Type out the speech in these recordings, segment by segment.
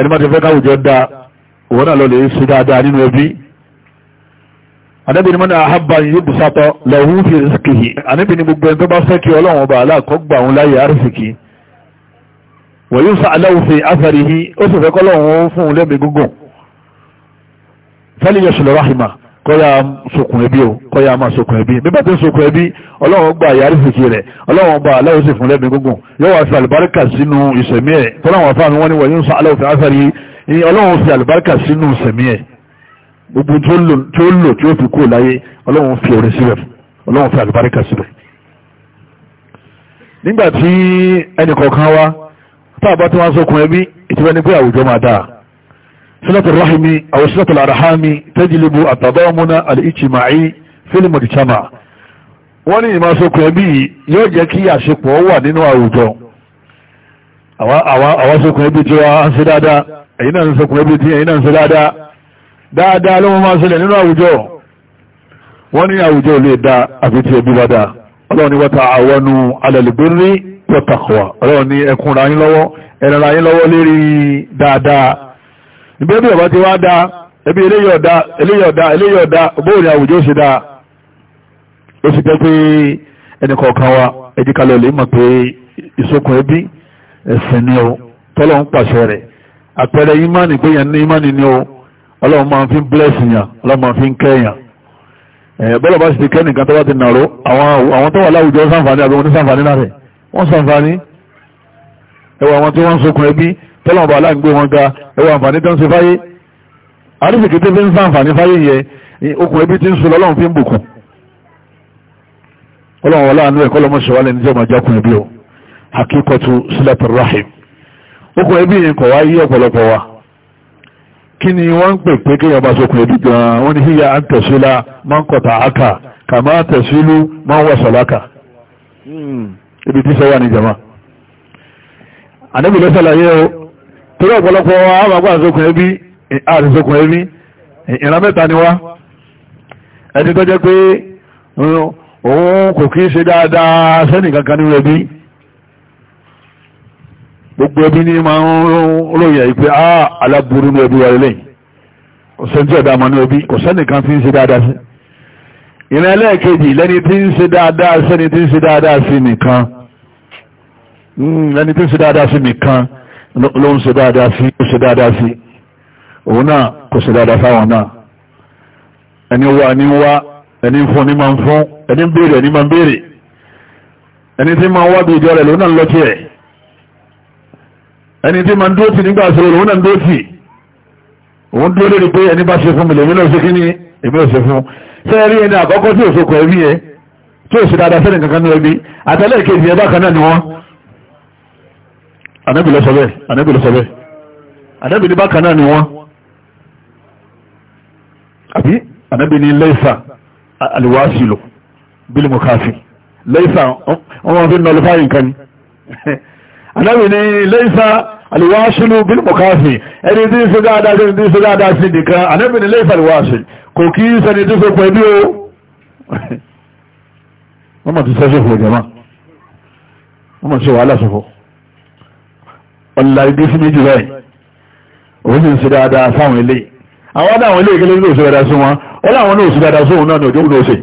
ẹni máa ti fẹ́ káwùjọ da òun náà lọ lè ṣe dáadáa nínú ẹbí anábìnrin mọ́ni àhábà yìí bùsátọ́ lẹ́hún fi rìsìkì anábìnrin gbogbo ẹni tó bá fẹ́ kí ọlọ́run ọba aláàkọ́ gbà òun láyé àrísìkì wọ́n yóò sá aláwọ̀ fi afẹ́rìhí ó sì fẹ́ kọ́lọ́run fún un lẹ́mìí gúngùn fẹ́lẹ́ yẹn kọ́yà sokùn ẹbí o kọ́yà máa sokùn ẹbí bí bá ti ń sokùn ẹbí ọlọ́run gba àyà àrífèsì rẹ̀ ọlọ́run gba aláwọ̀ sì fún lẹ́mìí gúngùn yóò wá fi àlùbáríkà sínú ìsẹ̀mí ẹ̀ tọ́láwọn afáàmì wọn ni wọ́n yóò sọ aláwọ̀ fi àṣàrí ni ọlọ́run fi àlùbáríkà sínú ìsẹ̀mí ẹ̀ gbogbo tí ó lò tí ó fi kú láyé ọlọ́run fi orin sílẹ̀tù rahimi àwọn sílẹ̀tù arahami tẹ́jìlébù àtàbọ́múná alìchìmáì fílìmù ìchàmà wọ́n ní ìmọ̀sọ́kọ̀ ẹbí yóò jẹ́ kí àṣepọ̀ wà nínú àwùjọ àwọn sọ́kọ̀ ẹbí tí wọ́n ń ṣe dáadáa ẹ̀yin náà ń sọ́kọ̀ ẹbí tí ẹ̀yin náà ń ṣe dáadáa dáadáa ló máa ń ṣẹlẹ̀ nínú àwùjọ wọ́n ní àwùjọ lè da àfi tí ẹbí bá da ọlọ́run ni wa ta'awanu 'ala al-birri wa lọ́wọ́ ẹ̀rẹ̀ra yín lọ́wọ́ lérí dáadáa ìbẹ́bí ọ̀bá ti wá dá ẹbí eléyọ̀dá eléyọ̀dá eléyọ̀dá bóòrì àwùjọ ṣe dá ó sì jẹ́ pé ẹnìkọ̀ọ̀kan wa ẹjíkalẹ̀ lè mọ̀ pé ìsokùn ẹbí ẹ̀sìn ni o tọ́lọ̀ ń pàṣẹ rẹ̀ àpẹẹrẹ ìmánì pé yẹn ní ìmánì ni o ọlọ́run máa fi ń blẹ́sì yàn ọlọ́run máa fi ń kẹ́ yàn bọ́lọ̀ bá sì ti kẹ́ nìkan tó bá ti nàró àwọn tó wà láwùjọ ṣàǹfààní àbí wọn ní ṣàǹfààní lára wọn ṣàǹfààní ẹwà àwọn tí wọ́n ń sokùn ẹbí tọ́lọ́mọba aláǹgbé wọn ga ẹwà àǹfààní tó ń ṣe fáyé àríṣìkí tó fi ń sàǹfààní fáyé yẹn okùn ebi ti ń sun lọ́lọ́run fi ń bùkún ọlọ́run wọlé àánú ẹ̀kọ́ lọ́mọ ṣe wà lẹ́ni tí ọmọ jákun ẹbí o akíkọ̀tù sílẹ̀tì rahim okùn ebi yẹn kọ̀ wá yí ọ̀pọ̀lọpọ̀ wa kí ni wọ́n ń pè pé kéèyàn bá sokùn ebi gan-an wọ́n ní híya à ń tẹ̀síla máa ń kọ̀tà àkà kàmá tẹ̀sílú máa ń wọ̀sọ̀láka ibi tí sẹ́wà ní jama ànábì ló o torí ọ̀pọ̀lọpọ̀ àwàgbà àṣokùn ẹbí àṣokùn ẹbí ìran mẹ́ta ni wá ẹni tó jẹ́ pé uh, òun kò kí ṣe dáadáa sẹ́nì kankan nínú ẹbí gbogbo ẹbí ní máa ń ròyìn àyíkpé á aláburú ní ẹbí wa lẹ́yìn ọ̀sẹ̀ntì ọ̀dà àmọ́ ní ẹbí kò sẹ́nì kan tí ń ṣe dáadáa sí ìran ẹlẹ́ẹ̀kejì lẹ́ni tí ń ṣe dáadáa sẹ́ni tí ń ṣe dáadáa sí nìkan hmm, ló ń ṣe dáadáa sí ó ṣe dáadáa sí òun náà kò ṣe dáadáa fáwọn náà ẹni wá ẹni wá ẹni fún ní máa ń fún ẹni béèrè ẹni máa ń béèrè ẹni tí máa ń wá bí ìjọ rẹ̀ lòun náà ń lọ tiẹ̀ ẹni tí máa ń dúró tì nígbà àṣírò lòun náà ń dúró òun dúró lórí pé ẹni bá ṣe fún mi lèmi náà ṣe kí ni èmi ò ṣe fún ṣé ẹni àkọ́kọ́ tí òṣòkò ẹbí yẹn tí òṣèlú adásẹ́nì kankan ní ẹbí àtẹlẹ́ẹ̀kejì ẹ bákan náà ni wọ́n ànábì ló sọ bẹ́ẹ̀ ànábì ló sọ bẹ́ẹ̀ ànábì ní bákan náà ni wọ́n àbí ànábì ní lẹ́sà àlùwàsílò bílí mọ̀káfí lẹ́sà wọ́n fi ń nọlọ fáyín kan ni ànábì ní lẹ́sà àlùwàsílò bílí mọ̀káfí ẹni tí ń ṣe dáadáa sí ẹni tí ń ṣe dáadáa sí nìkan ànábì ní lẹ́sà àlùwàsílò kò kí í ṣẹni tó so pẹ̀lú o wọ́n mọ̀ ti sẹ́sẹ̀ fò jẹ́ mọ́ wọ́n mọ̀ ti ṣe wàhálà sọ̀fọ̀ ọ̀là ìdí sí méjì báyìí òun sì ń ṣe dáadáa fáwọn ilé àwọn adáwọn ilé ìkẹlẹ́ ló ṣe dáadáa sí wọn ó láwọn náà ṣe dáadáa sóhun náà ní òjò ló ṣe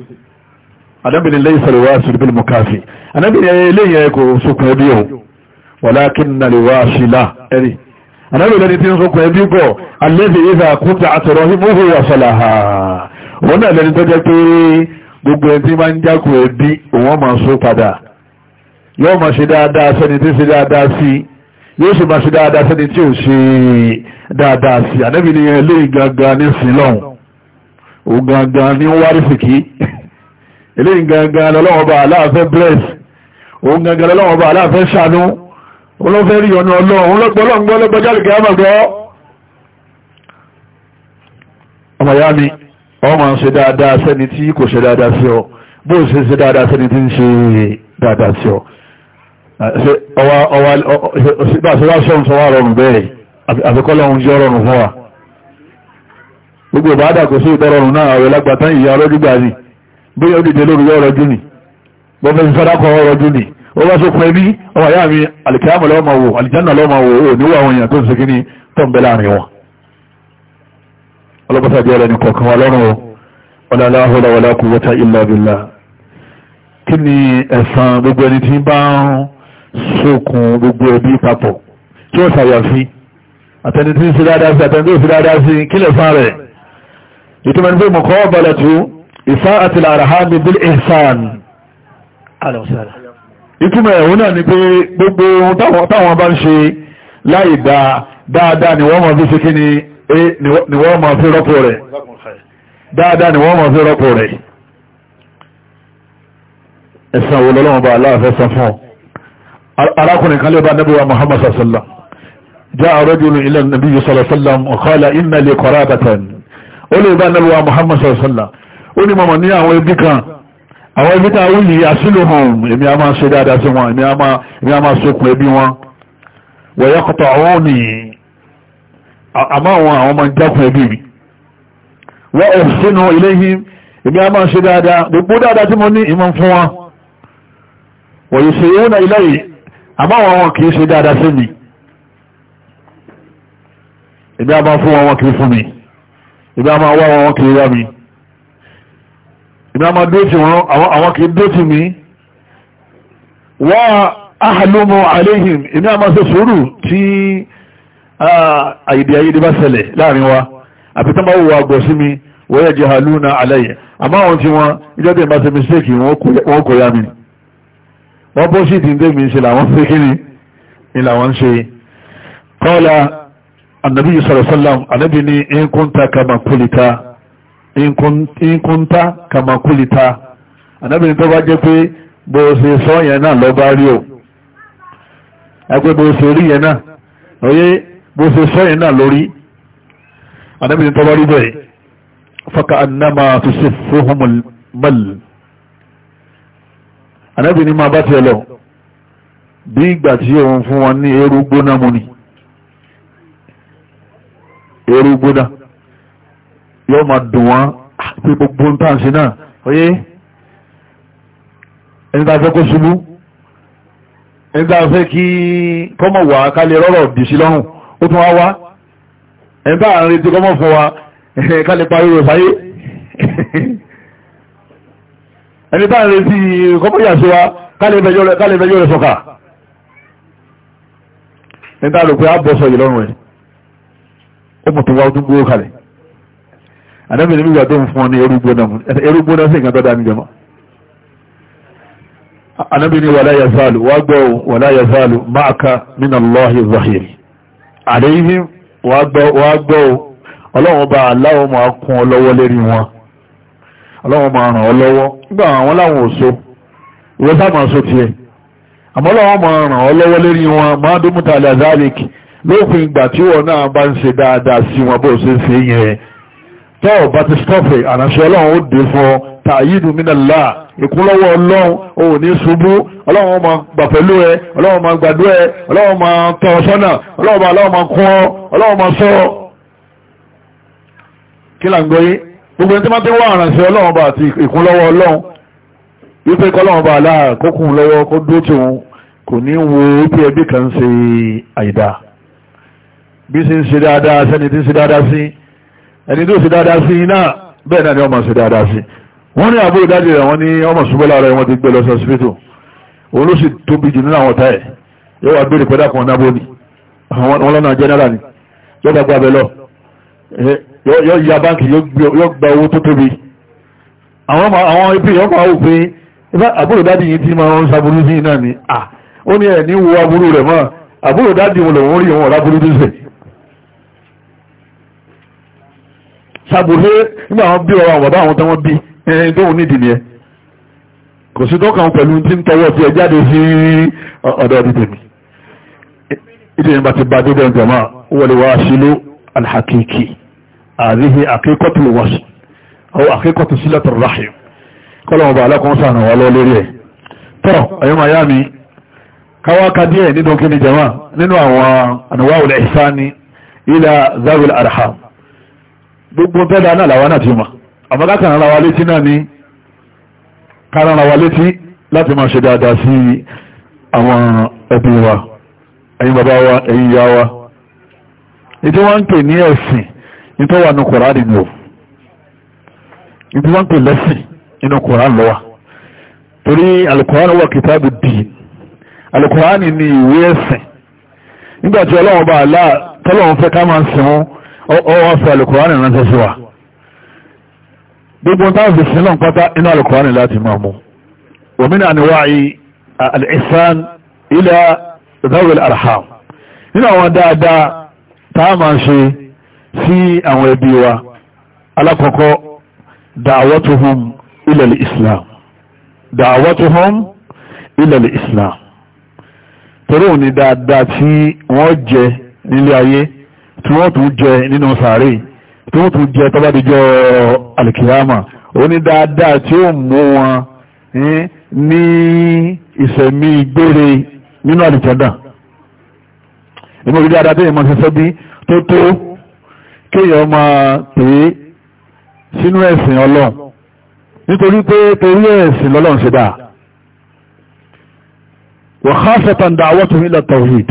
anábìnrin lẹ́yìn sọ̀rọ̀ wá sí ibi mọ̀káfì anábìnrin ilé yẹn kò sókun ẹbí o walakin na lè wá ṣìlá ẹ̀rí anábìnrin lẹni tí ń sókun ẹbí bọ̀ alẹ́bí ìfà kúta àtọ̀rọ̀ yóò sì máa ṣe dáadáa sẹ́ni tí ò ṣe dáadáa sí ànábì ní eléyìí gangan ní sílọ́hùn òun gangan ní wárísìkí eléyìí gangan lọ́wọ́ bá aláàfẹ́ bless òun gangan lọ́wọ́ bá aláàfẹ́ ṣàánú olófẹ́ rí ọ̀nà ọlọ́run olóògbọ́lọ́gbọ́ lọ́gbọ́jáde kí a máa gbọ́ ọmọ ya mi ọmọ ṣe dáadáa sẹ́ni ọwá ṣọ́n sọ wá rọrùn bẹ́ẹ̀ àfikọ́lọ́run jẹ́ rọrùn fún wa gbogbo ìbáadà kò sí ìtọrọrùn náà àwẹ̀ lágbàtán ìyá ọlọ́dúgbà ní bóyá òdìdè lórí ọrọ̀ jù ní bọ́fẹ́ sọ́dákọ̀ ọrọ̀ jù ní ó bá sókun ẹbí ọmọ ìyá mi alìkẹ́yàmọ̀ lọ́mọ wò alìjánà lọ́mọ wò ó níwà àwọn èèyàn tó ń segin ní tọ́ǹbẹ̀ láàrin wọn ọlọ́pàá jẹ́ ọlọ́ni kọ̀ọ̀kan wa lọ́rùn ọlá la hawla wala quwwata illa billah kí ni ẹ̀san gbogbo ẹni tí ń bá ń sókun gbogbo ẹbí papọ̀ tí ó ṣàyàfi àtẹni tí ń ṣe dáadáa sí àtẹni tí ó ṣe dáadáa sí kílẹ̀ fún rẹ̀ ìtumọ̀ ní pé mo kọ́ balẹ̀ tó ìfá àti làràhàmì bil ihsan ìtumọ̀ ẹ̀hún náà ni pé gbogbo táwọn bá ń ṣe láì dáa dáadáa ni wọ́n máa fi ṣe kí ni wọ́n máa fi rọ́pò rẹ̀ dáadáa ni wọ́n máa fi rọ́pò rẹ̀ ẹ̀sàn wo lọ́lọ́wọ́n bá aláàfẹ́ san fún ọ arákùnrin kan lè bá nabi wa muhammad sallam jaa rajulun ila nabi sallam wa qala inna li qarabatan ó lè bá nabi wa muhammad sallam ó ní mọ̀mọ̀ ní àwọn ẹbí kan àwọn ẹbí tá a wí yìí àṣìlò a máa ṣe dáadáa sí wọn èmi a máa sókun ẹbí wọn wa yaqta'uni àmọ́ àwọn àwọn máa ń jákun ẹbí mi wa uhsinu ilayhim èmi a máa ṣe dáadáa gbogbo dáadáa tí mo ní ìmọ̀ fún wọn wa yusiruna ilayhi àbáwọn wọn kìí ṣe dáadáa sí mi ìbí a máa fún wọn wọn kìí fún mi ìbí a máa wá wọn wọn kìí wá mi ìbí a máa dúró tì wọn àwọn kìí dúró tì mí wá ahàlómọ àléhìn ìbí a máa ṣe sùúrù tí àyèdè àyèdè bá ṣẹlẹ̀ láàrin wa àti tó máa wù wá gbọ̀ sí mi wọ́n yẹ jẹ́ àlúna àlẹ́yìn àmọ́ àwọn tí wọ́n ìjọba ìbáṣe mistake wọn kò yá mi wọ́n bó sì ti ń tẹ́mi ṣe làwọn ṣe kí ni ni làwọn ṣe kọ́lá ànàbí sọ̀rọ̀sọ́làm ànàbí ní ìkúnta kàmàkúlìta ìkúnta kàmàkúlìta ànàbí ní tó bá jẹ́ pé bó ṣe sọ yẹn náà lọ bá rí o ẹgbẹ́ bó ṣe rí yẹn náà lóye bó ṣe sọ yẹn náà lórí ànàbí ní tó bá rí bẹ́ẹ̀ fọ́kà annama tó ṣe fóhùnmọ́lì ànábì ní máa bá tiẹ̀ lọ bí ìgbà tí òun fún wọn ní eérú gbóná mu ni eérú gbóná yóò máa dùn wọn ah, pé gbogbo ń tàǹsí náà oyé ẹni tá a fẹ́ kó ṣubú ẹni tá fẹ́ kí kọ́mọ̀ wà ká lè rọ́rọ̀ dì sí lọ́rùn ó tún wá wá ẹni tá ń retí kọ́mọ̀ fún wa ká parí rò sáyé ẹni bá ń retí kọ́mọ́yà sí wa kálẹ̀bẹ̀jọ́ rẹ̀ sọ́kà ní tàà lò pé á bọ́sọ̀ yìí lọ́rùn ẹ̀ ó mọ̀ tó wá tún gbówó kalẹ̀ àdẹ́bìnrin nígbà tó ń fún ọ ní erúgbóná sí nǹkan tó dání jọmọ́ àdẹ́bìnrin wala yazalu wá gbọ́ wala yazalu ma'aka minallahi zahir àdéhìn wá gbọ́ ọlọ́run bá aláwọ̀ máa kún ọ lọ́wọ́ wọn ọlọ́run máa ràn ọ nígbà àwọn láwọn òṣò ìwọ sáàmà sọ tiẹ̀ àmọ́ láwọn máa ràn ọ́ lọ́wọ́ lérí wọn máa dún múta alazalik lópin ìgbà tí wọn náà bá ń ṣe dáadáa sí wọn bó ṣe ń ṣe yẹn tọ́ ọ̀ bá ti stọ́fẹ̀ àránṣẹ́ ọlọ́run ó dé fún ọ tààyídù mínàlá ìkúnlọ́wọ́ ọlọ́run òun ní ṣubú ọlọ́run ma gbà pẹ̀lú ẹ ọlọ́run ma gbàdú ẹ ọlọ́run ma tọ́ ọ sọ́nà ọlọ́run ma kún ọ ọlọ́run ma sọ kí là gbogbo ẹni tí wọ́n ti wá àrànṣẹ́ ọlọ́run bá àti ìkúnlọ́wọ́ ọlọ́run yóò fẹ́ kọ́ ọlọ́run bá aláà kókùn lọ́wọ́ kó dúró tí òun kò ní wo bí ẹbí kan ń ṣe àìdá bí sì ń ṣe dáadáa sẹ́ni tí ń ṣe dáadáa sí ẹni tó ṣe dáadáa sí náà bẹ́ẹ̀ náà ni ọmọ ṣe dáadáa sí wọ́n ní àbúrò dájú rẹ̀ wọ́n ní ọmọ ṣùgbọ́lá rẹ̀ wọ́n ti gbé lọ sí òun ló sì tóbi jù nínú àwọn ọ̀tá ẹ̀ yóò wá béèrè pẹ́dà kan náà bóni àwọn ọlọ́nà jẹ́nẹ́rà ni yóò dàgbà bẹ́ lọ yóò ya báńkì yóò gba owó tó tóbi àwọn àwọn ibi ìyọ́pàá wò pé àbúrò dádì yìí ti máa ń saburú sí náà ni à ó ní ẹ̀ ní wo aburú rẹ̀ mọ́ àbúrò dádì wọn lòun rí wọn láburú tó sẹ̀ sàbòrò nígbà wọn bí ọ̀rọ̀ bàbá àwọn tán wọ́n bí ẹni tó ń nídìí nìyẹn kò sí tọ́kàn pẹ̀lú tí ń tọwọ́ sí ẹ jáde sí ọ̀dọ̀ ọdún tèmi ìdí ìyẹn bá ti bá dé dẹ̀ ń jẹ̀mọ́ wọlé wá sílú alhakiki àríhe àkíkọ́tù wọ́sù ọwọ́ àkíkọ́tù sílẹ̀tù ráhìm kọ́lọ̀mọ̀bà alákọ̀ọ́sàn wà lọ lórí ẹ̀ tọ́ ayọ́mà yá mi káwáka díẹ̀ nínú kíni jama nínú àwọn ànàwáwò ìsáni ila zawil arham gbogbo bẹ́ẹ̀dá náà làwọn náà ti mọ̀ àmọ́ kákan ara wa létí náà ni kára ara wa létí láti máa ṣe dáadáa sí àwọn ẹbí wa ẹ̀yin bàbá wa ẹ̀yin ìyá wa ìdí wọ́n ń pè ní ẹ̀sìn nítorí wà ní kòrán nínú o nítorí wọ́n pè lẹ́sìn nínú kòrán lọ́wọ́ torí alukòrán wà kìtàbù dì alukòrán ní ìwé ẹ̀sìn nígbàtí ọlọ́run bá àlá tọ́lọ́run fẹ́ ká máa ń sìn ọwọ́ fẹ́ alukòrán ránṣẹ́ sí wa gbogbo táwọn fi sin náà pátá inú alukòrán láti máa mú ومن أنواع الإحسان إلى ذوي الأرحام هنا هو دا دا تعمل شيء sí àwọn ẹbí wa alákọ̀ọ́kọ́ da'awatuhum ilal islam da'awatuhum ilal islam torí òní dáadáa tí wọ́n jẹ nílé ayé tí wọ́n tún jẹ nínú sàárè tí wọ́n tún jẹ tọ́bádìjọ́ alìkìyàmà òní dáadáa tí ó mú wọn eh, ní ìsẹ̀mí gbére nínú àlìjẹ́dà inú orí dáadáa tí èèmọ̀ bí tó tó kéèyàn máa pè é sínú ẹ̀sìn ọlọ́run nítorí pé torí ẹ̀sìn lọ́lọ́run ṣe dáa wàhásẹ̀tàn dáwọ́ tó nílẹ̀ tawhid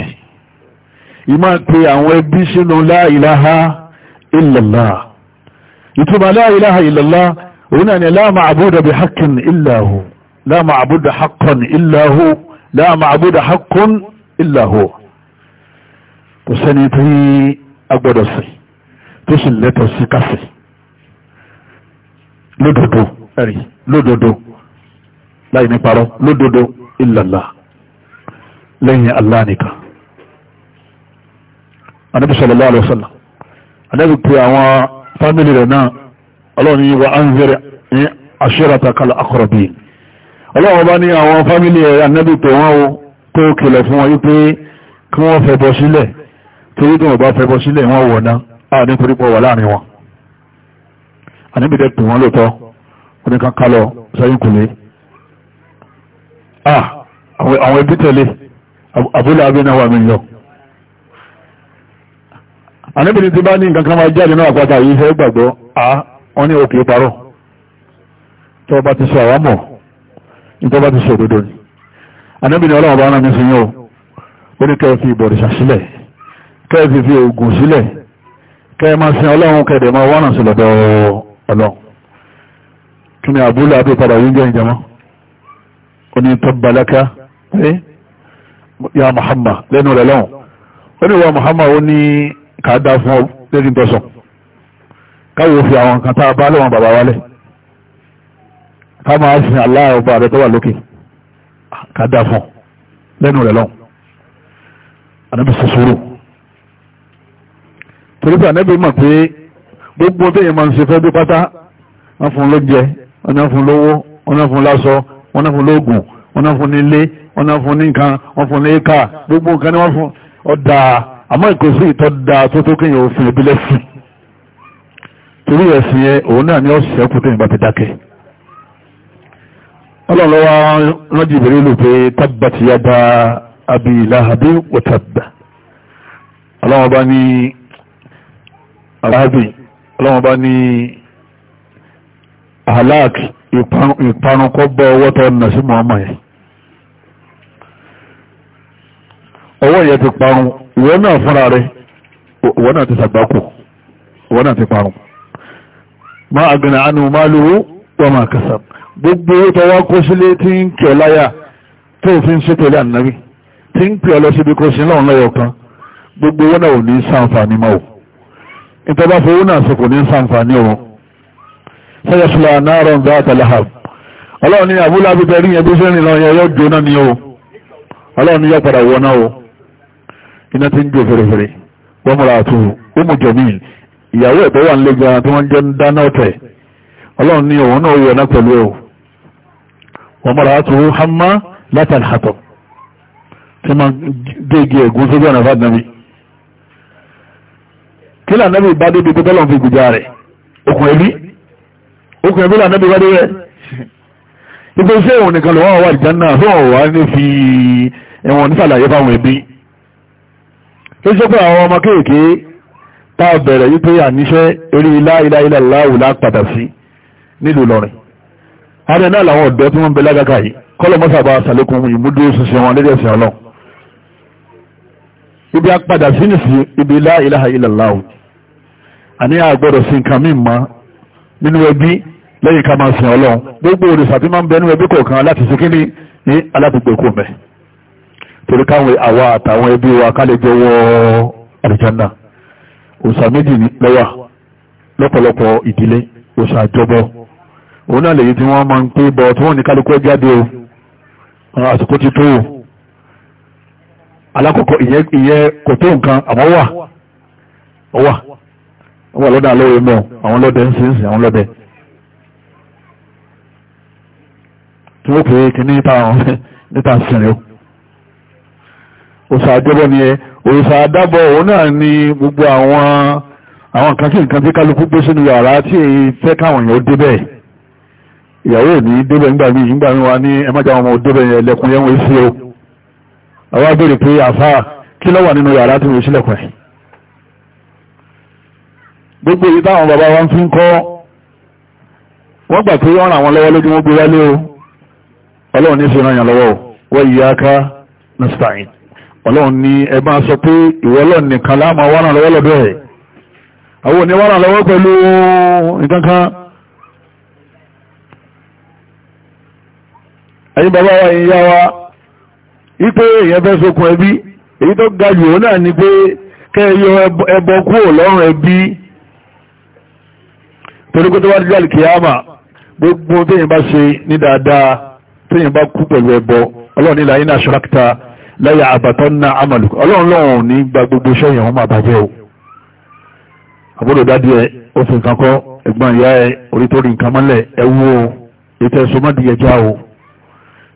ìmá pé àwọn ẹbí sínú la ilaha illallah ìtumọ̀ la ilaha illallah òun náà ni la ma'buda bi haqqin illa hu la ma'buda haqqan illa hu la ma'buda kò sẹ́ni tí a gbọ́dọ̀ sìn tó sì lẹ́tọ̀ọ́ sí káfẹ́ lódodo ẹ̀rí lódodo láì ní parọ́ lódodo ìlàlá lẹ́yìn Allah nìkan anábì sallallahu alaihi wasallam anábì pé àwọn fámìlì rẹ̀ náà ọlọ́run yìí wà á ń zẹ̀rẹ̀ ní ashiratakal aqrabin ọlọ́run bá ní àwọn fámìlì rẹ̀ anábì pé wọ́n o kó kìlọ̀ fún wọn yí pé kí wọ́n fẹ́ bọ́ sílẹ̀ torí tí wọ́n bá fẹ́ bọ́ sílẹ̀ wọ́n wọ̀ náà a ah, ní torí pọ̀ wà láàrin wọn àníbi dẹ́ pè wọ́n lóòótọ́ oníkan kálọ̀ sẹ́yìn kùlé ah, àwọn ẹbí tẹ̀lé àbúlé abẹ́nà wà mí lọ àníbi ní ti bá ní nǹkan kan máa jáde náà àpáta yìí fẹ́ gbàgbọ́ a ah, wọ́n ní òkè parọ́ tó bá ti sọ àwámọ̀ nítorí bá ti sọ òdodo ni àníbi ní ọlọ́wọ́ bá rán mi sí yóò ó ní kẹ́ẹ̀fì ìbọ̀rìṣà sílẹ̀ kẹ́ẹ̀fì fi oògùn sílẹ̀ kẹ́ẹ̀mọ́ sí ọlọ́run kẹ́ẹ̀dẹ̀ mọ́ wọ́nà sí lọ́dọ̀ ọlọ́run kí ni àbúlà bí padà yíjọ ìjọmọ́ ó ní tọ́bàlákà ya Muhammad lẹ́nu rẹ̀ lọ́hùn ó ní wa Muhammad ó ní kàádá fún lẹ́ni tọ́sọ̀ káwò fi àwọn kan tá a bá lọ́wọ́n bàbá wálẹ̀ ká sin Allah ọba rẹ̀ tó wà lókè kàádá fún lẹ́nu rẹ̀ lọ́hùn anábìsọ̀ sùúrù torípé ànẹ́bí mọ̀ pé gbogbo tó yẹn máa ń ṣe fẹ́ bí pátá wọ́n fún lóúnjẹ wọ́n náà fún lówó wọ́n náà fún láṣọ wọ́n náà fún lóògùn wọ́n náà fún nílé wọ́n náà fún ní nǹkan wọ́n fún ní éka gbogbo nǹkan ni wọ́n fún ọ̀dà àmọ́ ìkòsí ìtọ́ da tó tó kéèyàn òfin ìbílẹ̀ sí torí ẹ̀sìn yẹn òun náà ni ó ṣẹ́kù tó yìnbọn ti dákẹ́ ọlọ́lọ́wọ́ rọ́jì ìbèrè lò pé tábàtì yá da abiy lahabi wọ́tàbà ọlọ́wọ́ bá ní arábì ọlọ́wọ́n bá ní halak ìparunkọ́ bọ́ ọwọ́ tó nà sí Muhammad yẹn ọwọ́ yẹn ti parun ìwọ náà fúnra rẹ ìwọ náà ti sàgbákò ìwọ náà ti parun ma àgbìnà ànú máa lówó wọ́n máa kẹsàn gbogbo owó tọwọ́ kó sílé tí ń kí ọ láyà tó fi ń ṣètòlé ànábì tí ń pè ọ lọ síbi kó sí lọ́run lọ́yọ̀ kan gbogbo owó náà ò ní sáǹfà ní máa ìtọ́bá fowó náà sí kò ní sàǹfààní o sẹ́yẹ̀ sùlọ ànáàrọ̀ ń bá àtàlàhàb ọlọ́run ní àbúlá abúté rí yẹn bí sẹ́rìn lọ yẹn yọ jóná ni o ọlọ́run ní yọ padà wọná o iná ti ń jó fèrèfèrè wọ́n múra àtú ọmọ jẹ̀mí ìyàwó ẹ̀ tí ń dáná ọ̀tẹ̀ wọ́n múra kí là nẹ́bí bá débi pẹ́tọ́ lọ́n fi gbìjà rẹ̀ okùn ẹbí okùn ẹbí là nẹ́bí bá dé rẹ̀ ipò iṣẹ́ ìwọ̀n nìkan ló wà wà ìjánná fún ọ̀wá ní fi ẹ̀wọ̀n nísàlàyé fáwọn ẹbí tó ṣe pé àwọn ọmọ kéèké tá a bẹ̀rẹ̀ yí pé àníṣẹ́ eré ilá ilá ilá láwù lápadà sí nílùú lọ́rin adé náà làwọn ọ̀dọ́ tí wọ́n bẹ lágàkà yìí kọ́lọ̀ mọ́sàbà sàlékún ìmúdúró ṣinṣin wọn lédè ẹ̀sìn ọlọ́run ibi apadà sí nìsí ibi ilá láwù àní àgbọ̀dọ̀ sí nǹkan mí mọ́ nínú ẹbí lẹ́yìn ká máa sìn ọlọ́run gbogbo òrìṣà tí máa ń bẹ nínú ẹbí kọ̀ọ̀kan láti ṣe kíní ní alábùgbèkú mẹ́ torí káwọn àwa àtàwọn ẹbí wa ká lè jọwọ́ àlìjánà òòṣà méjì lọ́wà lọ́pọ̀lọpọ̀ ìdílé òòṣà àjọbọ òun náà lèyí tí wọ́n máa ń pé bọ tí wọ́n ní kálukú ẹ jáde o àsìkò ti tó o alákọ̀ọ́kọ́ ìyẹn kò tó nǹkan àmọ́ wà ó wà wọ́n wà lọ́dà lọ́wọ́ mọ́ àwọn lọ́dẹ ń sin sin àwọn lọ́dẹ tí wọ́n pè é kí ní ta níta sinrin o òsà àjọbọ ni ẹ òsà àdábọ̀ òun náà ni gbogbo àwọn àwọn nǹkan kí nǹkan tí kálukú gbé sínú yàrá tí èyí fẹ́ káwọn èèyàn dé bẹ́ẹ̀ ìyàwó ẹ̀ ní débẹ̀ ńgbà mí ìgbà mí wa ní ẹ má jáwọn ọmọ òdébẹ̀ yẹn lẹ́kùn yẹn wọ́n sí o àwọn abèrè pé àfáà kí ló nínú yàrá tí wọ́n sílẹ̀kùn ẹ̀ gbogbo èyí táwọn bàbá wọn fi ń kọ́ wọ́n gbà pé wọ́n ràn wọ́n lọ́wọ́ lójú gbé o ọlọ́run ní ṣèràn yàn lọ́wọ́ wa ọlọ́run ní ẹ sọ pé ìwọ ọlọ́run nìkan láàmú wọ́n ràn lọ́wọ́ lọ́bẹ̀ àwọn òní wọ́n ràn lọ́wọ́ bàbá wa yìí yá wa wípé èèyàn fẹ́ sokùn ẹbí èyí tó ga jù náà ni pé kẹ́ ẹ yọ ẹbọ kúrò lọ́rùn ẹbí torí pé tó bá dídá kìyàmà gbogbo téèyàn bá ṣe ní dáadáa téèyàn bá kú pẹ̀lú ẹbọ ọlọ́run nílà yín náà ṣọ́rákítà láyà àbàtọ́ ná àmàlù ọlọ́run lọ́run ní gba gbogbo iṣẹ́ yẹn wọ́n máa bàjẹ́ o àbúrò dádì ẹ ó fi nǹkan kọ́ ẹ̀gbọ́n ìyá ẹ orí tó rí nǹkan mọ́lẹ̀ ẹ wú o ètò ẹ̀sùn mọ́dì ẹja o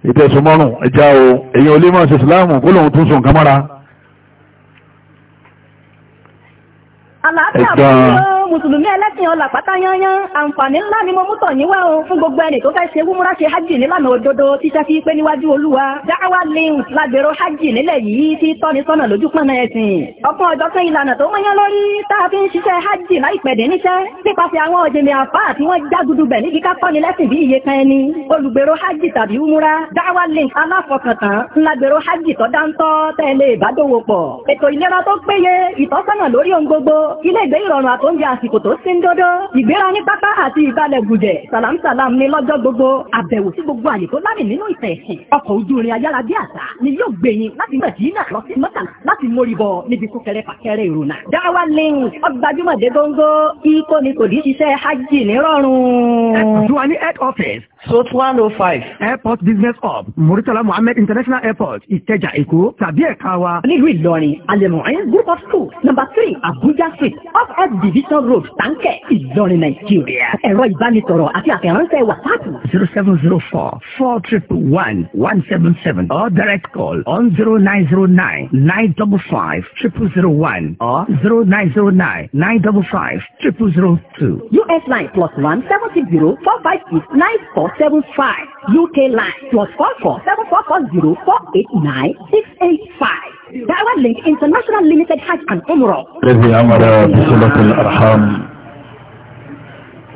ètò ẹ̀sùn mọ́rùn ẹja o èyàn olè máa ṣe ìsìláàmù kó lóun tún sùn nǹkan àlàáfíà fún mùsùlùmí ẹlẹ́sìn ọlà pátá yányán àǹfààní ńlá ni mo mú tọ̀ yín wá o fún gbogbo ẹnì tó fẹ́ ṣe wúmúra ṣe hajj nílànà òdodo tíṣẹ́ fi pé níwájú olúwa dáhàwá link lágbèrò hajj nílẹ̀ yìí tí tọ́ni sọ́nà lójú pọ̀nà ẹ̀sìn ọkùn ọjọ́ kan ìlànà tó mọ́yán lórí tá a fi ń ṣiṣẹ́ hajj láìpẹ́ dé níṣẹ́ nípasẹ̀ àwọn ọ̀jẹ̀mẹ̀ àfá tí wọ́n jágudu bẹ̀ níbi ká kọ́ni lẹ́sìn bí iye kan ẹni olùgbèrò hajj tàbí wúmúra dáhàwá link aláfọkàntán ńlágbèrò hajj tó dáńtọ́ tẹ́lẹ̀ ìbádòwòpọ̀ ètò ìlera tó péye ìtọ́sọ́nà lórí ohun gbogbo ilé ìgbé ìrọ̀rùn àtóúnjẹ àsìkò tó sí ń dọ́dọ́ ìgbéra ní pápá àti ìbalẹ̀ gùjẹ̀ sàlámsàlám ní lọ́jọ́ gbogbo àbẹ̀wò sí gbogbo àyè tó lámì nínú ìfẹ̀ ẹ̀sìn ọkọ̀ ojú irin ayára bí àṣà ni yóò gbé yín láti mẹ̀dínà lọ sí mọ́tà láti mórí bọ níbi kúkẹrẹ pàkẹrẹ ìrònà. dáwà link ọgbàjúmọ̀dé góńgó ikó ni kò ní ṣiṣẹ́ hajj nírọ̀rùn. dùwà ní head office SOT 105 Airport Business Hub Muritala Mohammed International Airport Ìkẹjà Èkó tàbí ẹ̀ka wa. nílùú Ìlọrin alẹ́mọ̀ ẹ̀ group of schools number three Abuja street off head division road tanke ìlọrin nàìjíríà ẹ̀rọ ìbánisọ̀rọ̀ àti àtẹ̀ránṣẹ́ wàsáàpù. zero seven zero four four triple one one seven seven or direct call on zero nine zero nine nine double five triple zero one or zero nine zero nine nine double five triple zero two. US line plus one seven six zero four five six nine four seven five UK line plus four four seven four four zero four eight nine six eight five. دعوة لينك انترناشونال ليميتد حج عن عمره الذي امر بصلة الارحام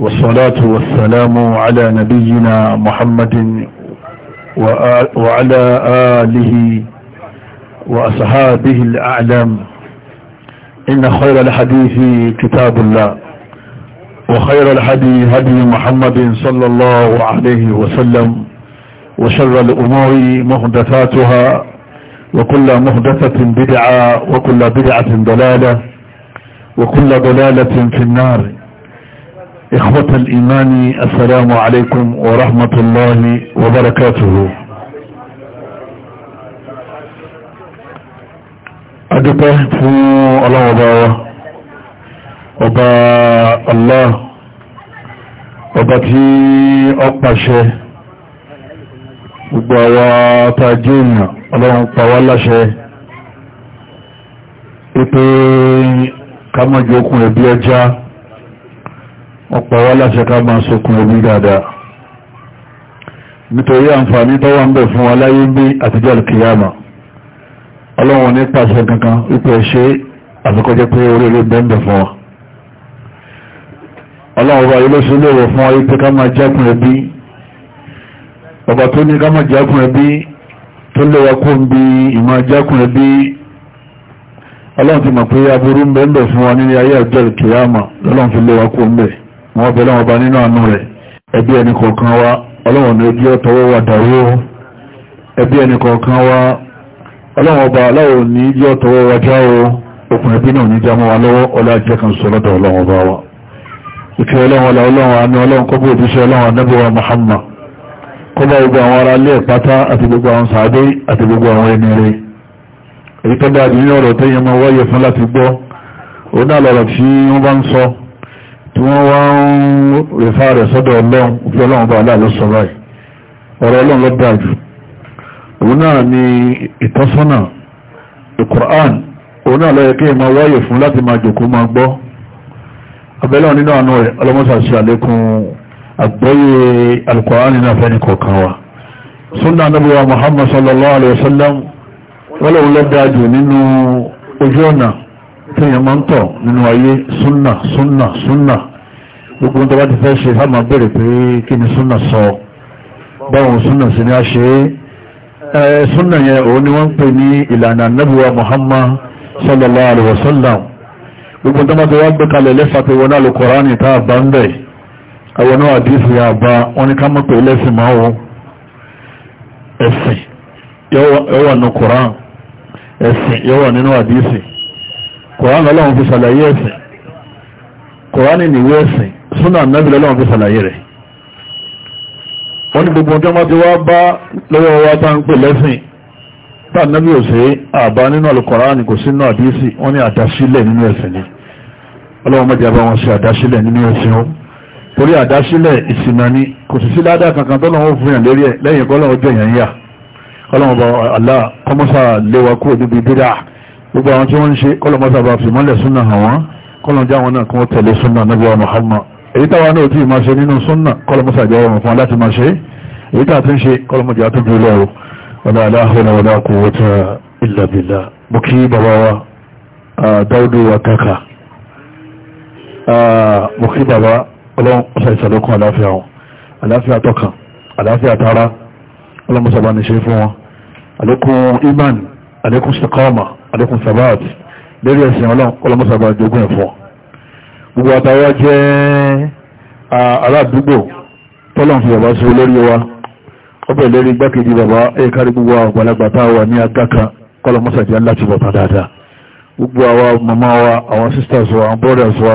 والصلاة والسلام على نبينا محمد وعلى آله وأصحابه الأعلام إن خير الحديث كتاب الله وخير الحديث هدي محمد صلى الله عليه وسلم وشر الأمور مهدفاتها وكل محدثة بدعة وكل بدعة ضلالة وكل ضلالة في النار إخوة الإيمان السلام عليكم ورحمة الله وبركاته اجبه الله وبا وبا الله وبا تي أقشي gbogbo àwọn tajú èèyàn ọlọ́run pa wá láṣẹ pípé kámọ́jú okùn ẹbí ẹja wọ́n pa wá láṣẹ ká máa sókùn ẹbí dáadáa nítorí àǹfààní tó wà ń bẹ fún wa bí àtijọ́ alkiyama ọlọ́run ní pàṣẹ kankan wípé ṣe àfikọ́jẹ́ pé orílẹ̀ bẹ́ẹ̀ fún wa ọlọ́run bá yí ló fún wa ọba tó ní kámọ̀ jákùn ẹbí tó lẹ́wà kó ń bí ìmọ̀ jákùn ẹbí ọlọ́run ti mọ̀ pé aburú ń bẹ ń bẹ fún wa nílé ayé ọjọ́ ìkìyàmà lọ́lọ́run fi lẹ́wà wa ọlọ́run ní ojú ọ̀tọ̀wọ́ wà dàrú wa ọlọ́run ọba aláwọ̀ ní ojú ọ̀tọ̀wọ́ wa já o okùn ẹbí náà ní já mọ́ wa lọ́wọ́ ọlá jẹ́ kan sọ lọ́dọ̀ ọlọ́run ọba wa ìkẹ́ ọlọ́run ọlọ́run àánú ọlọ́run kọ́gbọ́ òbíṣẹ́ ọlọ́run anábíwá Muhammad kọba gbogbo àwọn ará ilé ẹ̀pátá àti gbogbo àwọn sàádé àti gbogbo àwọn ẹni rẹ̀ èyí tó dáa ní ọ̀rọ̀ tó yẹmọ wáyé fún láti gbọ́ ó dá lọ́rọ̀ tí wọ́n bá ń sọ tí wọ́n wá ń rẹ̀fà rẹ̀ sọ́dọ̀ ọlọ́run fi ọlọ́run bá aláàlọ́ sọ ni ìtọ́sọ́nà ìkùrán òun náà lọ́yẹ kí ẹ̀mọ wáyé fún láti máa jòkó máa gbọ́ àgbọ́yé alukọ̀rán nínú afẹ́ni kọ̀ọ̀kan wa sunna anabuwa muhammad sallallahu alaihi wasallam wọ́n lọ́wọ́ lọ́dá jù nínú ojú ọ̀nà tí èèyàn máa ń tọ̀ nínú ayé sunna sunna sunna gbogbo tó bá ti fẹ́ ṣe fáwọn abẹ́rẹ̀ pé kí ni sunna sọ báwọn sunna sì ni a ṣe é sunna yẹn òun ni wọ́n ń pè ní ìlànà anabuwa muhammad sallallahu alaihi wasallam gbogbo tó ti wá gbé kalẹ̀ lẹ́fà pé wọn alukọ̀rán ni tá a bá àwọn náà àdífì àbá wọn ni ká mọ́ pé lẹ́sìn máa wọ ẹ̀sìn yóò wà ní koran ẹ̀sìn yóò wà nínú àdífì koran lọ́wọ́n fi ṣàlàyé ẹ̀sìn koran ni ìwé ẹ̀sìn súnà náà lọ́wọ́n fi ṣàlàyé rẹ̀ wọ́n ni gbogbo ọjọ́ máa ti wá bá lọ́wọ́ wa tá ń pè lẹ́sìn tá náà bí ò sí àbá nínú alukoran kò sínú àdífì wọ́n ni àdásílẹ̀ nínú ẹ̀sìn ni ọlọ́wọ́n mọ́jà bá wọn ṣe àdásílẹ̀ nínú ẹ̀sìn wọn torí àdásílẹ̀ ìsìnà ni kò sì sí ládá kankan tó lọ́wọ́ fún yàn lérí ẹ̀ lẹ́yìn kọ́ lọ́wọ́ jẹ̀yàn yà ọlọ́wọ́ bá alá kọ́mọ́sà léwa kúrò níbi bídà gbogbo àwọn tí wọ́n ń ṣe kọ́lọ́mọ́sà bá fi mọ́lẹ̀ súnà hàn wọ́n kọ́lọ́njá wọn náà kí wọ́n tẹ̀lé súnà níbi wa Muhammad èyí táwa náà tí ì máa ṣe nínú súnà kọ́lọ́mọ́sà jẹ́ ọmọ fún aláti máa ṣe èyí tá a tún ṣe kọ́lọ́mọ́jà tó dúró lọ́wọ́ wala hawla wala quwwata illa billah mo kí bàbá wa ah, ah, bàbá ọlọ́run ọ̀sẹ̀ ìṣàlókun àláfíà wọn àláfíà tọkàn àláfíà tara iman àlékún sikọ́ọ̀mà àlékún sabat lérí ẹ̀sìn ọlọ́run ọlọ́run mọ́sàbá jogún ẹ̀ fún wọn. gbogbo àtàwọn jẹ́ aládùúgbò tọ́lọ̀ fi bàbá sí olórí wa ọbẹ̀ lérí igbákejì bàbá ẹ̀kárí gbogbo àgbàlagbà wà ní agá kan kọ́lọ́ mọ́sàdí aláàtúbọ̀tán wa àwọn sisters wa àwọn brothers wa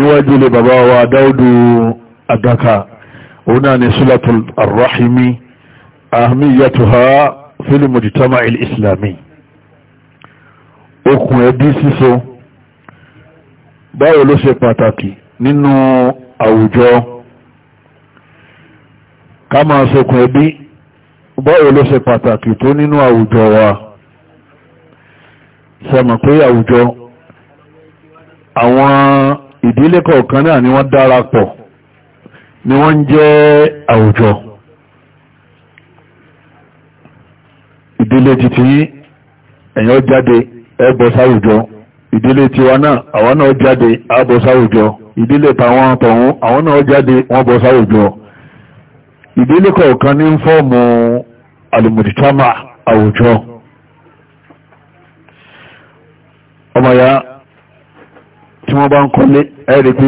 níwájú ilé bàbá wa dáúdù àdàkà òun náà ni sulatul arrahimi ahmiyatuha fil mujtama il islami okùn ẹbí síso báwo ló ṣe pàtàkì nínú àwùjọ ká máa sokùn ẹbí báwo ló ṣe pàtàkì tó nínú àwùjọ wa sẹ́mọ̀ pé àwùjọ àwọn ìdílé kọ̀ọ̀kan náà ni wọ́n darapọ̀ ni wọ́n ń jẹ́ àwùjọ ìdílé titi ẹ̀yàn jáde ẹbọ sáwùjọ ìdílé tiwa náà àwọn náà jáde àbọ̀ sáwùjọ ìdílé tàwọn tọ̀hún àwọn náà jáde wọ́n bọ̀ sáwùjọ ìdílé kọ̀ọ̀kan ní fọ́ọ̀mù alùmùdìtámà àwùjọ ọmọ ya tí wọ́n bá ń kọ́lé ẹ̀rí pé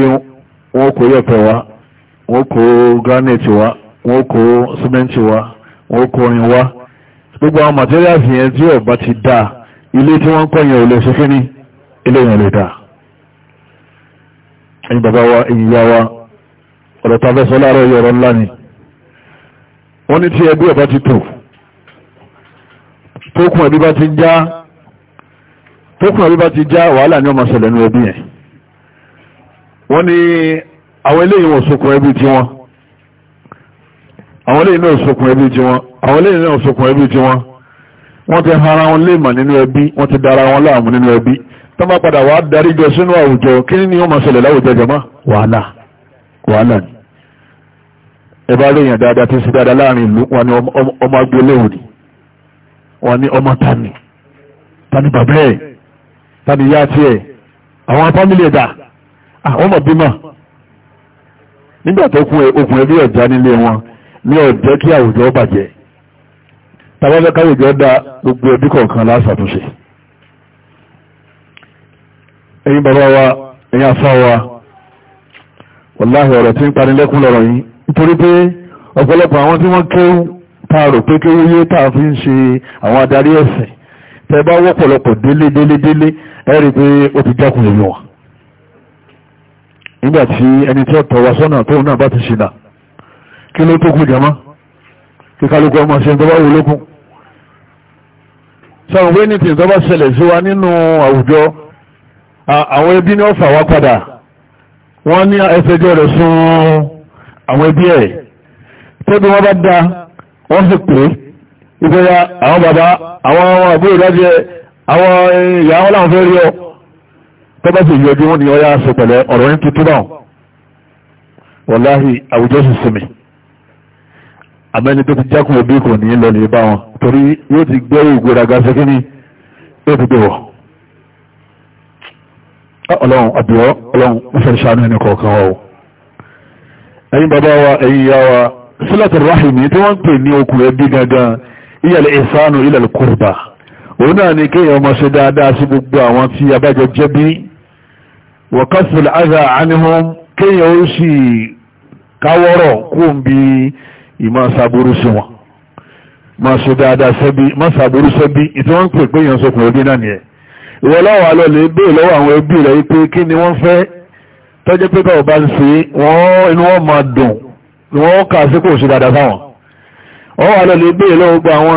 wọ́n kó yẹ̀pẹ̀ wá wọ́n kó granite wá wọ́n kó cement wá wọ́n kó irin wá gbogbo àwọn materials yẹn tí ọba ti dá ilé tí wọ́n ń kọ́ yẹn ò lè ṣe kí ni ilé yẹn lè dá ẹ̀yin bàbá wa ẹ̀yin ìyá wa ọ̀rọ̀ tá a fẹ́ sọ láàárọ̀ yọ̀rọ̀ ńlá ni wọ́n ní tí ẹbí ọba ti tò tókùn ẹbí bá ti já tókùn ẹbí bá ti já wàhálà ni ọmọ ṣẹlẹ̀ nínú ẹbí yẹn wọ́n ní àwọn eléyìí wọ́n sokùn ẹbí tí wọ́n àwọn eléyìí náà sokùn ẹbí tí wọ́n àwọn eléyìí náà ẹbí tí wọ́n wọ́n ti hara wọn nínú ẹbí wọ́n ti dara wọn láàmú nínú ẹbí tó bá padà wàá darí jọ sínú ni wọ́n máa ṣẹlẹ̀ láwùjọ jọmọ́ wàhálà wàhálà ni ẹ bá lóyìn dáadáa tí ṣe dáadáa láàrin ìlú wọn ni ọmọ agbéléwò ni wọn ni ọmọ tani tani bàbá ẹ tani yá tiẹ àwọn fámìlì àwọn ah, ọmọ bímọ nígbà tó kún okùn ẹbí ọ̀já nílé wọn ní ọ̀jẹ́ kí àwùjọ bàjẹ́ tàbábẹ́ káwùjọ dá gbogbo ẹbí kọ̀ọ̀kan láṣàtúnṣe ẹ̀yin bàbá wa ẹ̀yin afá wa wàláhì ọ̀rọ̀ tí ń panilẹ́kún lọ́rọ̀ yìí nítorí pé ọ̀pọ̀lọpọ̀ àwọn tí wọ́n kéwú tá a rò pé kéwú yé tá fi ń ṣe àwọn adarí ẹ̀sìn tẹ bá wọ́pọ̀lọpọ̀ délé délé délé ẹ pé ó ti jákùn èmi nígbà tí ẹni tí ó tọ̀ wá sọ́nà tóun náà bá ti ṣìnà kí ló tó kù jẹ́mọ́ kí kálukú ọmọ ṣe tó bá wù lókun sáwọn wé ní tí tó bá ṣẹlẹ̀ sí wa nínú àwùjọ àwọn ẹbí ni ó fà wá padà wọ́n ní ẹsẹ̀jọ́ rẹ̀ sun àwọn ẹbí ẹ̀ tóbi wọ́n bá da wọ́n sì pè é ìgbéra àwọn bàbá àwọn àbúrò dájẹ́ àwọn ìyá wọn làwọn fẹ́ rí ọ tọ́bá sì yọjú wọn ni ọya ṣe pẹ̀lẹ́ ọ̀rọ̀ yín tuntun náà wàláhì àwùjọ sì sinmi àmẹ́ni tó ti jákùn òbí kò ní lọ lè bá wọn torí yóò ti gbé ìgbéraga sẹ́kínì yóò ti gbé wọ̀ ọlọ́run àbíọ́ ọlọ́run mọ́sẹ̀ ṣàánú ẹni kọ̀ọ̀kan wa o ẹ̀yin bàbá wa ẹ̀yin ìyá wa sílẹ̀tì rahimi tí wọ́n ń pè ní okùn ẹbí gangan ìyàlẹ̀ ìsánú ìlẹ̀ kùrbà òun náà ni kéèyàn ọmọ ṣe dáadáa sí gbogbo àwọn tí abájọ jẹ́ bí wọ̀kọ́sùlù àgbà àníhùn kéèyàn ó sì káwọ́rọ̀ kó ń bi ìmọ̀ sàbúrú sí wọn máa ṣe dáadáa sẹ́bí máa sàbúrú sẹ́bí ìtí wọ́n ń pè pé èèyàn sọkùnrin òbí náà nìyẹn ìwọ láwọn alọ́lẹ̀ bèè lọ́wọ́ àwọn ẹbí rẹ̀ pé kí ni wọ́n fẹ́ tọ́jẹ́ pé báwo bá ń ṣe wọ́n inú wọn máa dùn ni wọ́n kà sí kò ṣe dáadáa fáwọn ọwọ́ alọ́lẹ̀ bèè lọ́wọ́ gba àwọn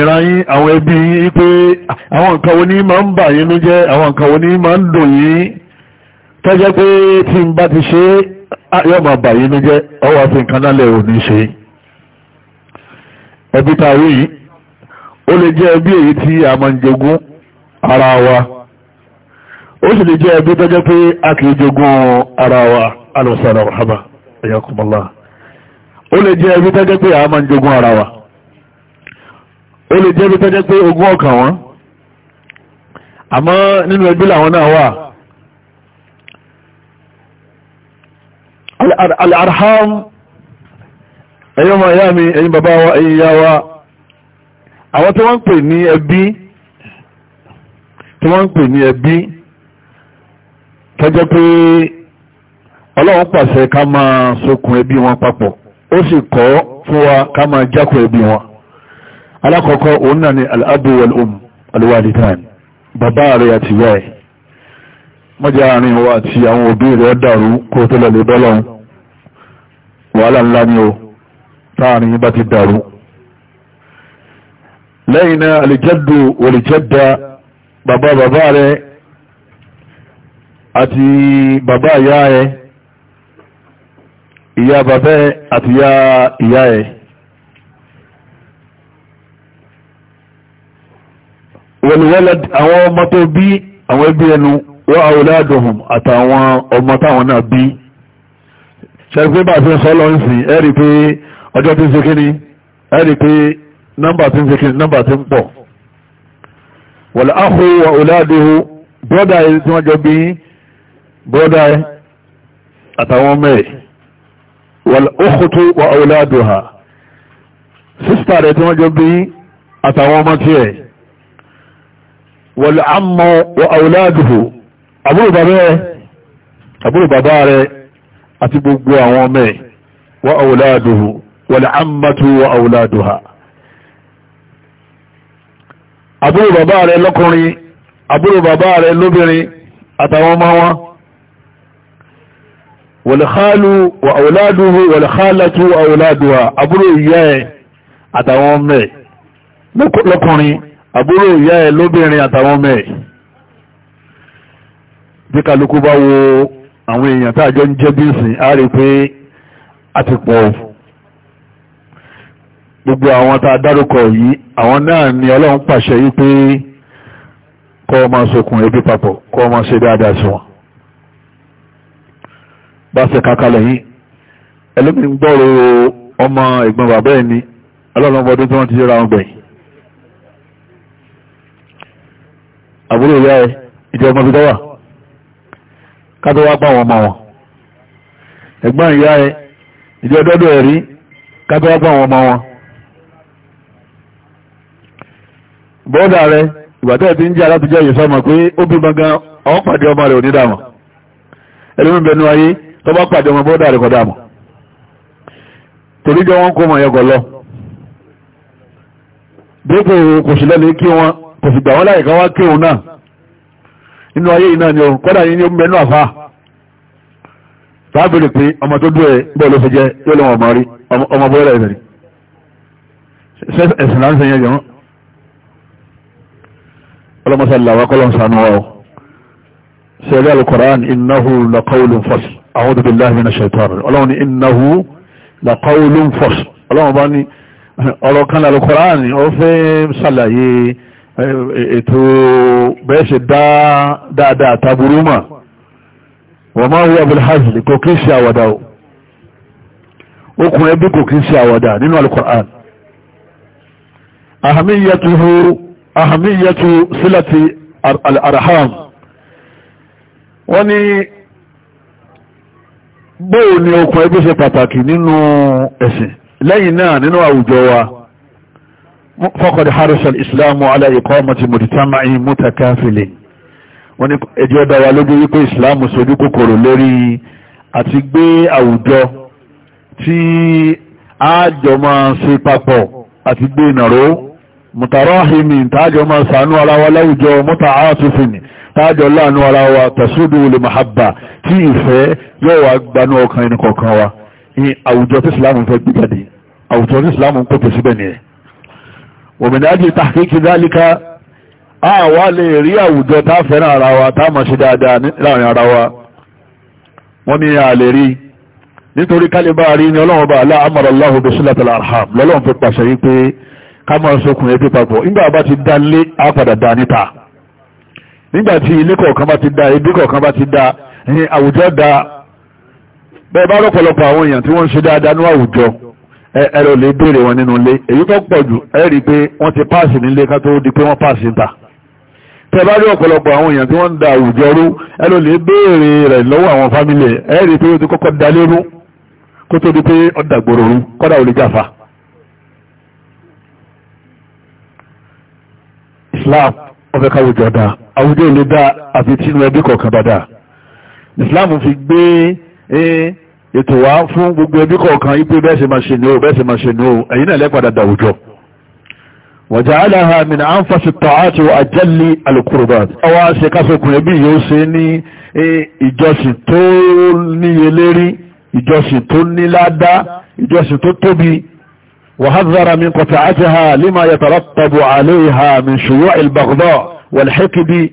ìran àwọn ẹbí yín pé àwọn nǹkan wo ni máa ń bà yín nú jẹ́ àwọn nǹkan wo ni máa ń dùn yín tọ́jẹ́ pé tí n bá ti ṣe yọ́ máa bà yínú jẹ́ ọwọ́ sí nǹkan náà lẹ́wọ̀ ní ṣe ẹbí ta rí yìí ó lè jẹ́ ẹbí èyí tí a máa ń jogún ara wa ó sì lè jẹ́ ẹbí tọ́jẹ́ pé a kì í jogún ara wa alùsàrà rahama ayakumala ó lè jẹ́ ẹbí tọ́jẹ́ pé a máa ń jogún ara wa ó lè jẹ́ ẹbí tọ́jẹ́ pé ogún wọn àmọ́ nínú ẹbí làwọn náà wà al-arham ẹ̀yọ́ ma yá mi ẹ̀yin bàbá wa ẹ̀yin yá wa àwọn tí wọ́n ń pè ní ẹbí tí wọ́n ń pè ní ẹbí tọ́jọ́ pé ọlọ́run pàṣẹ ká máa sokùn ẹbí wọn papọ̀ ó sì kọ́ fún wa ká máa jákò ẹbí wọn alákọ̀ọ́kọ́ òun náà ni al-abu bàbá rẹ̀ àti ìyá ẹ̀ àárín wa àti àwọn òbí rẹ̀ dàrú kó tó lọ lè bọ́lọ́run wàhálà ńlá ni o táàrin yín bá ti dàrú lẹ́yìn náà àlìjẹ́dù òlìjẹ́dà bàbá bàbá rẹ àti bàbá ìyá rẹ ìyá bàbá àti ìyá ìyá rẹ wọ̀lúwọ́lẹ̀ àwọn ọmọ tó bí àwọn ẹbí ẹnu wọ́n àwòlá àdùnhùn àtàwọn ọmọ táwọn náà bí ṣẹ́gbẹ́ bá ṣe sọ lọ ń sìn ẹ́ rí pé ọjọ́ tí ń ṣe kí ni ẹ́ rí pé nọ́mbà tí ń ṣe kí ni nọ́mbà tí ń pọ̀ wọ̀lá áhù wà òláàdúhù bọ́dà ẹ̀ tí wọ́n jọ bí bọ́dà àtàwọn ọmọ ẹ̀ wọ̀lá òkútù wà òláàdúhà sísítà rẹ̀ tí wọ́n jọ bí àtàwọn ọmọ tí ẹ̀ wọ̀lá àmọ́ wà òláàdúhù àbúrò bàbá rẹ̀ àti gbogbo àwọn ọmọ ẹ̀ wa awladuhu wal ammatu wa awladuha àbúrò bàbá rẹ̀ lọ́kùnrin àbúrò bàbá rẹ̀ lóbìnrin àtàwọn ọmọ wọn wal khalu wa awladuhu wal khalatu wa awladuha àbúrò ìyá ẹ̀ àtàwọn ọmọ ẹ̀ lọ́kùnrin àbúrò ìyá ẹ̀ lóbìnrin àtàwọn ọmọ ẹ̀ àwọn èèyàn tá àjọ ń jẹ́ bíìsìn á rí pé a ti pọ̀ gbogbo àwọn tá a dárúkọ yìí àwọn náà ni ọlọ́run pàṣẹ yìí pé kọ́ ọ máa sokùn ẹbí papọ̀ kọ́ ọ máa ṣe dáadáa sí wọn bá ṣe kakalẹ̀ yìí ẹlẹ́mìí ń gbọ́rọ̀ ọmọ ẹ̀gbọ́n bàbá ẹ̀ ni ọlọ́run ọdún tí wọ́n ti yẹra wọn gbẹ̀yìn àbúrò ìyá ẹ ìjọba ọmọ bí dọ́wà kátó wá pàwọn ọmọ wọn ẹ̀gbọ́n ìyá ẹ wá ọmọ wọn rẹ ti ń jẹ́ alátijọ́ yìí sọ́mọ̀ pé ó bí gbọ́ngàn ọ́n pàdé ọmọ rẹ̀ onídàmọ̀ ẹlẹ́mí bẹnu ayé tó bá pàdé ọmọ bọ́ọ̀dà rẹ̀ kọ̀dàmọ̀ torí jọ kó mọ̀ lọ wọn nínú ayé yìí náà ni o kọ́dà yìí ni ó ń bẹnu àfa láàbìrì pé ọmọ tó dúró ẹ bọ́ọ̀ ló fi jẹ yóò lọ́wọ́ ọmọ rí ọmọ bóyá ẹ̀sẹ̀ rí ẹ̀sìn láǹsẹ̀ yẹn jẹun ọlọ́mọsá làwọn kọ́lọ́ sànú wa o sẹ́rí alukoran innahu laqawlun fas a'udhu billahi minash shaitani ọlọ́run ní innahu laqawlun fas ọlọ́run bá ní ọ̀rọ̀ kan alukoran sàlàyé ètò bẹ́ẹ̀ ṣe dáadáa taburú mà wọ́n máa wí abúlhazli kò kí ṣe àwàdà o okùn ẹbí kò kí ṣe àwàdà nínú alukur'an ahamiyatu ahamiyatu silati al-arham wọ́n ní bóò ni okùn ẹbí ṣe pàtàkì nínú ẹ̀sìn lẹ́yìn náà nínú àwùjọ wa faqad harasa al-islamu ala iqamati mujtama'i mutakafilin wọ́n ní ẹjọ́ ẹ̀dá wa lójú wípé ìsìláàmù sojú kòkòrò lórí àti gbé àwùjọ tí àjọ máa ṣe papọ̀ àti gbé ìnàró mutarahimi tájọ máa ṣàánú ara wa láwùjọ muta'atufin tájọ láàánú ara wa tasudu li mahabba tí ìfẹ́ yóò wá gbanú ọkàn ẹnì kọ̀ọ̀kan wa ní àwùjọ tí ìsìláàmù fẹ́ gbé jáde àwùjọ tí ìsìláàmù ń pèpè òmìnàjì tàkíkì dálíká àwa lè rí àwùjọ tá fẹ́ràn ara wa tá mọ̀ ṣe dáadáa láàrin ara wa wọ́n ní a lè rí nítorí kálíbà rí ní ọlọ́run bá alá amọ̀rọ̀láhù bí sílẹ̀tàlá arham lọ́lọ́run fi pàṣẹ wípé ká máa sókùn ẹbí papọ̀ nígbà bá ti dá lé àpàdà dá níta nígbà tí ilé kọ̀ọ̀kan bá ti dá ẹbí kọ̀ọ̀kan bá ti dá ní àwùjọ dá bẹ́ẹ̀ bá rọ̀pọ̀lọpọ̀ àwọn èèyàn tí wọ́n ń ṣe dáadáa ní àwùjọ ẹ̀rọ lè béèrè wọn nínú ilé èyí tó pọ̀ jù ẹ rí i pé wọ́n ti páàsì nílé ká tó di pé wọ́n páàsì ń ta tẹ bá rí ọ̀pọ̀lọpọ̀ àwọn èèyàn tí wọ́n ń da àwùjọ rú ẹ ló lè béèrè rẹ̀ lọ́wọ́ àwọn fámìlì ẹ rí i pé ó ti kọ́kọ́ da lérú kó tó di pé ó dàgbòrò rú kọ́dà ò lè jàfa. Islam ọ̀fẹ́ káwùjọ da àwùjọ ò lè da àfi tínú ẹbí kọ̀ọ̀kan bá da Islam fi gbé eh, ètò wá fún gbogbo ẹbí kọ̀ọ̀kan ipé bẹ́ẹ̀sì máa ṣe ní o bẹ́ẹ̀sì máa ṣe ní o ẹ̀yìn náà lẹ́pàdà dàwùjọ wàjá aláha min anfasi ta'ati wa ajalli al-qurbat ọwá ṣe kásòkùn ẹbí yóò ṣe ní ìjọsìn tó níye lérí ìjọsìn tó níládá ìjọsìn tó tóbi wa hadhara min qata'atiha lima yatarattabu alayha min shuyu' al-baghdha wal-hikdi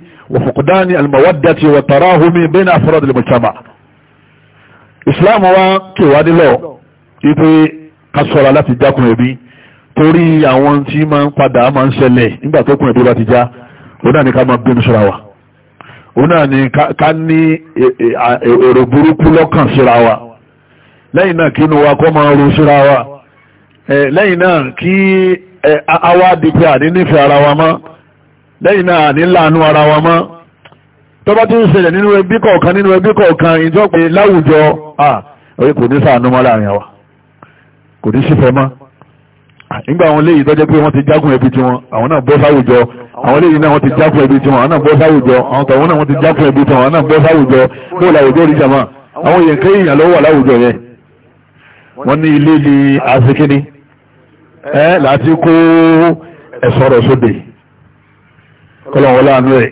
islam wa kí wá nílọ wípé ká sọ́ra láti jákun ẹbí torí àwọn tí máa ń padà máa ń ṣẹlẹ̀ nígbà tó kún ẹbí bá ti já òun náà ni ká máa bínú síra wa òun náà ni ká ní e, e, e, èrò burúkú lọ́kàn síra wa lẹ́yìn náà kí inú wa kọ́ máa ro síra wa lẹ́yìn náà kí awa di pé àní nífẹ̀ẹ́ ara wa mọ́ lẹ́yìn náà àní láàánú ara wa mọ́ tó bá ti ń ṣẹlẹ̀ nínú ẹbí kọ̀ọ̀kan nínú ẹbí kọ̀ọ̀kan ìjọ pé láwùjọ orí kò ní ṣàánú mọ́ láàrin àwa kò ní sífẹ́ mọ́ nígbà àwọn léyìí tó jẹ́ pé wọ́n ti jákun ẹbí tiwọn àwọn náà bọ́ sáwùjọ àwọn léyìí náà wọ́n ti jákun ẹbí tiwọn àwọn náà bọ́ sáwùjọ àwọn tọ̀wọ́n náà wọ́n ti jákun ẹbí tiwọn àwọn náà bọ́ sáwùjọ bóò láwùjọ orí jàmá àwọn èèyàn kéèyàn ìyàn lọ́wọ́ láwùjọ yẹn wọ́n ní ilé ní asekini ẹ́ láti kó ẹ̀sọ́rọ̀ sóde kọ́lọ̀ wọn láàánú ẹ̀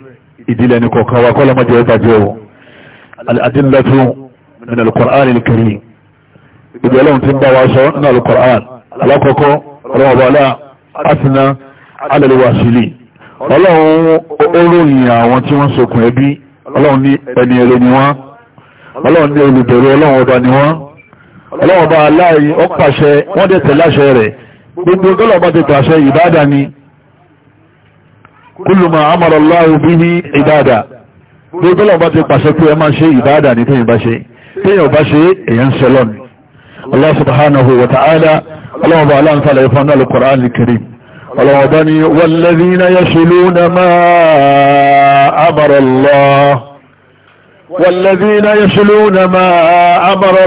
ìdílé ẹni kọ̀ọ̀kan wa kọ́lọ́mọ́ jẹ́ bàjẹ́ o al-adillatu min al-Qur'an al-Karim ibi ọlọ́run ti ń bá wa sọ nínú al-Qur'an alákọ̀ọ́kọ́ ọlọ́run ọba alá asina alẹ́lẹ́wàsílì ọlọ́run oróyìn àwọn tí wọ́n sokùn ẹbí ọlọ́run ní ẹni ẹlẹ ni wọ́n ọlọ́run ní ọpàṣẹ wọ́n dẹ̀ tẹ̀láṣẹ rẹ̀ gbogbo ọlọ́run ọba ti ìbádà ni kúlù ma amara Allahu bihi ìbáàdà bí ọlọ́run bá ti pàṣẹ pé ẹ máa ṣe ìbáàdà ní téèyàn bá ṣe téèyàn bá ṣe èyàn ṣe lọ́nà Allah subhanahu wa ta'ala ọlọ́run bá aláǹsàlẹ̀ ìfọ́nà al-Qur'an al-Karim ọlọ́run bá ní walladhina yasluna ma amara Allah walladhina yasluna ma amara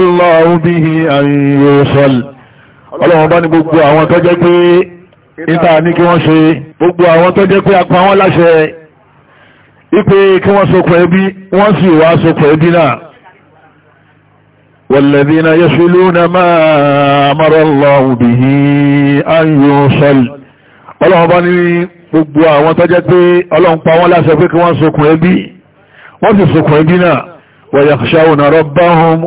Allahu gbogbo àwọn tó pé ìta ní kí wọ́n ṣe gbogbo àwọn tó jẹ́ pé apá wọn láṣẹ ipe kí wọ́n sokùn ẹbí wọ́n sì wá sokùn ẹbí náà والذين يصلون ما أمر الله به أن يوصل ọlọ́run bá ní gbogbo àwọn tó jẹ́ pé ọlọ́run pa wọ́n láṣẹ pé kí wọ́n sokùn ẹbí wọ́n sì sokùn ẹbí náà ويخشون ربهم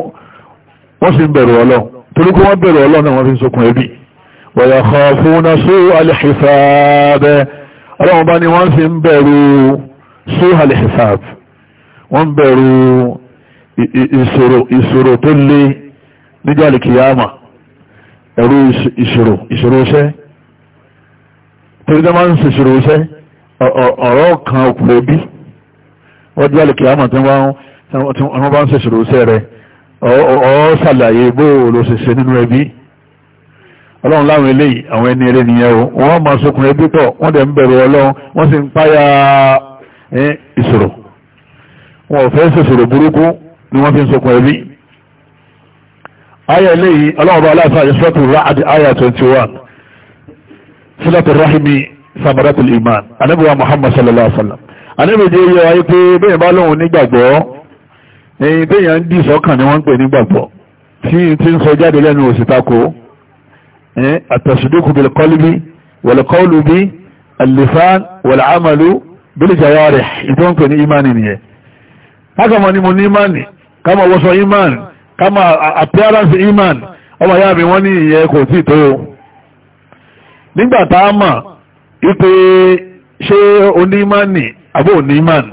wọ́n sì bẹ̀rù ọlọ́run torí kí wọ́n bẹ̀rù ọlọ́run náà wọ́n fi sokùn ẹbí ويخافون سوء الحساب ọlọ́run bá ní wọ́n sì ń bẹ̀rù سوء الحساب wọ́n ń bẹ̀rù ìṣòro tó lé níjọ́ alìkìyàmà ẹ̀rù ìṣòro ìṣòro iṣẹ́ torí tó máa ń ṣe ìṣòro iṣẹ́ ọ̀rọ̀ kan òkùnlé bí wọ́n jẹ́ alìkìyàmà tí wọ́n bá ń ṣe ìṣòro iṣẹ́ rẹ̀ ọ̀ọ́ ṣàlàyé bó ṣe ṣe nínú ẹbí ọlọ́run láwọn eléyìí àwọn ẹni eré nìyẹn o wọ́n máa sokùnrin ẹbí tọ̀ wọ́n dẹ̀ ń bẹ̀rù ọlọ́run wọ́n sì ń páyà ìṣòro wọn fẹ́ ṣòṣòro burúkú ni wọ́n fi ń sokùn ẹbí aya eléyìí ọlọ́run bá 21 sílẹ̀tù rahimi samaratul iman anabiwa muhammad sallallahu alaihi wa sallam anabidi yẹ ayé pé bẹ́ẹ̀ bá lóun nígbàgbọ́ التصديق بالقلب والقول باللسان والعمل بالجوارح ìtọ́ ń pè ní imani nìyẹn kákàmọ́ ni mo ní imani káma wọ́sọ imani káma appearance imani ọmọ ya mi wọ́n ní ìyẹn kò tí tó nígbàtá mà ipe ṣé onímani àbí onímani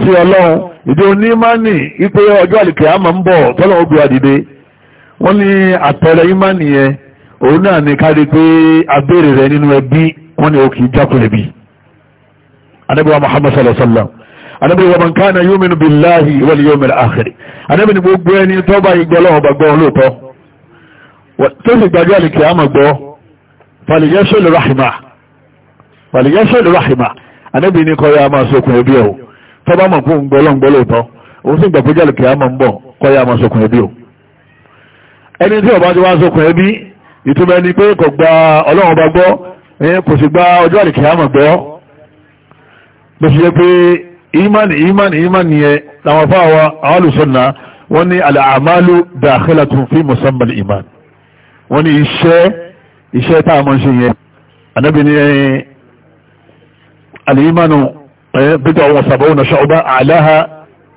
sí ọlọ́run ìdí onímani ipe ọjọ́ àlìkè àmà ń bọ̀ tọ́lọ́ ó gbé wa dìde wọ́n ní àpẹẹrẹ imani yẹn òun náà ni kárí pé abéèrè rẹ nínú ẹbí wọn ni ó kì í jákulẹ̀ bí anábíwá muhammad sallallahu alaihi wasallam anábíwá man kana yuminu billahi wal yawmil akhir anábí ni gbogbo ẹni tó bá igbó ọlọ́wọ́ bá gbọ́ lóòótọ́ tó sì gbàgbé àlìkè àmọ̀ gbọ́ falyasil rahima falyasil rahima anábí ni kọ́ya máa sókun ẹbí ẹ̀ o tó bá mọ̀ fún gbọ́lọ́ngbọ́ ń bọ̀ ìtumọ̀ ẹni pé kò gba ọlọ́run ọba gbọ́ kò sì gba ọjọ́ àlìkìyàmọ̀ gbọ́ bó ṣe yẹ pé ìmánì ìmánì ìmánì yẹn làwọn fáwọn àwọn olùsọ̀nà wọ́n ní àlàámálù dakhilatun fi musammal ìmánì wọ́n ní iṣẹ́ iṣẹ́ tá a mọ̀ ṣe yẹn anábì ní alìmánu bídọ̀ wọn sàbọ̀ na ṣọ́ọ̀bá àláha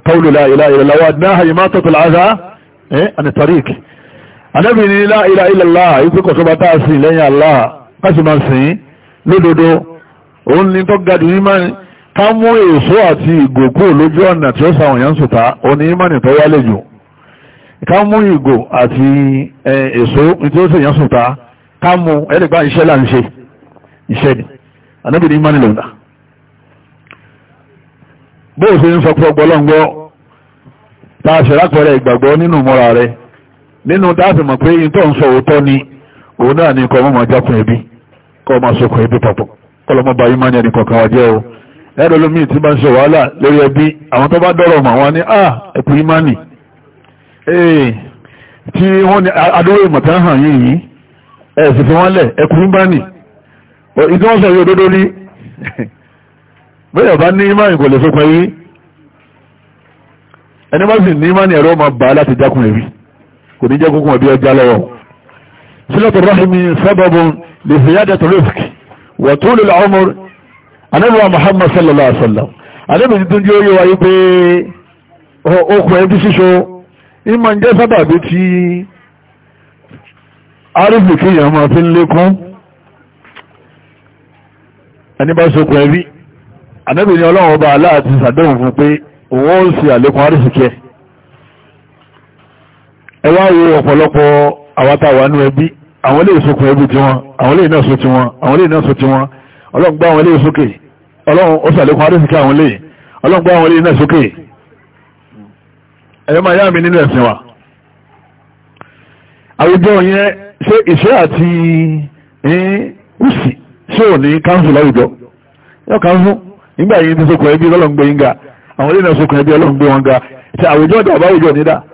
qawlu la ilaha illallah wa adnaha imatatu al-adha an at ànábì ní la ilaha illallah ìpé kọ̀sọ́ba tá a sìn lẹ́yìn Allah káṣí máa sìn lódodo òun ni tó ga jù ìmánì ká mú èso àti ìgòkú lójú ọ̀nà tí ó sàwọn èèyàn sùta òun ni ìmánì tó wálé jù ká mú ìgò àti èso tí ó sèèyàn sùta ká mú ẹ̀ẹ́dẹ̀gbá iṣẹ́ là ń ṣe iṣẹ́ ni ànábì ní ìmánì lòdà bóòsí ń sọ pé ọgbọ́lọ́ngbọ́ tá a ṣẹ̀rápẹ̀rẹ̀ ìgbàgbọ́ nínú mọ́ra rẹ̀ nínú dáàfin mọ̀ pé yìí tó ń sọ òótọ́ ni òun náà ní kọ́ ọmọ máa jákun ẹbí kọ́ ọmọ sọkùn ẹbí papọ̀ kọ́ lọ́mọ bá ìmọ̀ ní ẹnì kọ̀ọ̀kan wa jẹ́ o ẹ̀rọ lómi tí bá ń ṣe wàhálà lórí ẹbí àwọn tó bá dọ́rọ̀ mọ̀ wọn ni a ẹ̀kú ìmánì tí wọ́n ní adúrò ìmọ̀tán hàn yìí yìí ẹ̀ sì fi wọ́n lẹ̀ ẹ̀kú ìmánì ìdí wọ́n sọ yóò dódó ní bẹ́ẹ̀ bá ní ìmánì kò lè sọkùn ẹbí ẹni bá sì ní ìmánì ẹ̀rọ máa bà á láti jákun ẹbí kò ní jẹ́ kókó ọbí ọjà lọ́wọ́ sílẹ̀tù rahimi sababun lè fi yáda tó rifki wà tó lè lọ́mọr anábìwá muhammad sallallahu alaihi wasallam anábì tuntun jẹ́ oyè wáyé pé okùn ẹbí ṣíṣo ìmọ̀ ń jẹ́ sábàbí tí arìsì kí èèyàn máa fi ẹni bá sokùn ẹbí anábì ọlọ́run ọba aláàtì sàdéhùn fún pé òun ó sì àlékún arìsì ẹ wá wo ọ̀pọ̀lọpọ̀ àwọn táwa nú ẹbí àwọn ilé ìsokùn ẹbí tiwọn àwọn ilé ìnáṣọ tiwọn àwọn ilé ìnáṣọ tiwọn ọlọ́run gbá àwọn ilé ìsókè ọlọ́run ó sàlékún adéṣìkẹ́ àwọn ilé ọlọ́run gbá àwọn ilé ìnáṣókè ẹ̀yọ́ máa yá mi nínú ẹ̀sìn wa àwùjọ yẹn ṣé ìṣẹ́ àti ùsì ṣé ò ní káńsù láwùjọ yọ káńsù nígbà yìí ti sókùn ẹbí ọlọ́run gbé yín ga àwọn ilé ìnáṣókùn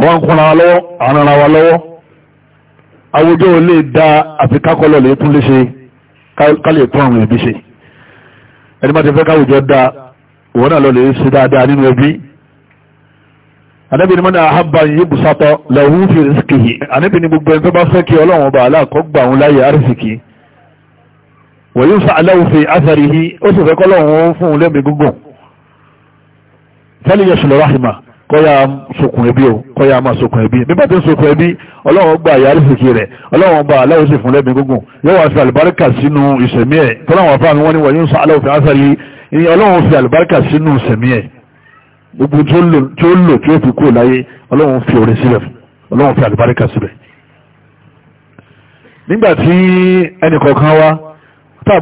àwọn ń kúnra wa lọ́wọ́ àwọn ara wa lọ́wọ́ àwùjọ ò lè da àfi kákọ́lọ̀ lè tún lè ṣe ká lè tún àwọn ẹbí ṣe ẹni bá ti fẹ́ káwùjọ da ìwọ náà lọ lè ṣe dáadáa nínú ẹbí anábì ni mọ́nà àhábà yìí bùsátọ̀ lẹ́hùn fi rìsíkì anábì ni gbogbo ẹni tó bá fẹ́ kí ọlọ́run ọba aláàkọ́ òun láyé àrísìkì wọ̀nyí ń sàlẹ́wò fi àfẹ́rìhí ó sì fẹ́ kọ́lọ́run fún un lẹ́mìí gúngùn tẹ́lẹ̀ yẹ kọ́yà sokùn ẹbí o kọ́yà máa sokùn ẹbí bí bàtẹ́ sokùn ẹbí ọlọ́run gba àyà àrísìkì rẹ̀ ọlọ́run gba aláwọ̀ sì fún lẹ́mìí gúngùn yóò wá sí àlùbáríkà sínú ìsẹ̀mí ẹ̀ tọ́láwọn afá mi wọ́n ní wọ́n yóò sọ aláwọ̀ fi ásà yìí ni ọlọ́run fi àlùbáríkà sínú ìsẹ̀mí ẹ̀ gbogbo tí ó lò tí ó fi kú láyé ọlọ́run fi orin sílẹ̀ ọlọ́run fi àlùbáríkà sílẹ̀ nígbà tí ẹnì kọ̀ọ̀kan wa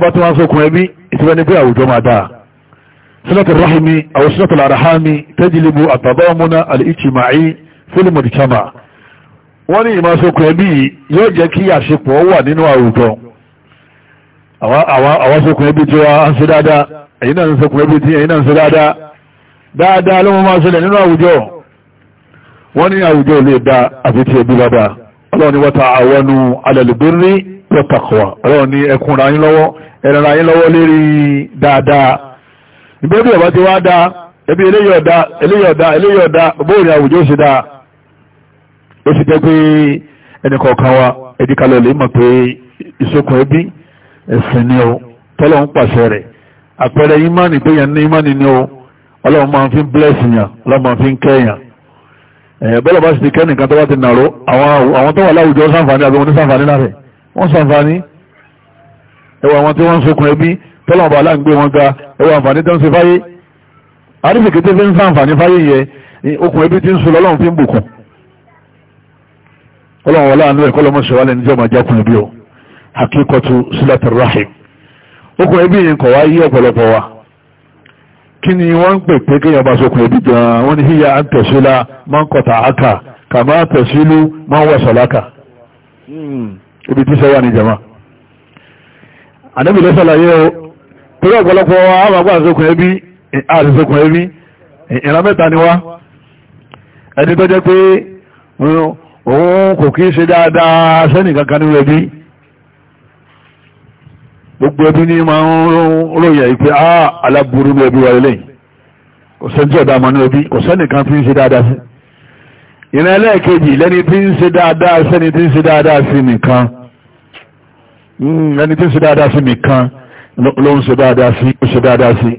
bá tó wá sokùn ẹbí ìtìwẹ́ni pé àwùjọ máa dáa sílẹ̀tì rahimi àwọn sílẹ̀tì arahami tẹ́jìlìbù àtàbọ́múná alìchìmáì fílìmù ìjàmà wọ́n ní ìmọ̀sókò ẹbí yóò jẹ́ kí àṣepọ̀ wà nínú àwùjọ àwọn sókò ẹbí tí wọ́n á ń ṣe dáadáa èyí náà ń sókò ẹbí tí èyí náà ń ṣe dáadáa dáadáa ló mọ́ máa ṣẹlẹ̀ nínú àwùjọ wọ́n ní àwùjọ lè da àfi tí ẹbí bá dáa ọlọ́run ni wọ́ta àwọnú alẹ́lùbírí pẹ̀tàkọ̀wà ọlọ́run ni ẹkùnra yín lọ́wọ́ ẹ̀rẹ̀ra yín lọ́wọ́ lérí dáadáa ìbẹ́bí ọ̀bá ti wá dá ẹbí eléyọ̀dá eléyọ̀dá eléyọ̀dá bóòrìn àwùjọ ṣe dáa ó sì jẹ́ pé ẹnìkọ̀ọ̀kan wa ẹdíkalẹ̀ lè mọ̀ pé ìsokùn ẹbí ẹ̀sìn ni o tọ́lọ̀ ń pàṣẹ rẹ̀ àpẹẹrẹ ìmánì pé yẹn ní ìmánì ni o ọlọ́run máa fi ń bless yàn ọlọ́run máa fi ń kẹ́ yàn ẹ̀yẹ bọ́lá bá sì ti kẹ́nìkan tó bá ti nàró àwọn tó wà láwùjọ ṣàǹfààní àbí wọn ní ṣàǹfààní lára wọn ṣàǹfààní ẹwà àwọn tí wọ́n ń sokùn ẹbí tọ́lọ́mọba aláǹgbé wọn ga ẹwà àǹfààní tó ń ṣe fáyé àríṣì fi ń fa àǹfààní fáyé yẹn okùn ẹbí ti ń sọ lọ́lọ́run fi ń bùkún ọlọ́run wọlé àánú ẹ̀ kọ́lọ́mọ ṣe jẹ́ bí o hakíkọ́tù sílẹ̀tì rahim okùn ẹbí yẹn kọ̀ wá yí ọ̀pọ̀lọpọ̀ wa kí ni wọ́n ń pè pé kéèyàn bá ẹbí gan-an wọ́n ní híya ń máa ń àkà máa ń torí ọ̀pọ̀lọpọ̀ àwàgbà àṣokùn ẹbí àṣìṣokùn ẹbí ìran mẹ́ta ni wá ẹni tó jẹ́ pé mm, òun kò kí ṣe dáadáa sẹ́nì kankan nínú ẹbí gbogbo ẹbí ní máa ń ròyìn àyí pé aláburú ní ẹbí wa eléyìí kò sẹ́ni tí ọ̀dà àmọ́ ní ẹbí kò sẹ́nì kan fi ń ṣe dáadáa sí ìran ẹlẹ́ẹ̀kejì lẹ́ni tí ń ṣe dáadáa sẹ́ni tí ń ṣe dáadáa sí nìkan mm, ló ń ṣe dáadáa sí ó ṣe dáadáa sí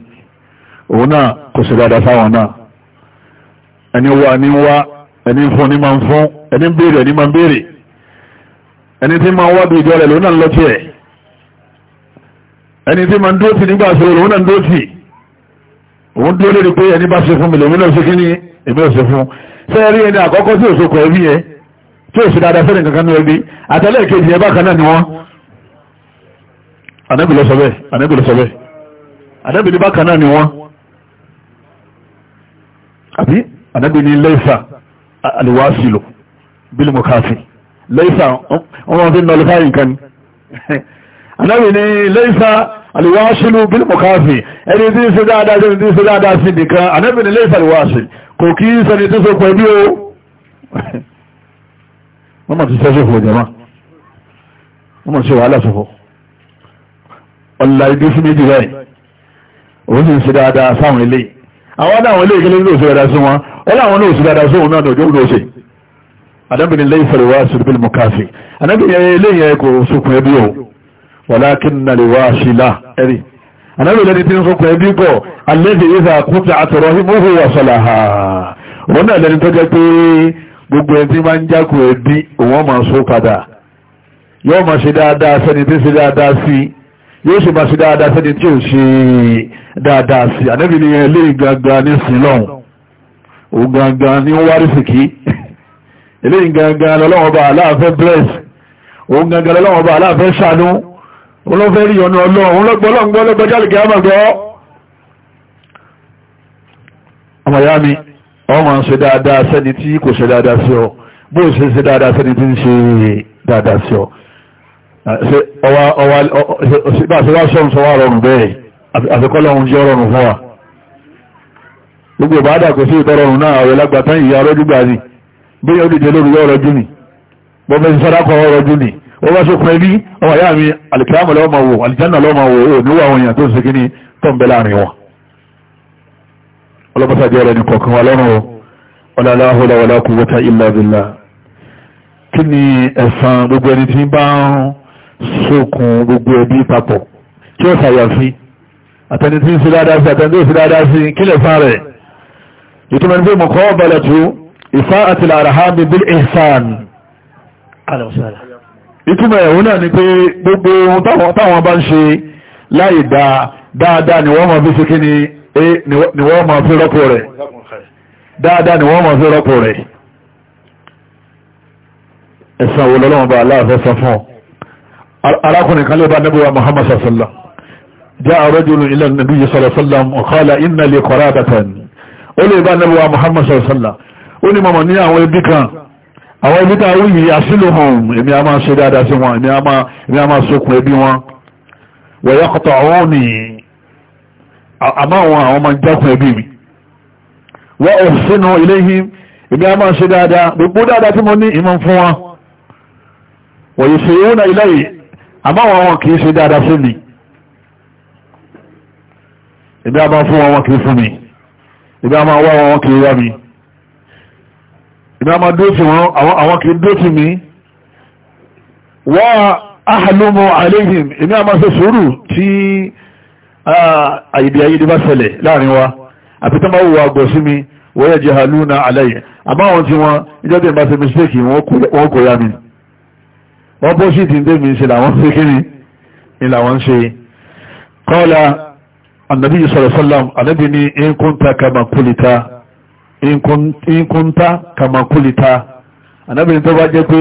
òun náà kò ṣe dáadáa sáwọn náà ẹni wá ní wá ẹni fún ní máa ń fún ẹni ń béèrè ẹni máa ń béèrè ẹni tí máa ń wá bìí jọrẹ lòun náà lọ tiẹ̀ ẹni tí máa ń dóòtì nígbà ṣòro lòun náà ń dóòtì òun dúró lórí pé ẹni bá ṣe fún mi lòun náà ṣe kí ni èmi ò ṣe fún ṣé rí ẹni àkọ́kọ́ tí òṣòkò ẹbí yẹn tí òṣì dáadáa kankan ní ẹbí àtẹlẹ́ẹ̀kejì ẹ bákan náà ni wọ́n ànábì ló sọ bẹ́ẹ̀ ànábì ló sọ bẹ́ẹ̀ ànábì ní bákan náà ni wọ́n àbí ànábì ní lẹ́ẹ̀fà àlùwàásìlò bílí mọ̀káfì lẹ́ẹ̀fà wọ́n fi nọlifá nǹkan ni ànábì ní lẹ́ẹ̀fà àlùwàásìlò bílí mọ̀káfì ẹni tí ń ṣe dáadáa sí ẹni tí ń ṣe dáadáa sí nìkan ànábì ní lẹ́ẹ̀fà àlùwàásìlò kò kí ń sẹni tó so pẹ̀lú o wọ́n mọ̀ ti sẹ́sọ̀ fò jẹ́ mọ́ wọ́n mọ̀ ti ṣe wàhálà sọ̀fọ̀ ọ̀la ibi sí méjì báyìí òun sì ń ṣe dáadáa sáwọn ilé àwọn dáwọn ilé ìkẹlẹ́ ní òṣè dáadáa sí wọn ó láwọn ní òṣè dáadáa sí òun náà ní òjò òṣè adábìnrin ilé ìfẹ̀rẹ̀ wá sí ibi mọ̀káfì adábìnrin ilé yẹn kò sókun ẹbí o wàlákin nàlè wá sí là ẹ̀rí adábìnrin ẹni tí ń sókun ẹbí pọ̀ alẹ́dẹ̀ ìfẹ́ àkúta àtọ̀rọ̀ ìmúhù wàsọ̀lá ha òun náà lẹni tó jẹ́ pé gbogbo ẹni tí máa ń jákò ẹbí òun máa só yóò máa ṣe dáadáa sẹ́ni tí ń ṣe dáadáa sí i yóò ṣe bá ṣe dáadáa sẹ́ni tí ò ṣe dáadáa sí ànábì ní ilé gangan ní sílọ́hùn ò gangan ní wárísìkí ilé gangan lọ́wọ́ bá aláàfẹ́ bless ò gangan lọ́wọ́ bá aláàfẹ́ ṣàánú olófẹ́ rí ọ̀nà ọlọ́run lọ́gbọ́lọ́gbọ́ lọ́gbọ́já lè gẹ́ àmàgbọ́ ọmọ ìyá mi ọmọ ń ṣe dáadáa sẹ́ni tí kò ṣe dáadáa sí ọ bó ṣe ṣe dáadáa sẹ́ni tí ń ṣe dáadáa sí ọ síbáṣíwá ah, sọ́run sọ wá rọrùn bẹ́ẹ̀ àfikọ́lọ́run jẹ́ rọrùn fún wa gbogbo ìbáadà kò sí ìtọrọrùn náà àwẹ̀ lágbàtán ìyá ọlọ́dúgbà ni bí yóò dìde lórí ọrọ̀ jù ní bọ́mẹ́ sí sọ́dákọ̀ ọrọ̀ jù ní wọ́n bá sókùn ẹbí ọmọ ìyá mi alìkìyàmù lọ́mọ wò alìjánà lọ́mọ wò ó níwọ̀ àwọn èèyàn tó ń segin billah kí ni ẹ̀san gbogbo sókun gbogbo ẹbí papọ̀ tí ó sàyàfi àtẹni tí ń sí dáadáa sí àtẹni tí ó sí dáadáa sí kílẹ̀ fà rẹ̀ ìtumọ̀ ní pé mo kọ́ balẹ̀ tó ìfá àti làràhámi bil ihsan ìtumọ̀ ẹ̀hún náà ni pé gbogbo táwọn bá ń ṣe láì dáa dáadáa ni wọ́n máa fi ẹ̀sàn wo lọ́lọ́wọ́n bá aláàfẹ́ sọ fún ọ arákùnrin kan lè bá Ànábì wa Muhammad sallallahu jaa rajulun ila an-nabiy sallallahu alaihi wa qala inna li qarabatan ó lè bá Ànábì wa Muhammad sallallahu ó ní mọ̀mọ̀ ní àwọn ibi kan àwọn ibi tá a wúyì asiluhum a máa ṣe dáadáa sí wọn èmi a máa sókun ẹbí wọn wa yaqta'uni àmọ́ àwọn àwọn máa ń jákun ẹbí mi wa uhsinu ilayhim èmi a máa ṣe dáadáa gbogbo dáadáa tí mo ní ìmọ̀ fún wọn wa yusiruna ilayhi àmọ́ àwọn wọn kìí ṣe dáadáa sí mi ìbí a máa fún wọn wọn kìí fún mi ìbí a máa wá wọn wọn kìí wá mi ìbí a máa dúró tì wọn àwọn kìí dúró tì mí wọ́n ahàlómọ àléhìn ìbí a máa ṣe sùúrù tí àyèdè àyèdè bá ṣẹlẹ̀ láàrin wa àti tó máa wùwà gbọ̀ sí mi wọ́n yẹ jẹ́ àlúna àlẹ́yìn àmọ́ àwọn tí wọ́n ìjọba mistake wọ́n kò yá wọ́n bó sì ti ń tẹ́mi ṣe làwọn ṣe kí ni ni làwọn ṣe kọ́lá ànàbí sọ̀rọ̀ sọ́làm ànàbí ní ìkúnta kàmàkúlìta ìkúnta kàmàkúlìta ànàbí ní tó bá jẹ́ pé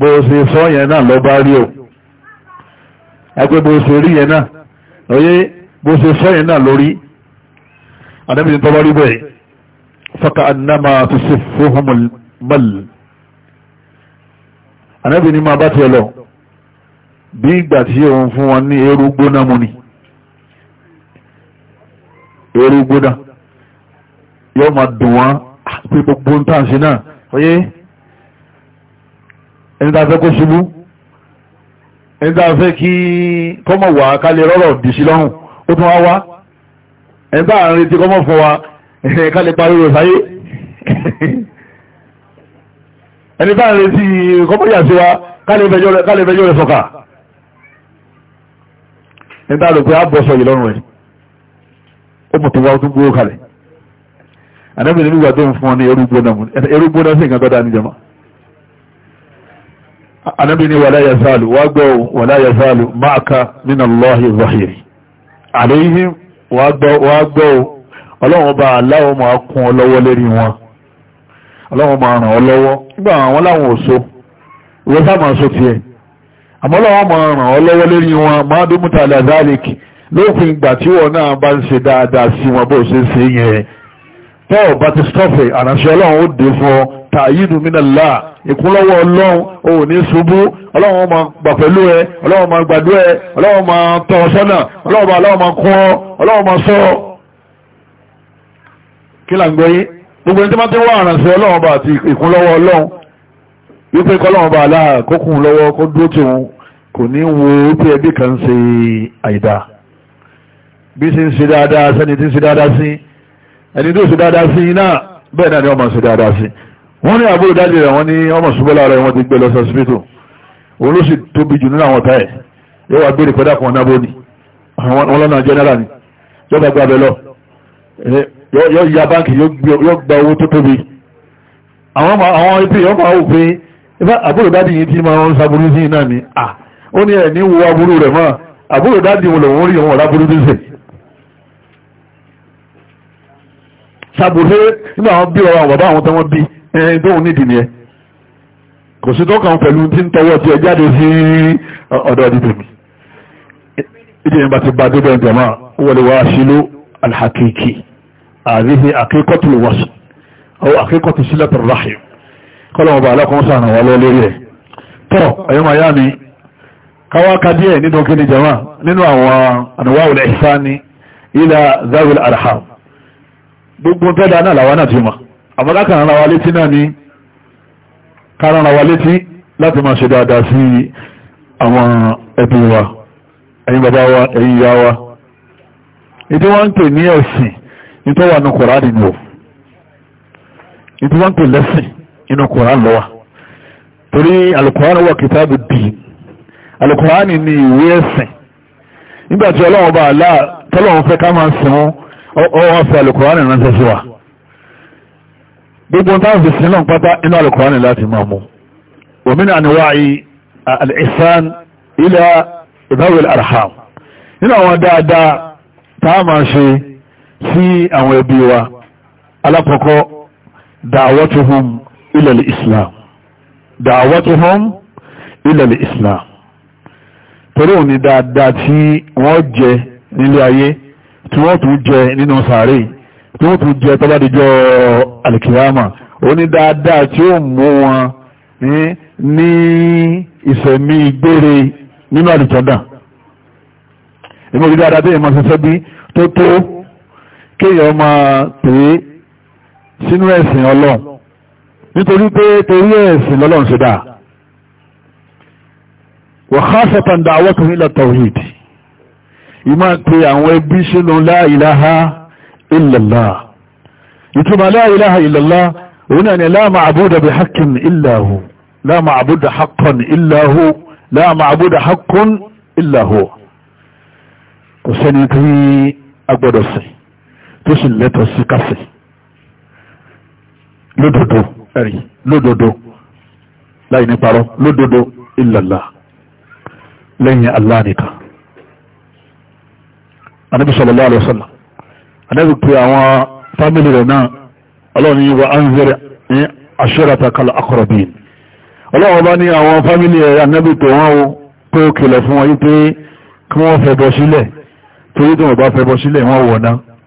bó ṣe sọ yẹn náà lọ bá rí o ẹgbẹ́ bó ṣe rí yẹn náà lóye bó ṣe sọ yẹn náà lórí ànàbí ní tó bá rí bẹ́ẹ̀ fọ́kà annama tó ṣe fóhùnmọ́lì ànábì ní máa bá tiẹ̀ lọ bí ìgbà tí òun fún wọn ní eérú gbóná mu ni eérú gbóná yóò máa dùn wọn ah, pé gbogbo ń tàn sí náà oyé ẹni tá a fẹ́ kó ṣubú ẹni tá a fẹ́ kí kọ́mọ̀ wà ká lè rọ́rọ̀ dì sí lọ́rùn ó tún wá wá ẹni tá à ń retí kọ́mọ̀ fún wa ká parí rò sáyé ẹni bá ń retí kọ́pọ̀yà sí wa kálẹ̀ ìfẹjọ́ rẹ̀ sọ́kà ní tá lò pé a bọ̀ sọ lọ́rùn rẹ̀ ó mọ̀ tó wá tó gbówó kalẹ̀ ànábì nínú ìgbà tó ń fún ọ ní ẹrú gbóná mu ẹrú sí nǹkan tó dáa níjàmá ànábì ní ọlọ́wọ́n máa ràn ọ́ lọ́wọ́ nígbà àwọn láwọn òṣò ìwé sáà máa so tiẹ̀ àmọ́ ọlọ́wọ́n máa ràn ọ́ lọ́wọ́ lórí wọn máa dún múta lazalik lópin ìgbà tí wọn náà bá ń ṣe dáadáa sí wọn bó ṣe ń ṣe yẹn paul batistoffe àránṣẹ́ ọlọ́run ó dé fún ọ tààyídù mínàlá ìkúnlọ́wọ́ ọlọ́run ò ní ṣubú ọlọ́run máa gbà pẹ̀lú ẹ ọlọ́run máa gbàdú ẹ ọlọ́run máa tọ́ ọ ọlọ́run máa kún ọ ọlọ́run máa sọ gbogbo ẹni tí wọ́n ti wá àrànṣẹ́ ọlọ́run bá àti ìkúnlọ́wọ́ ọlọ́run wípé kọ́lọ́run bá aláà kókùn lọ́wọ́ kó dúró tí òun kò ní wo pé ẹbí kan ṣe àìdá bí ṣe ń ṣe dáadáa sẹ́ni tí ń ṣe dáadáa sí ẹni tó ṣe dáadáa sí náà bẹ́ẹ̀ náà ni ọmọ ṣe dáadáa sí wọ́n ní àbúrò dájú rẹ̀ wọ́n ní ọmọ ṣubọ́lá rẹ̀ wọ́n ti gbé lọ sọ́sibítù òun ló sì tóbi jù nínú àwọn ọ̀tá ẹ̀ yóò wá béèrè pẹ́dà kan náà bó ni wọ́n lọ́nà jẹ́nẹ́rà ni jọba gbàbẹ́ lọ yóò ya báńkì yóò gba owó tó tóbi àwọn ẹbí yóò máa wò pé àbúrò dáàdì yìí ti máa ń saburú sí náà ni à ó ní ẹ̀ ní wo aburú rẹ̀ mọ́ àbúrò dáàdì wọn lòun rí òun ọ̀làbúrú tó sè sàbòsé nínú àwọn bí ọ̀rọ̀ àwọn bàbá àwọn tó wọ́n bí ẹni tó ń nídìí nìyẹn kò sí tọ́kàn pẹ̀lú tí ń tọwọ́ tí ẹ jáde sí ọ̀dọ̀ dídùn mi ìdí ìyẹn bá ti bá débẹ̀ ìjọba wọlé wá sílú alhakiki هذه حقيقة الوصل أو حقيقة صلة الرحم قالوا بالكم سانا ولو ليه tó ẹ̀yọ́mà yá ni káwáka díẹ̀ nínú kí ni jama nínú àwọn ànàwáwò ihsani ila zawil arham gbogbo tẹ́dà náà làwọn náà ti ma àbúrá kàrànlá wa létí náà ni kàrànlá wa létí láti máa ṣe dáadáa sí àwọn ẹbí wa ẹ̀yin bàbá wa ẹ̀yin ìyá wa ìdí wọ́n ń pè ní ẹ̀sìn nítorí wà nù kòrán nínú o nítorí wọ́n pè lẹ́sìn inú kòrán lọ́wọ́ torí alùkòrán wà kìtàbù dì alùkòrán ní ìwé ẹ̀sìn nígbàtí ọlọ́run bá àlá tọ́lọ́run fẹ́ ká máa sìn wọn ọwọ́ fẹ́ alùkòrán ránṣẹ́ sí wa gbogbo táwọn fi sílọ̀ pátá inú alùkòrán láti máa mú òmìnira àníwáyí al'isan ilẹ̀ ìbáwẹ̀ arham nínú àwọn dáadáa tá máa ṣe sí àwọn ẹbí wa alákọ̀ọ́kọ́ da'awatuhum ila al-islam da'awatuhum ila al-islam torí òní dáadáa tí wọ́n jẹ nílé ayé tí wọ́n tún jẹ nínú sàárè tí wọ́n tún jẹ tọ́bádìjọ́ alìkìyàmà òní dáadáa tí ó mú wọn ní ìsẹ̀mí gbére nínú àdìjọ́dà ìmọ̀ ìdáadáa tí èèmọ̀ ṣiṣẹ́ bí tó tó kéèyàn máa pè é sínú ẹ̀sìn ọlọ́run nítorí pé torí ẹ̀sìn lọ́lọ́run ṣe dáa wa khasatan da'watuhum ila tawhid ìmá pé àwọn ẹbí sínú la ilaha illallah ìtumà la ilaha illallah òun náà ni la ma'buda bihaqqin illa hu la ma'buda haqqan illa hu la ma'buda haqqun kò sẹ́ni tí a gbọ́dọ̀ tó sì lẹ́tọ̀ọ́ sí káfẹ́ lódodo ẹ̀rí lódodo láì ní parọ́ lódodo illallah lẹ́yìn Allah nìkan anábì sallallahu alaihi wasallam anábì pé àwọn fámìlì rẹ̀ náà ọlọ́run yìí wà á ń zẹ̀rẹ̀ ní ashiratakal aqrabin ọlọ́run bá ní àwọn fámìlì rẹ̀ anábì pé wọ́n o pé ó kìlọ̀ fún wọn yí pé kí wọ́n fẹ́ bọ́ sílẹ̀ torí tí wọ́n bá fẹ́ bọ́ sílẹ̀ wọ́n wọ̀ náà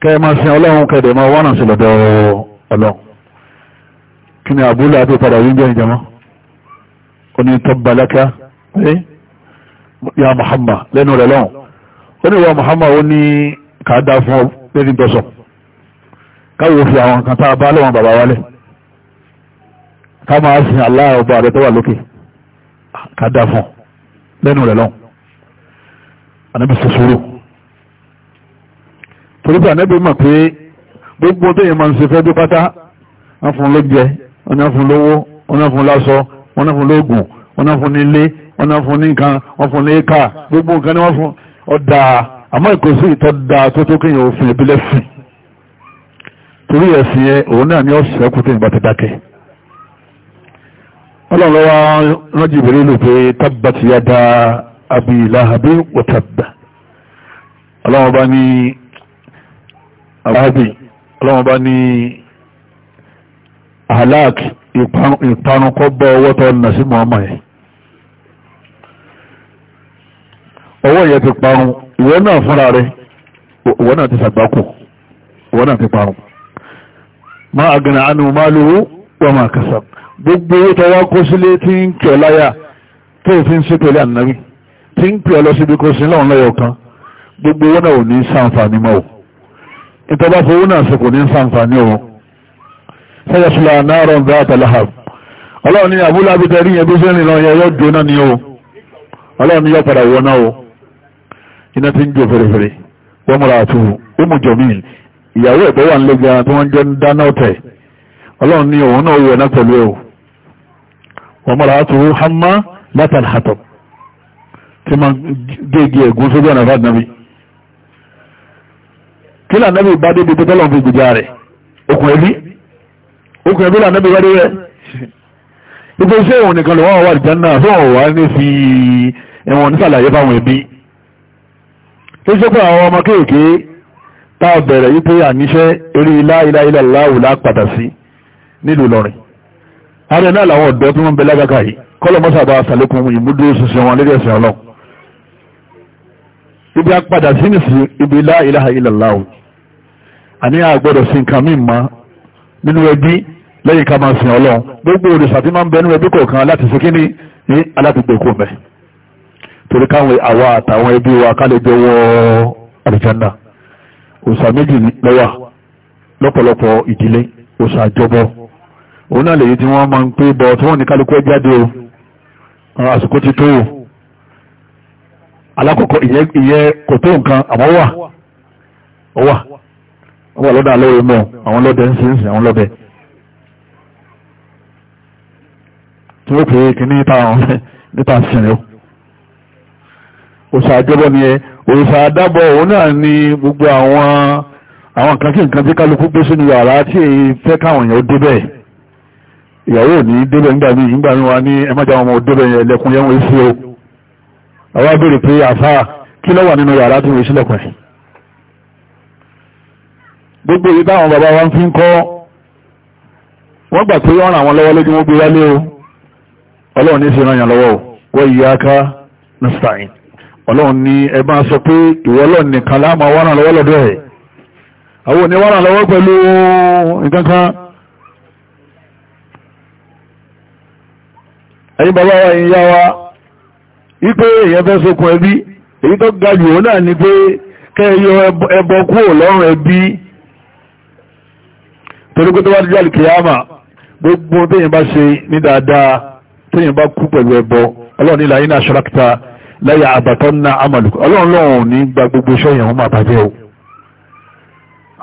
kẹ́ máa sin ọlọ́run kẹ́dẹ̀ máa wọ́nà sí lọ́dọ̀ ọlọ́run kí ni àbúlé àti padà yìí jẹ́ ìjọmọ́ ó ní tọ́balẹ́ká ya Muhammad lẹ́nu rẹ̀ lọ́hùn o ní ìwà Muhammad o ní kàádà fún ọ lẹ́ni tọ́sọ̀ káwọ́ fi àwọn nǹkan tá a bá lọ́wọ́n bàbá wálẹ̀ ká máa sin Allah ọba rẹ̀ tó wà lókè kàádà fún lẹ́nu rẹ̀ lọ́hùn ànábì sọ sùúrù torí pé ànábì mọ̀ pé gbogbo tó yẹn máa ń ṣe fẹ́ bí pátá wọ́n fún ló jẹ wọ́n náà fún lówó wọ́n náà fún láṣọ wọ́n náà fún lóògùn wọ́n náà fún ní ilé wọ́n náà fún ní nǹkan wọ́n fún ní éka gbogbo nǹkan ni wọ́n fún ọ̀dà àmọ́ ìkòsí ìtọ́ da tó tó kéèyàn òfin ìbílẹ̀ sìn torí ẹ̀sìn yẹn òun náà ni ó sẹ́kù tó yìnbọn ti dákẹ́ ọlọ́run lọ́wọ́ àbábì ọlọ́run bá ní halak ìparunkọ́ bọ́ ọwọ́ tó nà sí mọ́ọ́mọ́ yẹn ọwọ́ yẹn ti parun ìwọ náà fúnra rẹ ìwọ náà ti sàgbákò ìwọ náà ti parun ma agana anu maluhu wa ma kasab gbogbo owó tó wá kó sílé tí ń kí ọ láyà tó fi ń ṣe pẹ̀lú ànábì tí ń pè ọ lọ síbi kó sí lọ́wọ́n lọ́yọ̀ gbogbo owó náà ò ní ṣàǹfààní mọ́ o ìtọ́bá fowó náà sọ kò ní sàǹfààní o sẹ́yẹ̀sùlá náírà ń bá àtàláhàb ọlọ́run ní àbúlá abítẹ́rí yẹn bí sẹ́rìn lọ yẹn yọ́ jóná ni o ọlọ́run yọ́ padà wọ́n náà o iná ti ń jó fèrèfèrè wọ́n múra àtú ọmọ jọmíl ìyàwó ẹ̀tọ́ wà nílé gan tí wọ́n jẹ́ ń dáná ọ̀tẹ̀ ọlọ́run ní òun náà wọ̀ náà pẹ̀lú o wọ́n múra àtú hamma látàlhàtọ̀ tí máa ń gé igi ẹ̀gún sójú ọ̀nà kí lànàbí bá débi tó tọ́lọ̀ fi gbèjà rẹ̀ okùn ẹbí okùn ẹbí lànàbí bá débi rẹ̀ gbogbo iṣẹ́ òun nìkan lọ́wọ́ wà jẹ́nà fún ọ̀wá ní fi ẹ̀wọ̀n ní sàlàyé fáwọn ẹbí tó ṣe pé àwọn ọmọ kéèké tá a bẹ̀rẹ̀ yí pé àníṣẹ́ eré ilá ilá ilá láwù lápàtà sí nílùú lọ́rin ààrẹ náà làwọn ọ̀dọ́ tí wọ́n bẹ lágbàkà yìí kọ́lọ̀ mọ́sà bá sàlékún ìmúdó ṣiṣẹ́ wọn lérí ẹ̀sìn ọlọ́run ibi apàdà sí nìsí ibi ilá ilá ilá láwù àní àgbọ̀dọ̀ sí nǹkan míì mọ́ nínú ẹbí lẹ́yìn ká máa sìn ọlọ́run gbogbo òrìṣà tí máa ń bẹ nínú ẹbí kọ̀ọ̀kan láti ṣe kíní ní aládùúgbò kò mẹ́ torí káwọn àwa àtàwọn ẹbí wa ká lè jọ wọ àlùjánnà òòṣà méjì lọ́wà lọ́pọ̀lọpọ̀ ìdílé òòṣà àjọbọ òun náà lèyí tí wọ́n máa ń pé bọ tí wọ́n ní kálukú jáde o àsìkò ti tó o alákọ̀ọ́kọ́ ìyẹn kò tó nǹkan àmọ́ wà ó wà wọ́n wà lọ́dọ̀ alẹ́ omo àwọn lọ́dẹ ń sin sin àwọn lọ́bẹ̀ tí ó pè é kíní níta sin o òṣà àjọbọ ni ẹ òṣà àdábọ òun náà ni gbogbo àwọn àwọn nǹkan kí nǹkan tí kálukú gbé sínú yàrá tí èyí fẹ́ káwọn èèyàn débẹ̀ ìyàwó ní débẹ̀ nígbà míì nígbà míì wa ní ẹ má jà wọn mọ débẹ̀ yẹn lẹ̀kùn yẹn wọ́n sí o àwa béèrè pé àfáà kí ló nínú yàrá tí wọ́n sílẹ̀kùn yìí gbogbo ibi táwọn bàbá wa fi ń kọ́ wọ́n gbà pé ọ̀ràn àwọn lọ́wọ́ lójú wọn gbé wálé o ọlọ́run ní ṣe yàn lọ́wọ́ wọ́n yí aká nasta'in ọlọ́run ní ẹ sọ pé ìwọ nìkan láàmú wọ́n ràn lọ́wọ́ lọ́dọ̀ ẹ̀ àwọn òní wọ́n ràn lọ́wọ́ pẹ̀lú ẹ̀yin bàbá wa wa torí pé tó bá dúdú àlìkìyàmà gbogbo téèyàn bá ṣe ní dáadáa téèyàn bá kú pẹ̀lú ẹbọ ọlọ́run ní láyé náà ṣọ́rákítà láyé àbàtọ́ ná àmàlù ọlọ́run lọ́hùn ní gba gbogbo iṣẹ́ èèyàn wọn máa bàjẹ́ o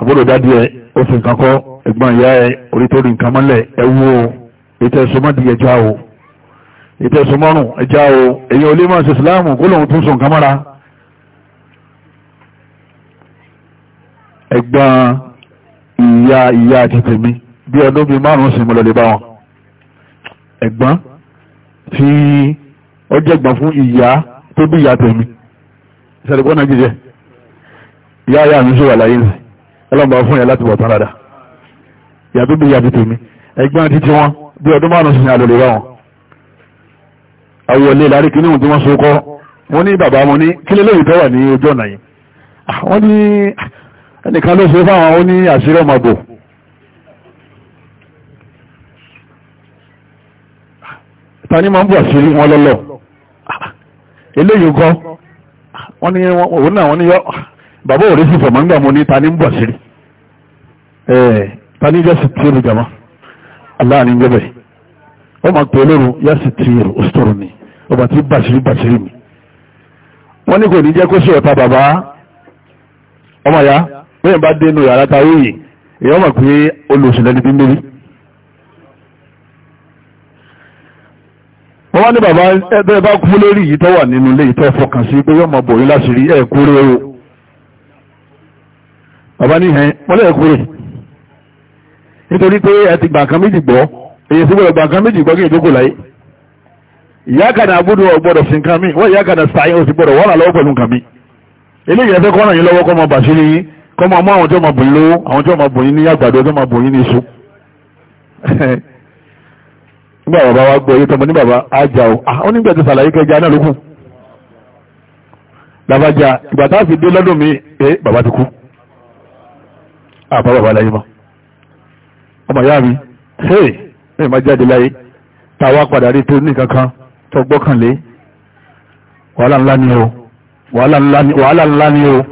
àbúrò dádì ẹ ó fi nǹkan kọ́ ẹ̀gbọ́n ìyá ẹ orí tó rí nǹkan mọ́lẹ̀ ẹ wú o ètò ẹ̀sùn mọ́dì ẹja o ètò ẹ̀sùn mọ́rùn ẹja o èyàn olè máa ṣe ìsìláàmù kó lóun tún sùn nǹkan ẹ̀gbọ́n ìyá ìyá àti tèmi bí ọdún bíi márùn-ún sí mo lọ lè bá wọn ẹ̀gbọ́n tí ó jẹ́gbọ́n fún ìyá tó bí ìyá tèmi ìṣẹ̀lẹ̀gbọ́n náà jíjẹ ìyá ìyá mi sí wà láyé nìyí ọlọ́mọ fún ìyá láti wọ̀tán rádà ìyá tó bí ìyá ti tèmi ẹ̀gbọ́n àti tiwọn bí ọdún márùn-ún sí àlòlè rá wọn àwọ̀lé lárí kìíní tí wọ́n so kọ́ wọ́n ní bàbá wọn ní kílélẹ́yìn tó wà ní ojú ọ̀nà yìí ah, wọ́n ní ah, ẹnìkan ló ṣe fáwọn ó ní àṣírí ọmọ bò ta ni máa ń bò àṣírí wọn lọ́lọ́ eléyìí gan wọ́n ní òun náà wọ́n ní yọ bàbá òrí sì fọ̀mọ́ nígbà mo ní ta ni ń bò àṣírí ta ni yọ sí tìrù jama aláàánú jẹ́bẹ̀ ó máa pè lóru yọ sí tìrù ó sọ̀rọ̀ ni ọba tí bàṣírí bàṣírí mi wọ́n ní kò ní jẹ́ kó ṣe ọ̀tá bàbá ọmọ ya bẹ́ẹ̀ bá dé inú yàrá ta wíyì èèyàn mọ̀ pé olùsìnlẹ̀ níbi mérí wọ́n wá ní bàbá ẹgbẹ́ bá kú lórí yìí tó wà nínú ilé ìtọ́ fọkàn sí pé yọ́ mọ̀ bòrí láti rí ẹ̀kúrẹ́ o bàbá ní ìhẹ́n wọ́n lè ẹ̀kúrẹ́ nítorí pé ẹ ti gbà kan méjì gbọ́ èyí sí gbọ́dọ̀ gbà méjì gbọ́ kí ìjókòó láyé ìyá kan àbúdó ọgbọ́dọ̀ sí nǹkan mi wọ́n ìyá kan sàáyé ó gbọ́dọ̀ wọ́n rà lọ́wọ́ pẹ̀lú nǹkan mi eléyìí ẹ̀fẹ́ kọ́ràn kọ́ kọ́ máa mú àwọn tí wọ́n máa bò yín lówó àwọn tí wọ́n máa bò yín ní àgbàdo tí wọ́n máa bò yín ní iṣu nígbà bàbá wa gbọ́ yé tọmọ ní bàbá ajá o ah, ó nígbà tó sàlàyé kẹjá náà ló kù làbájá ìgbà tá a fi dé lọ́dún mi ẹ bàbá ti kú àbá bàbá láyé mọ́ ọmọ ìyá mi hey ẹ má jáde láyé tá a wá padà rí tó ní kankan tó gbọ́kànlé wàhálà ńlá ni o wàhálà ńlá ni o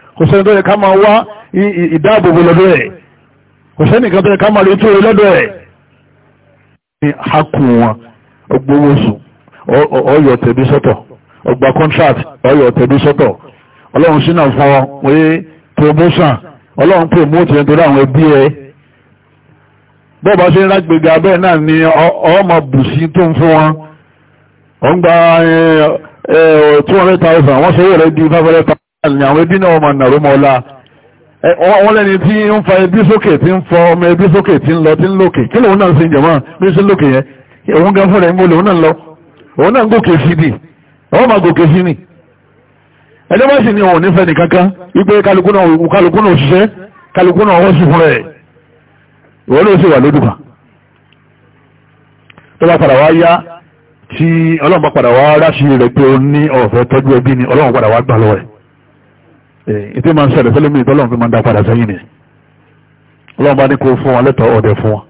kò sẹ́ni tó yẹ ká máa wá ìdáàbòbò lọ́dọ̀ ẹ̀ kò sẹ́ni kan tó yẹ ká máa lè tó rẹ lọ́dọ̀ ẹ̀ ní hakùn wọn ọgbọ́wọ́sùn ọyọ̀ tẹ̀bí sọ́tọ̀ ọgbà contract ọyọ̀ tẹ̀bí sọ́tọ̀ ọlọ́run sínú fún pé promotion ọlọ́run promote yẹn torí àwọn ẹbí ẹ bọ́ọ̀ bá ṣe ń rágbèga bẹ́ẹ̀ náà ni ọmọ bùsí tó ń fún wọn ọ̀n gba two hundred thousand wọ́n ṣe owó rẹ̀ di five hundred thousand ni àwọn ẹbí náà máa nàró mọ́ ọlá wọ́n lẹ́ni tí ń fa ẹbí sókè tí ń fọ ọmọ ẹbí sókè tí ń lọ tí ń lókè kí lòun náà ń ṣe jẹ̀mọ́ bí ń ṣe lókè yẹn òun gan fúnra ẹ̀ ń bó lòun náà lọ òun náà ń gòkè sí ni òun máa gòkè sí ni ẹjọ́ bá sì ni òun nífẹ̀ẹ́ nì kankan wípé kálukú náà kálukú náà ṣiṣẹ́ kálukú náà wọ́n sì fúnra ẹ̀ òun ló sì wà lódùkà tó bá padà wá yá tí ọlọ́run bá padà wá ráṣì rẹ̀ pé ó ní ọ̀fẹ́ tọ́jú ẹbí ni ọlọ́run padà wá gbà lọ́wọ́ ẹ̀ ètò eh, máa ń ṣẹlẹ̀ fẹ́lẹ́ mi ìtọ́lọ́run fi máa ń dá padà sẹ́yìn ni ọlọ́run bá ní kó fún wọn lẹ́tọ̀ọ́ ọ̀dẹ̀ fún wọn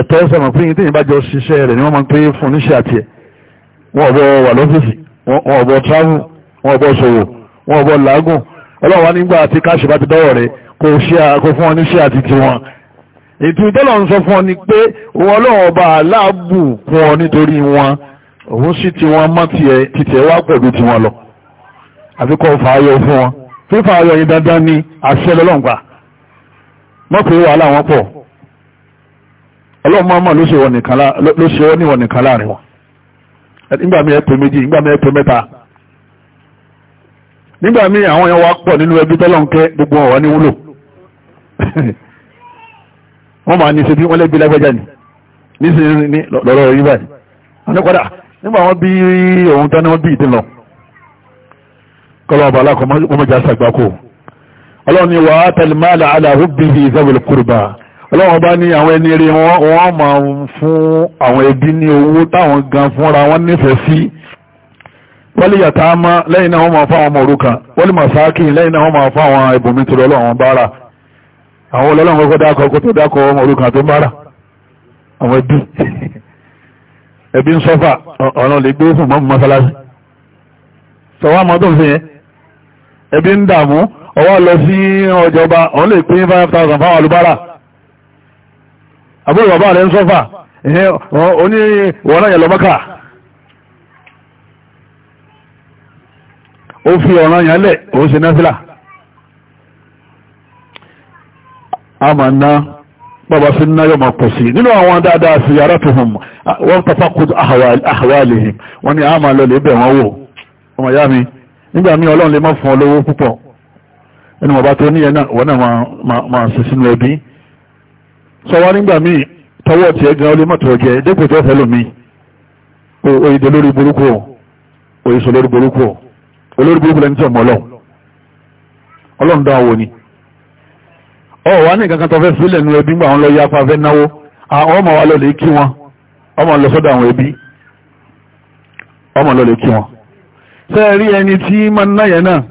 ẹ̀tọ́ sọ̀rọ̀ pé yìí tí yìí bá jọ ṣiṣẹ́ rẹ̀ ni wọ́n máa ń pé fún oníṣẹ́ àti ẹ̀ wọ́n ọ̀bọ wà lọ́fíìsì wọ́n ọ̀bọ travel wọ́n ọ̀bọ ṣòwò wọ́n ọ̀bọ làágùn ọlọ́run wá nígbà tí káṣí bá ti dọ́wọ́ rẹ̀ kó fún oníṣẹ́ àti tiwọn ètò ìtọ́lọ̀ ń sọ fún ọ ni pé ọlọ́run ọba aláàbù kún ọ nítorí wọn òun sì tiwọn mọ́ tiẹ̀ títẹ̀ wá pẹ̀lú tiwọn lọ àfikọ́ fàáyọ fún wọn fífà ayọ̀ yìí dandan ni àṣẹ lọ́lọ́ǹgbà mọ́ pé wàhálà wọn pọ̀ ọlọ́run máa mọ̀ ló ṣe wọ́n níwọ̀n nìkan láàrin wọn nígbà míì ẹ pé méjì nígbà míì ẹ pé mẹ́ta nígbà míì àwọn yẹn wá pọ̀ nínú ẹbí tọ́lọ́ǹkẹ́ gbogbo wọn ní wúlò wọ́n máa ní ṣe bí wọ́n lẹ́gbẹ̀ẹ́ lágbẹ́jà ni nísìnyí lọ́rọ̀ yìí báyìí wọ́n ní kọ́dà nígbà wọn kọlọ́ ọba alákọ̀ọ́mọ́jà sàgbákò ọlọ́run ni wàá tẹlẹmáàlà aláhùbìhì zawil kurba ọlọ́run ọba ní àwọn ẹni rí wọn wọ́n máa ń fún àwọn ẹbí ní owó táwọn gan fúnra wọn nífẹ̀ẹ́ sí wọ́n lè yàtá má lẹ́yìn náà wọ́n máa fún àwọn ọmọ òrukàn wọ́n lè màsáàkì lẹ́yìn náà wọ́n máa fún àwọn ẹbùnmi tó ń sọ́fà ọ̀nà ẹbí ń dààmú ọwọ́ lọ sí ọjọba òun lè pín five thousand fáwọn olùbárà àbúrò bàbá rẹ̀ ń sọ́fà oní ìwọ̀n náà yẹ lọ mọ́kà ó fi ọ̀ràn yẹn lẹ̀ òun ṣe náfìlà a máa ná bàbá sí ná yọ máa pọ̀ sí nínú àwọn dáadáa sí yàrá tó hùn wọ́n tafakud ahwalihim wọ́n ní a máa lọ lè bẹ̀ wọ́n wò ọmọ yá mi nígbà míì ọlọ́run lè má fún ọ lówó púpọ̀ ẹni wọ́n bá tó níyẹn náà wọ́n náà máa ṣe sínú ẹbí sọwọ́ nígbà míì tọwọ́ tiẹ̀ gan ọ lè má tọwọ́ jẹ dépò tó fẹ́ lómi oyèdè lórí burúkú oyèsọ lórí burúkú olórí burúkú lẹni tí ọmọ ọlọ́run ọlọ́run dán àwọn ni ọ wà ní kankan tó fẹ́ sílẹ̀ nu ẹbí gbà wọn lọ yá afáfẹ́ náwó ọmọ wa lọ lè kí wọn ọmọ lọ sọ́dọ̀ àwọn ẹbí ọmọ lọ lè kí wọn tẹ́ rí ẹni tí máa ń náyẹ̀ náà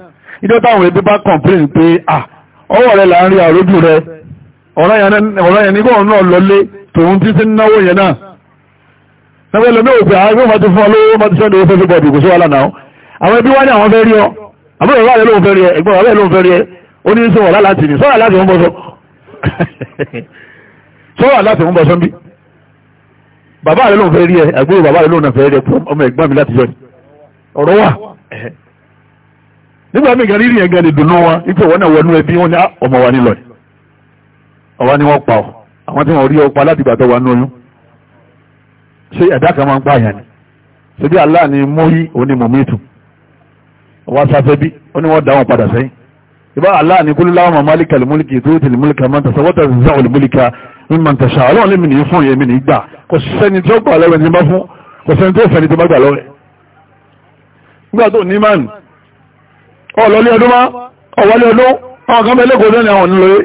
ìjọ táwọn ẹbí bá complain pé ọwọ́ rẹ̀ là ń rí àrójú rẹ̀ ọ̀rọ̀ yẹn nígbà òun náà lọlé tòun tí sí náwó yẹn náà lọ́wọ́ ẹlòmí òpè àwọn ọmọ ti fún ọlọ́wọ́ ọmọ ti sọ́dọ̀ owó fẹ́fẹ́ bọ̀dù kò sí wàhálà náà àwọn ẹbí wá ní àwọn fẹ́ rí ọ àbúrò bàbá rẹ̀ lóun fẹ́ rí ẹ ẹ̀gbọ́n bàbá rẹ̀ lóun fẹ́ rí ẹ ó ní sọ sọ́wọ́ láti ń bọ́ sọ sọ́wọ́ láti ń fẹ́ rí ẹ àgbúrò bàbá rẹ̀ lóun fẹ́ rí ẹ ọmọ ẹ̀gbọ́n mi láti yọ ni ọ̀rọ̀ wà nígbà míì gàrí ìrìn ẹ̀gẹ́ lè dùnú wọn ipò wọn náà wọnú ẹbí wọn ní ah, ọmọ wa nílọ yìí ọwọ́ ni wọ́n pa ọ àwọn tí wọ́n rí ọpa láti gbàtọ̀ wa nínú ṣé ẹ̀dá kan máa ń pààyàn ni ṣé bí Allah ni mọ́yí òun ni mọ̀mítù wọ́n sáfẹ́ bí ó ní wọ́n dá wọn padà sẹ́yìn ìbá Allah ni kúlú láwọn màmálíkà lèmúlìkì tó ti lèmúlìkà máa ń tàṣà wọ́n tàṣà òun lèmúlìkà ní máa ń tàṣà ọlọ́run lèmi nìyí fún ìyẹn mi nìyí gbà kò sẹ́ni tí gbà lọ́wọ́ ẹni bá fún kò sẹ́ni tí fẹ́ni tí bá gbà lọ́wọ́ nígbà tó ní mánì ọ̀lọ́lé ọdún má ọ̀wọ́lé ọdún àwọn kan mẹ́lẹ́kọ̀ọ́ lẹ́ni àwọn nílòye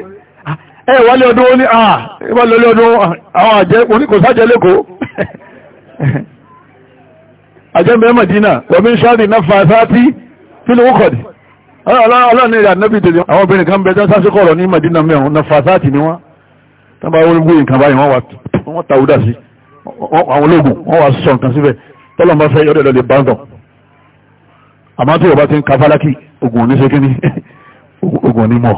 ẹ wálé ọdún ó ní àà ah, ìbálòlé ọdún àwọn àjẹ́ oníkòsájẹ́ lẹ́kọ̀ọ́ àjẹ́ mẹ́ Mẹdínà lọ́bí sáàdì náà fa sáàtì fílì wúkọ̀dì ọlọ́ọ̀ni rẹ̀ ànábì tètè àwọn obìnrin kan bẹ sásì kọ̀rọ̀ ní Mẹdínà mẹ́rin náà fa sáàtì ni wọ́n tábà wọ́n gbé nǹkan báyìí wọ́n wà tàwúdà sí àwọn ológun wọ́n wà sọ nǹkan síbẹ̀ tọ́lọ́mbà fẹ́ yọ́dọ̀ lọ́lẹ̀ bá ń tàn àmọ́ tí ọba ti ń ka fálákì ogun òní sékíní ogun òní mọ̀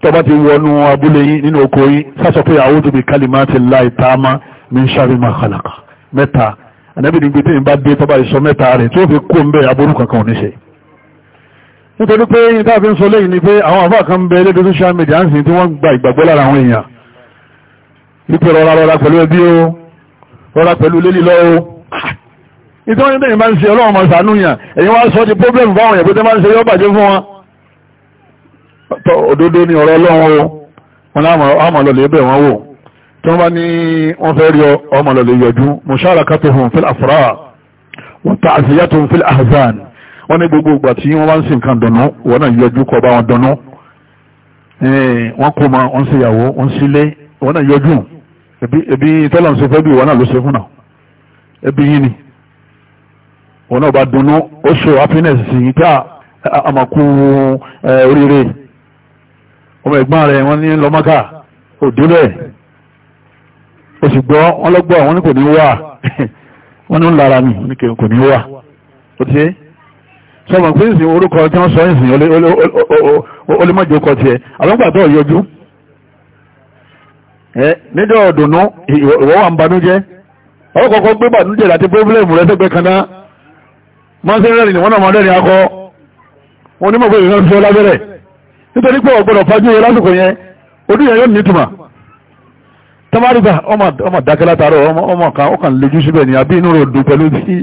tọba ti wọnú abúlé yín nínú oko yín sásọ pé a'udhu bi kalimati llahi taama min sharri ma khalaqa mẹ́ta ànábì ní gbẹ́tẹ́ ìbá dé tọba ìsọ mẹ́ta rẹ̀ tí ó fi kó ń aburú kankan òní nítorí pé yín tá sọ lẹ́yìn ni pé àwọn àfáà kan bẹ lédè social media ń sìn tí wọ́n gba ìgbàgbọ́ lára àwọn èèyàn wípé rọra rọra pẹ̀lú ẹbí o rọra pẹ̀lú lélí lọ́wọ́ nítorí wọ́n tẹ́yìn bá ń ṣe ọlọ́run ọmọ sànú yàn ẹ̀yin wá sọ ti pọ́blẹ́mù báwọn èèyàn pé tẹ́ bá ń ṣe yọ́ bàjẹ́ fún wọn tọ́ òdodo ni ọ̀rọ̀ ọlọ́run o wọn láwọn àmọ̀lọ́lẹ̀ ẹbẹ̀ wọn wò tí wọ́n bá ní wọ́n fẹ́ rí ọmọlọ́lẹ̀ yọjú musharakatuhum fil afra wa ta'ziyatuhum fil ahzan wọ́n ní gbogbo ìgbà tí wọ́n bá ń sin nǹkan dọ̀nà wọ́n náà yọjú kọ bá wọn dọ̀nà wọ́n ẹbí yìí ni òun náà bá dunnú ó ṣe happiness sí i ah, ká àmàkù oríire ọmọ ẹ̀gbọ́n rẹ̀ wọ́n ní lọ́mọ́ká òdúlẹ̀ ó sì gbọ́ wọ́n lọ́gbọ́ wọ́n ní kò ní wà wọ́n ní ń lára mi ní kò ní wà ó ti ṣe sọmọ pé ìsìn orúkọ tí wọ́n sọ ìsìn olómọ́jọ kọ tiẹ̀ àlọ́gbàtọ̀ yọjú níjọ́ ọ̀dùnnú ń banújẹ́ ọkọ̀ọ̀kọ̀ gbé banújẹ́ láti pírọ́blẹ̀mù rẹ̀ sẹ́gbẹ́ kan náà mọ́sí ni wọ́n náà máa rẹ̀rìn akọ wọn ní mọ̀gbẹ́ ìrìnà fíọ́ lábẹ́rẹ̀ nítorí pé ọ̀gbọ́dọ̀ fájú yẹn lásìkò yẹn ojú yẹn yóò nítumà tọ́márìgbà ọmọ dákẹ́ látàárọ̀ ọmọ kan ó kàn lejú síbẹ̀ ni àbí inú ròdù pẹ̀lú tí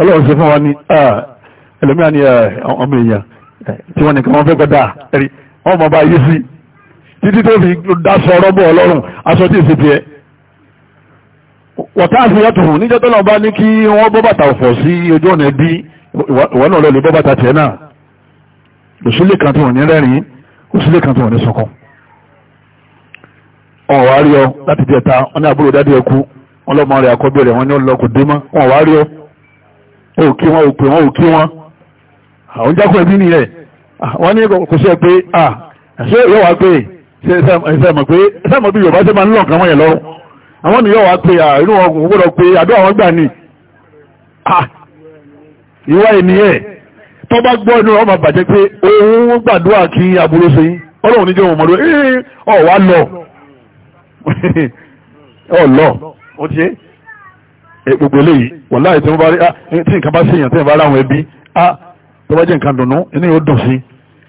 ọlọ́run ṣe fún wa ní ni ọmọ èèyàn tí wọ́n nìkan wọ́n fẹ́ kọjá ẹ̀rí wọ́n mọ̀ bá yé sí títí wọ̀tá àfihàtò níjẹ́ tó lọ bá ní kí wọ́n bọ́ bàtà ọ̀fọ̀ sí ojú ọ̀nà ẹbí ìwọ́n náà lọ́lẹ̀ bọ́ bàtà tiẹ̀ náà òṣìlẹ̀ kan tó ní rẹ́rìn òṣìlẹ̀ kan tó ní sọkàn wọn wá rí ọ láti di ẹ̀ta wọn ní àbúrò dádì ẹkú wọn lọ́mọ rẹ̀ àkọ́bí rẹ̀ wọn ní ọlọ́kọ̀ dé mọ́ wọn wá rí ọ wọn ò wọn ò wọn ò wọn àwọn jákùn ẹbí nìyẹn ah, wọn ní kò sí ẹ pé à ah, ṣé yóò wá pé ṣe ẹ sẹ́mọ̀ pé ẹ sẹ́mọ̀ bí Yorùbá ṣe máa ń lọ̀ nǹkan wọ̀nyẹn lọ́rùn àwọn ènìyàn wà pé àìrùn ọgùn gbọ́dọ̀ pé àdó àwọn gbà ní ìwà ènìyàn tó bá gbọ́ inú ọmọ bàjẹ́ pé òun gbàdúrà kí aburú sí ọlọ́run níjọ́ òun mọ̀dọ́ ee ọ̀wá lọ ọ̀lọ́ ó ti ṣe gbogbo eléyìí wọ́n láì tí wọ́n bá rí tí nǹkan bá ṣèyàn tí wọ́n bá ráwọn ẹbí tó bá jẹ́ nǹkan dùnú inú yóò dùn sí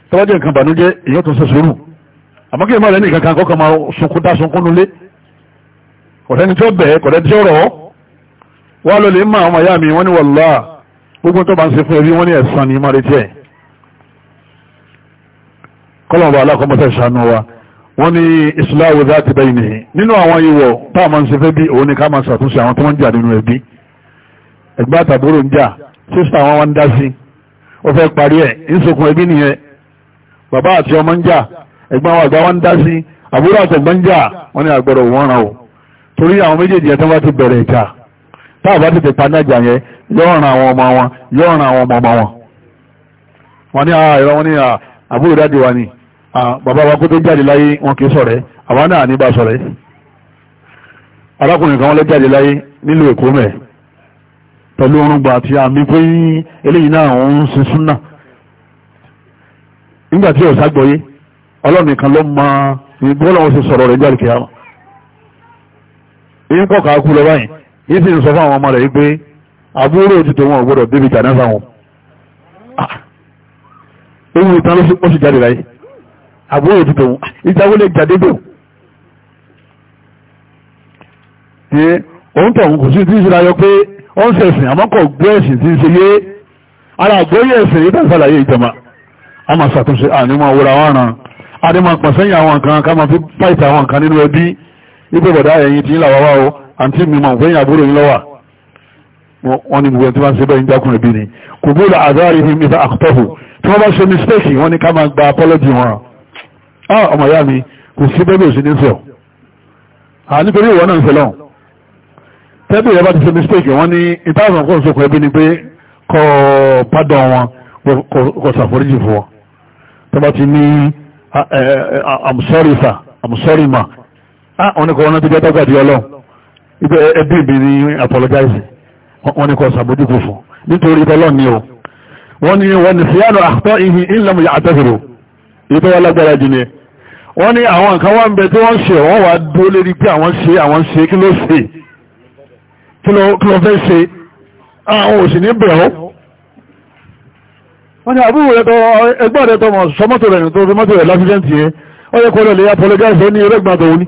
tó bá jẹ́ nǹkan bànújẹ́ èèyàn tó ń ṣe sùúrù àmọ́ kí ẹ má rẹ̀ nìkan kan kọ́kọ́ máa sunkún dá sunkún nulẹ̀ kọ̀dẹ́ni tí ó bẹ̀ kọ̀dẹ́ni tí ó rọ̀ wá ló lè má àwọn àyà mi wọ́n ní wọ̀lá gbogbo tó bá ń ṣe fún ẹbí wọ́n ní ẹ̀san ní máa retí ẹ̀ kọ́lọ̀mù alákọ̀mọ́sẹ̀ ṣàánú wa wọ́n ní islahu dhati baynihi nínú àwọn ìwọ̀ tá a máa ń ṣe fẹ́ bí òun ni ká máa ṣàtúnṣe àwọn tó ń jà nínú ẹbí ẹgbẹ́ àtàbúrò ń jà sísá àwọn wa ń dá sí ó fẹ́ torí àwọn méjèèjì ẹ̀ tó bá ti bẹ̀rẹ̀ ìjà táà bá tètè panájà yẹn yóò ran àwọn ọmọ wọn yóò ran àwọn ọmọ ọmọ wọn wọn ní àìrọ wọn ní àbúrò dáàdì wa ni bàbá wa kó tó jáde láyé wọn kì í ṣọ̀rẹ́ àwa náà ní bá ṣọ̀rẹ́ arákùnrin kan wọn lọ jáde láyé nílùú èkó mẹ́ẹ̀ pẹ̀lú orúngbà àti àmì pé eléyìí náà ń sin súnà nígbàtí ọ̀sá gbọ́yé ọlọ́nìkan ló máa ní sọ̀rọ̀ rẹ̀ jáde kìí èyí ń pọ̀ ká kú lọ báyìí yìí sì ń sọ fún àwọn ọmọ rẹ̀ pé àbúrò òtítọ́ wọn ò gbọ́dọ̀ débi ah! ewu ìtàn ló sì jáde láyé àbúrò òtítọ́ wọn ìjáwọlé jáde dò tí òun kò sí ìṣúra yọ pé ó ń ṣẹ̀sìn àmọ́ kò gbé ẹ̀sìn tí ń ṣe yé ara àgbóyè ẹ̀sìn yìí ìjọba a máa ṣàtúnṣe àní máa wúra wọn máa wípé bọ̀dá ẹ̀yìn tí ń làwọ́ wá o àǹtí mi mọ̀ fẹ́yìn àbúrò yín lọ́wà wọ́n ní gbogbo ẹni tí wọ́n ṣe bẹ́ẹ̀ jákùnrin bí ni kò gbọ́dọ̀ àdáàrí ní mr akutọ́fù tí wọ́n bá ṣe mistake wọ́n ní ká máa gba apology wọn ah ọmọ ìyá mi kò sí bẹ́ẹ̀ bí òsì ní sọ nítorí ìwọ náà ń ṣe mistake wọ́n ní ìtàwọn kò sókun ẹbí ni pé kọ́ pádàn wọn kò ṣàforíjì ah, eh, eh, ah, i'm sorry sir i'm sorry ma Ah, wọ́n ní kọ́ ọ́nà tó jẹ́ tọ́gàdì ọlọ́run ibi ẹbí mi ní apologize wọ́n ní kọ́ sàbójúkú fún nítorí tọ́lọ́run ni o wọ́n ní wọ́n ní fíyànù àtọ́ ihin ìlàmù àtẹ́fẹ̀rọ ibi wọ́n lágbára jù ní wọ́n ní àwọn nǹkan wá ń bẹ tí wọ́n ṣe wọ́n wá dúró lérí pé àwọn ṣe àwọn ṣe kí ló ṣe kí ló fẹ́ ṣe àwọn ah, òsì ní bẹ̀rọ wọ́n ní àbúrò rẹ̀ tọ́ ẹgbẹ́ rẹ̀ tọ́ mọ̀ sọmọ́tò rẹ̀ tó fi mọ́tò rẹ̀ lásìdẹ́ntì yẹn ó yẹ kó lọ lè apologize ó ní ẹlẹ́gbàdàn òní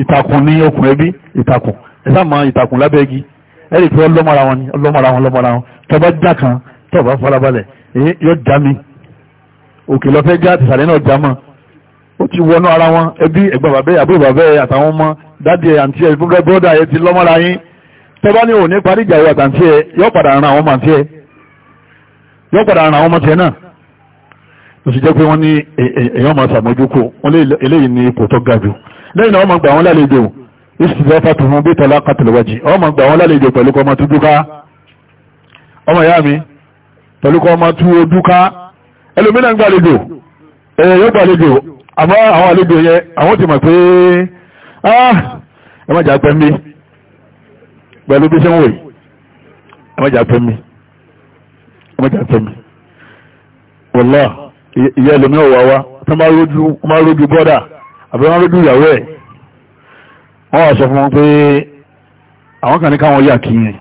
ìtàkùn ní okùn ẹbí ìtàkùn ẹ̀sà máa ìtàkùn lábẹ́ igi ẹ̀rì pé ọlọ́mọra wọn ni ọlọ́mọra wọn ọlọ́mọra wọn tó bá já kan tó bá farabalẹ̀ èyí yóò já mi òkè lọ́fẹ́ já tìsàlẹ̀ náà já mọ́ ó ti wọnú ara wọn ẹbí ẹ̀gbọ́n bàbẹ́ àbúrò bàbẹ́ àtàwọn ọmọ dádì ẹ̀ àǹtí ẹ̀ bọ́dà ẹ̀ ti lọ́mọra yín tó bá ní òní parí ìjà ìwà àtàǹtí ẹ̀ yóò lẹ́yìn ọmọ gbà wọn lálejò ìsìnlẹ́fà tó fún bí tọ́lá kàtàlẹ́wàjì ọmọ gbà wọn lálejò pẹ̀lú kọ́ ọmọ tó dúká ọmọ ìyá mi pẹ̀lú kọ́ ọmọ tó dúká ẹlòmínà ń gbàlejò ẹ̀yẹ yóò gbàlejò àmọ́ àwọn àlejò yẹn àwọn ti mọ̀ pé ah, ẹ má jà pẹ́ mi pẹ̀lú bí àbí wọ́n lójú ìyàwó ẹ̀ wọ́n wá sọ fún wọn pé àwọn kan ní káwọn yà kí yẹn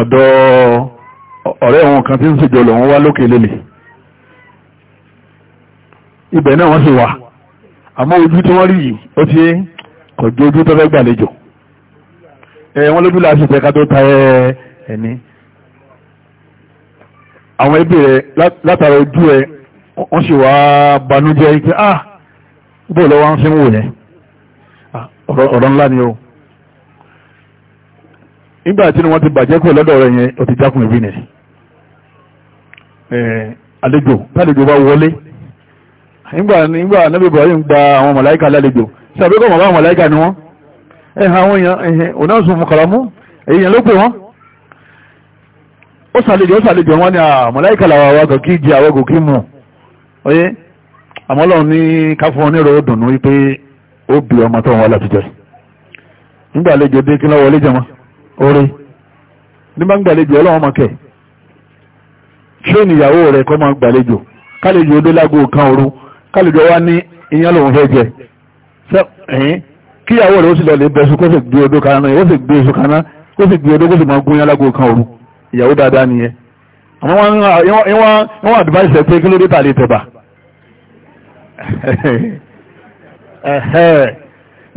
ọ̀dọ̀ ọ̀rẹ́ wọn kan tí ń ṣèjọ lòun wá lókè lélẹ̀ ibẹ̀ náà wọ́n sì wà àmọ́ ojú tí wọ́n rí yìí ó ti kò ju ojú tó fẹ́ gbàlejò ẹ wọ́n lójú láti fẹ́ ká tó ta ẹni àwọn ẹbí rẹ látara ojú ẹ wọ́n sì wá banújẹ́ pé ah bó lọ́wọ́ ń fi ń wò yẹn ah, ọ̀rọ̀ ńlá ni o nígbà tí wọ́n ti bàjẹ́ kúrò lọ́dọ̀ rẹ̀ yẹn ó ti jákun ìwé nìyẹn eh, àlejò tálejò bá wọlé nígbà nígbà anábì Ibrahim gba àwọn màláíkà lálejò sàbẹ́kọ̀ màbá màláíkà ni wọ́n ẹ̀hàn eh, àwọn èèyàn ẹ̀hìn eh, onáṣùn mọ̀kàlámú èèyàn ló pè wọ́n ó sàlejò ó sàlejò wọn ni àmàláíkà ah, làwọn àwọn àgọ̀ kí jẹ àwọn àgọ̀ kí mú ọyẹ́ àmọ́ ní káfọ́ onírò ó dùnú wípé ó bí ọmọ tó ń láti jẹ nígbà dé kí lọ́wọ́ ọlẹ́jọ̀mọ́ orí nígbà gbàlejò ọlọ́run ọmọ kẹ̀ ìyàwó rẹ̀ kọ́ máa gbàlejò kálejò odé lágbo kan òru kálejò wá ní iyán lòun jẹ rẹ̀ ó sì lọ lè sì gbé odó ó sì gbé oṣù ó sì gbé odó kó sì máa gún lágbo kan ìyàwó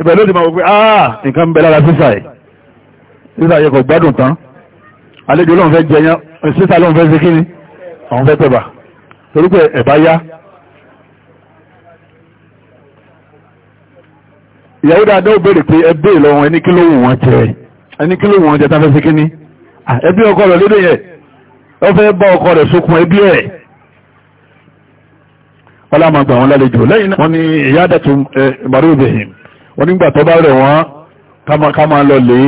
ibẹ̀ ló ti máa wọ ah nǹkan ń bẹ lára sísà yìí sísà yìí kò gbádùn tán àlejò lóun fẹ́ jẹyàn sísà lóun fẹ́ ṣe kí ni àwọn fẹ́ tẹ̀bà torí pé ẹ̀bá yá ìyàwó dáadáa ó béèrè pé ẹbí ìlọrin ẹni kí ló wù wọ́n jẹ ẹni kí ló wù wọ́n jẹ tá fẹ́ ṣe kí ni ẹbí ọkọ rẹ̀ lédè yẹ ọ fẹ́ bá ọkọ rẹ̀ sókun ẹbí ẹ̀ wọ́n láàmà gbà wọn lálejò lẹ́yìn wọ́n ní ìyá àdàtú ìbáròbìhìn wọ́n nígbà tó bá rẹ̀ wọ́n ká máa lọ lè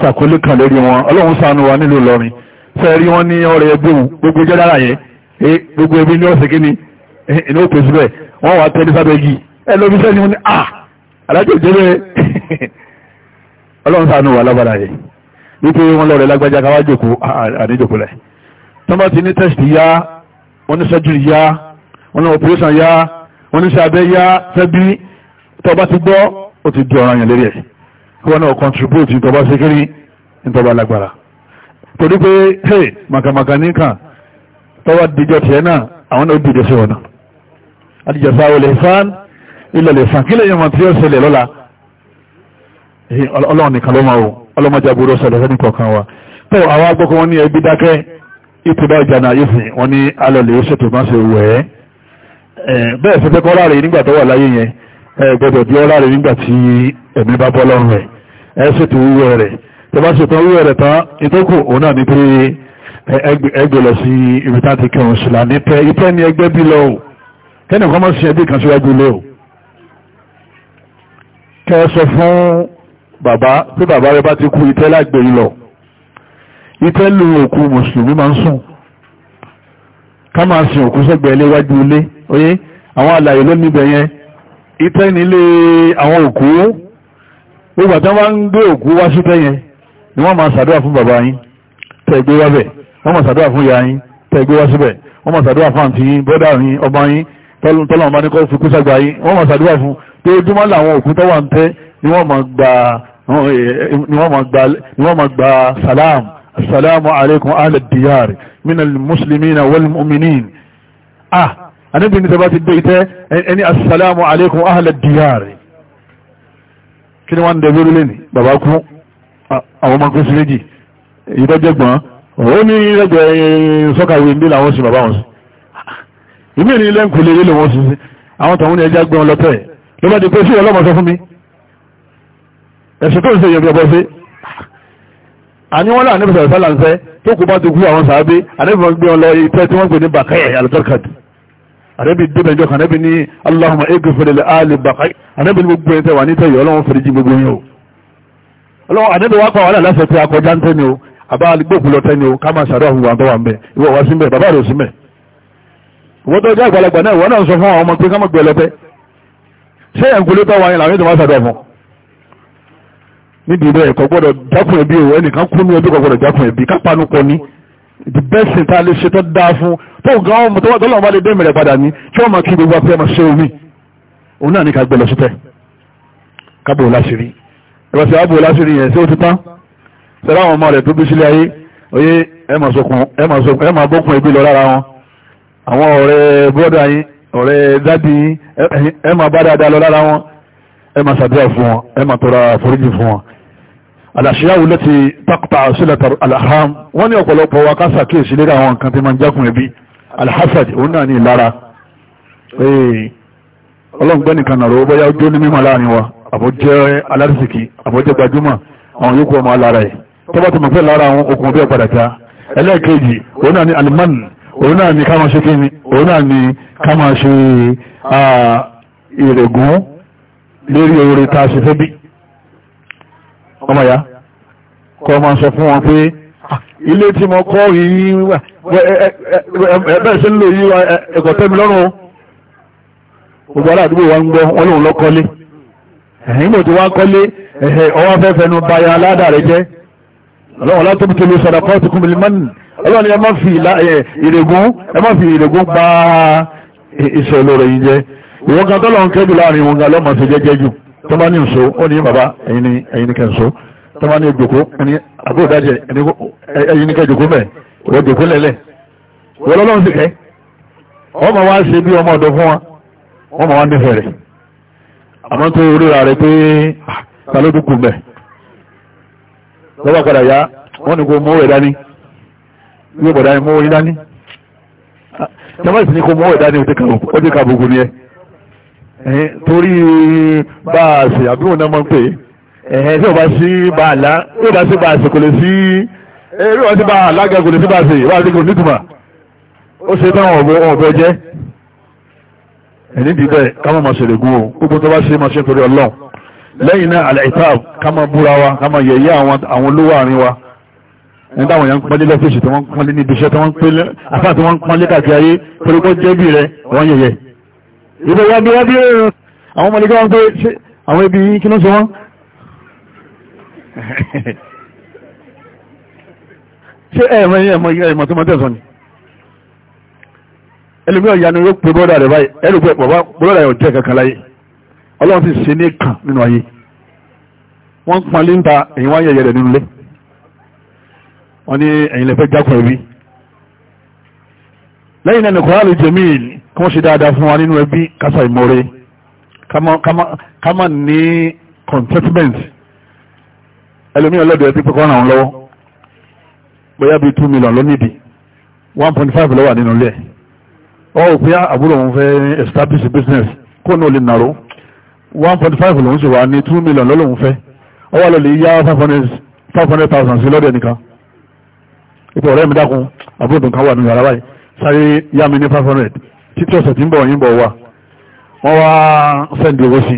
sàkólé kan lórí wọn ọlọ́run ṣàánú wa nílùú Ìlọrin sẹ́ẹ̀rí wọ́n ní ọ̀rẹ́ ẹgbẹ́hùn gbogbo jẹ́ dára yẹn gbogbo ẹbí ní ọ̀sẹ̀ kíni inú òpè síbẹ̀ wọ́n wà tẹ́lẹ̀ sábẹ́ yìí ẹ lóbi sẹ́ni wọn ni à alájọ ìjẹ́bẹ̀ ọlọ́run ṣàánú wa lábàrà yẹn wípé wọ́n lọ rẹ̀ lágbájá káwá jòkó àníjòkó lẹ̀ tọ́mọ́tì ní tẹ́sítì yá oníṣẹ́jú yá wọ́n ní operation ya wọ́n ní sàbẹ́ yá fẹ́bí tọba ti gbọ́ ó ti di ọ̀ràn yẹn lérí ẹ̀ wọ́n náà contribute ní tọba sekiri ní tọba lágbára torí pé hey makamaka nìkan tọba dìjọ tiẹ̀ náà àwọn náà ó dìjọ sí ọ̀nà àdìjọ sáwọ lè fán ilẹ̀ lè fán kílẹ̀ yẹn tí ó ṣẹlẹ̀ lọ́la ọlọ́run nìkan ló máa wò ọlọ́mọdé aburú ṣẹlẹ̀ fẹ́ni kọ̀ọ̀kan wa tó àwọn agbọ́kọ̀ wọn ní ẹbí dákẹ́ ìtìbá ìjànà yìí sìn wọn ní alọ́lẹ̀ ó ṣètò máa ṣe wẹ̀ bẹ́ẹ̀ fẹ́ fẹ́ kọ́ láre nígbà tó wà láyé yẹn ẹ gbọ́dọ̀ bí ọ láre nígbà tí ẹ̀mí bá bọ́ lọ́rùn rẹ̀ ẹ ṣètò wíwẹ̀ rẹ̀ tó bá ṣètò wíwẹ̀ rẹ̀ tán ìtókù òun náà ní pé ẹgbẹ́ lọ sí ibi tá ti kírun ṣìlá ní pẹ́ ipẹ́ ní ẹgbẹ́ bí lọ o kẹ́ni kọ́ mọ́ sí ẹbí kan síwájú lé o kẹ́ ẹ sọ fún bàbá pé bàbá rẹ bá ti kú ìtẹ́ lágbè yìí lọ ìtẹ́ lu òkú mùsùlùmí máa ń sùn ká máa sin òkú sẹ́gbẹ̀ẹ́ léwájú ilé oyé àwọn àlàyé ló níbẹ̀ yẹn ìtẹ́ nílé àwọn òkú gbogbo àtẹ́ wọ́n ń gbé òkú wá sí tẹ́yẹn ni wọ́n máa ṣàdúrà fún bàbá yín tẹ́ gbé wá bẹ̀ wọ́n máa ṣàdúrà fún ìyá yín tẹ́ gbé wá síbẹ̀ wọ́n máa ṣàdúrà fún àǹtí yín bọ́dà yín ọba yín tọ́lọ́mọba ní kọ́ fi kú sàgbà yín wọ́n máa ṣàdúrà fún pé ojúmọ́ làwọn òkú tọ́wà ń tẹ́ ni wọ́n máa gba eh, eh, salam assalamu alaikum ahlad diyar minal muslimina wal mu'minin ah àníbi ní tẹ́bá ti dé ìtẹ́ ẹni assalamu alaikum ahlad diyari kí ni wọ́n ń dẹ̀bẹ̀rù lẹ́ni bàbá kú àwọn ọmọ kú sí méjì ìdọ́jẹ́gbọ́n ó ní ìrẹ́jọ sọ́kàwé ní làwọn sí bàbá wọn sí ìmí ní ilé ń kò lè rí lòun sí àwọn tàwọn ní ẹjá gbọ́n lọ́tẹ̀ ló bá di pé sí ọlọ́mọ sọ fún mi ẹ̀sùn tó ń ṣe yẹn bí ọbọ̀ sí àní wọ́n láàánú ìfẹsẹ̀ sálà ń fẹ́ tó kú bá ti kú àwọn sàábé àníbọn gbé wọn lọ ìtẹ́ tí wọ́n gbé ní bàkẹ́yà àrẹ́bí débẹ̀jọ́ kan àrẹ́bí ní Allahumma egbèfèrè lè áàlè bàkàí àrẹ́bí gbogbo ẹ̀ tẹ̀wà nítẹ̀yọ̀ ọlọ́run fèrè jí gbogbo yẹn o ọlọ́run àrẹ́bí wá pa wàhálà lásẹ̀ pé akọjá ń tẹ́ni o àbá gbòkú lọ tẹ́ni o ká máa ṣàdọ́ àwọn àwọn àtọwà ń bẹ ìwọ wá sí ń bẹ bàbá rẹ̀ sí ń bẹ ìwọ́n tó jẹ́ àgbàlagbà náà ìwọ náà sọ fún àwọn ọmọ pé ká má gbé lọ pẹ́ ṣé ẹ̀ ń kulé tọ́ wáyé làwọn ètò máa ṣàdọ́ fún níbi ìbẹ̀ ẹ̀kọ́ gbọ́dọ̀ jákun ẹbí o ẹnìkan kú ní ẹbí kọ́ gbọ́dọ̀ jákun panu kọ ní the best thing tá a lè ṣe tó dáa tó ga ọmọ tó wà tọ́lọ́wọ́ bá lè dé mẹ̀rẹ̀ padà ní tí wọ́n máa kí gbogbo afẹ́ máa ṣe omi òun náà ní ká gbẹ̀lọ̀ sútẹ́ kábò láṣìírí ẹ̀rọ sí ààbò láṣìírí yẹn sí ó ti tán sẹ́rá àwọn ọmọ rẹ̀ tó bí sílé ayé oyé ẹ máa bókun ẹbí lọ lára wọn àwọn ọ̀rẹ́ bọ́dà yín ọ̀rẹ́ dádì yín ẹ máa bá dáadáa lọ lára sílẹ̀ àlàhàm wọ́n ní ọ̀pọ̀lọpọ̀ wa ká ṣàkíyèsí lé àwọn nǹkan tí máa ń jákun ẹbí alhassad òun náà ní ìlara ọlọ́ngbẹ́ nìkan nàró bóyá ó ní mímọ̀ láàrin wa àbójẹ́ alárìsìkì àbójẹ́ gbajúmọ̀ àwọn yòókù ọmọ alára ẹ̀ tọ́bá ti mọ̀ fẹ́ lára àwọn okùn bí ọ̀padà ta ẹlẹ́ẹ̀kejì òun náà ní alimán òun náà ní ká máa ṣe kíni òun náà ní ká ṣe ìrègùn lórí oore tá a ṣe fẹ́ bí ọmọ ya kọ́ máa sọ fún wọn pé ilé tí mo kọ́ yìí ẹ̀bẹ̀ sí lò ẹ̀kọ́ tẹ́mi lọ́rùn gbogbo aládùúgbò wa ń gbọ́ wọn lòun lọ kọ́lé ẹ̀yìn mò ti wá kọ́lé ọwọ́ báyà rẹ jẹ́ ọlọ́run látọ́bù tó lè sọ̀rọ̀ kọ́ kún mi mọ́nì ọlọ́run ni ẹ má fi ìrègùn ẹ má fi ìrègùn tó máa ní ìjòkó ẹni àbúrò dájẹ ní wọ́n jòkó lẹ́lẹ̀ wọ́n lọ́lọ́run sì kẹ́ wọ́n wá ṣe bí ọmọ ọ̀dọ́ fún wa wọ́n wá àmọ́ tó ra rẹ̀ pé mẹ́ ah, lọ́wọ́ yá wọ́n mú yóò bọ̀dá mú ah, tẹ́wọ́n sì mú kàbùkù ni ẹ torí bá a ṣe àbí òun náà ẹ̀hẹ́ tí o bá sí bá àlá tí o bá sí bá àṣẹ kò lè sí eré wọn ti bá àlága kò lè sí bá àṣẹ ìwà àti kò nítumà ó ṣe tán ọ̀bọ ọ̀bẹ jẹ́ ẹni bí bẹ́ẹ̀ máa ṣe lègún o gbogbo tó bá ṣe máa ṣe torí ọlọ́run lẹ́yìn náà àlẹ́ ìta ká máa búra wa ká máa yẹ̀yẹ́ àwọn olówó àárín wa ní táwọn èèyàn ń pọ́nlé lọ́fíìsì tí wọ́n ń pọ́nlé níbi iṣẹ́ tí wọ́n ń pọ́nlé àfáà tí wọ́n ń pọ́nlé káàkiri ayé torí kó jẹ́ bí rẹ̀ wọ́n yẹ̀yẹ́. ìbẹ̀rẹ̀ wá bí wá bí àwọn ọmọdé kí wọ́n pé àwọn ibi kí ló ń ṣe wọ́n ṣé ẹ̀mọ ẹ̀mọ ẹ̀mọ tó mọ tẹ̀sán ni ẹlòmí ọ̀yanu yóò pe bọ́dà rẹ̀ báyìí ẹ̀rù pé bàbá bọ́dà yóò jẹ́ kankan láyé ọlọ́run ti ṣe ní kàn nínú ayé wọ́n ń pọn líńta èyí wọ́n yẹ̀yẹ̀ rẹ̀ nínú ilé wọ́n ní ẹ̀yìn lẹ́fẹ́ jákùn ẹ̀bí lẹ́yìn náà nìkan alu jamiil kí wọ́n ṣe dáadáa fún wa nínú ẹbí kásá ìmọ̀re ká má ní contentment ẹlòmí ọlọ́dẹ ti pẹ́kọ́ ràn án lọ́wọ́ bóyá bíi two million ló nídìí one point five lọ́wọ́ nínú ilé ẹ̀ ọ́ òpin ah, àbúrò òun fẹ́ establish business kó ní o lè nàró one point five lòun sì wà ní two million lọ́lọ́hún fẹ́ ọ wà lọ́lẹ̀ yá five hundred thousand sí lọ́dẹ nìkan ipò ọ̀rẹ́ mi dákun àbúrò tó kan wà nínú yàrá báyìí sáré yá mi ní five hundred títí ọ̀sẹ̀ tí ń bọ̀ yín bọ̀ wá wọ́n wá sẹ́ndì owó sí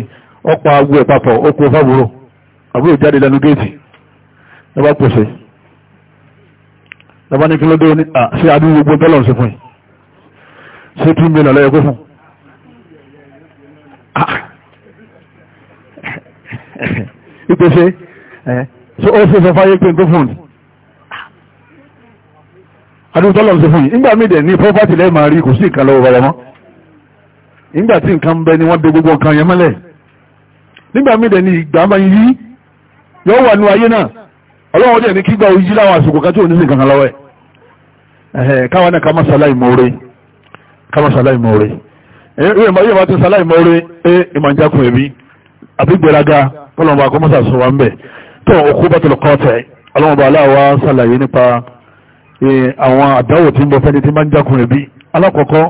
ọ̀pá agbó ẹ̀ papọ̀ ó kó fábúrò àbúrò jáde lẹ́nu géètì lọ́ba pèsè lọ́ba ní kí ló dé ní à ṣé adúgbò gbogbo tọ́lọ̀ ń ṣe fún yìí ṣé tún bí nàlẹ́ ẹ̀kọ́ fún ah. ìpèsè ṣé ó ṣe sọ fáyé pé nǹkan fún un adúgbò tọ́lọ̀ ń ṣe fún yìí nígbà míì dẹ̀ ní pọ́pátì lẹ́ẹ̀ máa rí kò sí ìkan lọ́wọ́ bàbá mọ́ nígbà tí nǹkan bẹ ni wọ́n de gbogbo nǹkan yẹn mọ́lẹ̀ nígbà míì dẹ̀ ní ìgbà máa yí yọ wà nú ayé náà ọlọ́run dẹ̀ ní kí gbà ojú láwọn àsìkò kan tí ò ní sí kankan lọ́wọ́ ẹ̀ káwọn náà ká má sáláì mọ́ọ́rẹ́ ká má sáláì mọ́ọ́rẹ́ ẹ̀ yóò máa ti sáláì mọ́ọ́rẹ́ ẹ̀ ìmọ̀jákun ẹ̀bí àbí gbéraga ọlọ́run bá kọ́mọ́sà sọ wa ń bẹ̀ tó òkú bá tẹ̀lé kọ́ọ̀tẹ̀ ọlọ́run bá aláwa sàlàyé nípa àwọn àdáwò tí ń bọ fẹ́ni tí máa ń jákun ẹ̀bí alákọ̀ọ́kọ́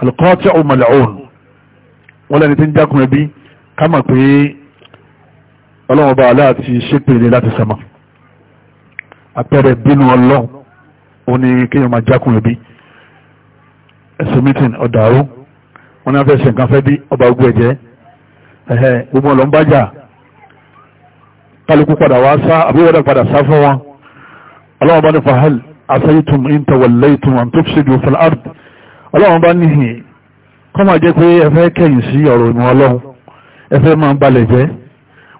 alukọ́ọ̀tẹ̀ ọmọlẹ́ọ̀n àpẹẹrẹ bínú ọlọ́run ó ní kéèyàn máa jákùn ẹbí ẹ̀sùn mítìn ọ̀dàrú wọn náà fẹ́ ṣe nǹkan fẹ́ bí ọba ogun ẹ̀jẹ̀ ẹ̀hẹ́ gbogbo ọ̀lọ́ ń bájà kálukú padà wá sá àbúrò padà sá fún wọn ọlọ́run bá ní fahal asaitum in tawallaytum an tufsidu bá níhìn kọ́ máa jẹ́ pé ẹ fẹ́ sí ọ̀rọ̀ ìmọ̀ ọlọ́run ẹ máa balẹ̀ jẹ́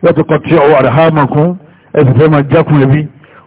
wọ́n ti kọ́ tí ọwọ́ àdáhámọ̀kún ẹ sì máa jákun ẹbí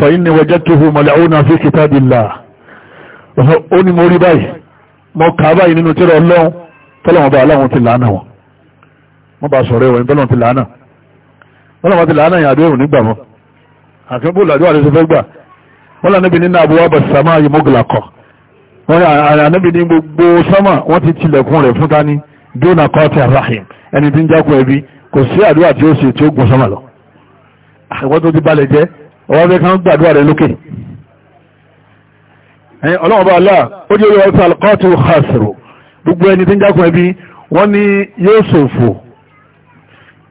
fa inni wajadtuhu mal'una fi kitabillah ó ní mo rí báyìí mo kà á báyìí nínú tírà ọlọ́run tọ́lọ́wọ́n bá aláwọn ti làánà wọn wọ́n bá sọ̀rọ̀ ẹ̀wọ̀n tọ́lọ́wọ́n ti làánà tọ́lọ́wọ́n ti làánà yẹn àdéhùn nígbà wọn àti bóòlù àdúrà lè ṣe fẹ́ gbà wọ́n lànà níbi nínú àbúrò àbàṣàmá ayé mọ́gìlákọ̀ wọ́n ànábì ní gbogbo sọ́mà wọ́n ti tilẹ̀kùn rẹ̀ fún tání dúnà kọ́ọ̀tì àràhìn ẹni tí ń jákun ẹbí kò sí àdúrà tí ó ṣe tí ó gùn sọ́mà lọ àwọn tó ti balẹ̀ jẹ́ ọwọ́ bẹ́ kan gbàdúrà rẹ̀ lókè ọlọ́wọ́bá aláà ó jẹ́ orí ọ̀sán alkọ́tù hasro gbogbo ẹni tí ń jákùn ẹbí wọ́n ní yóò ṣòfò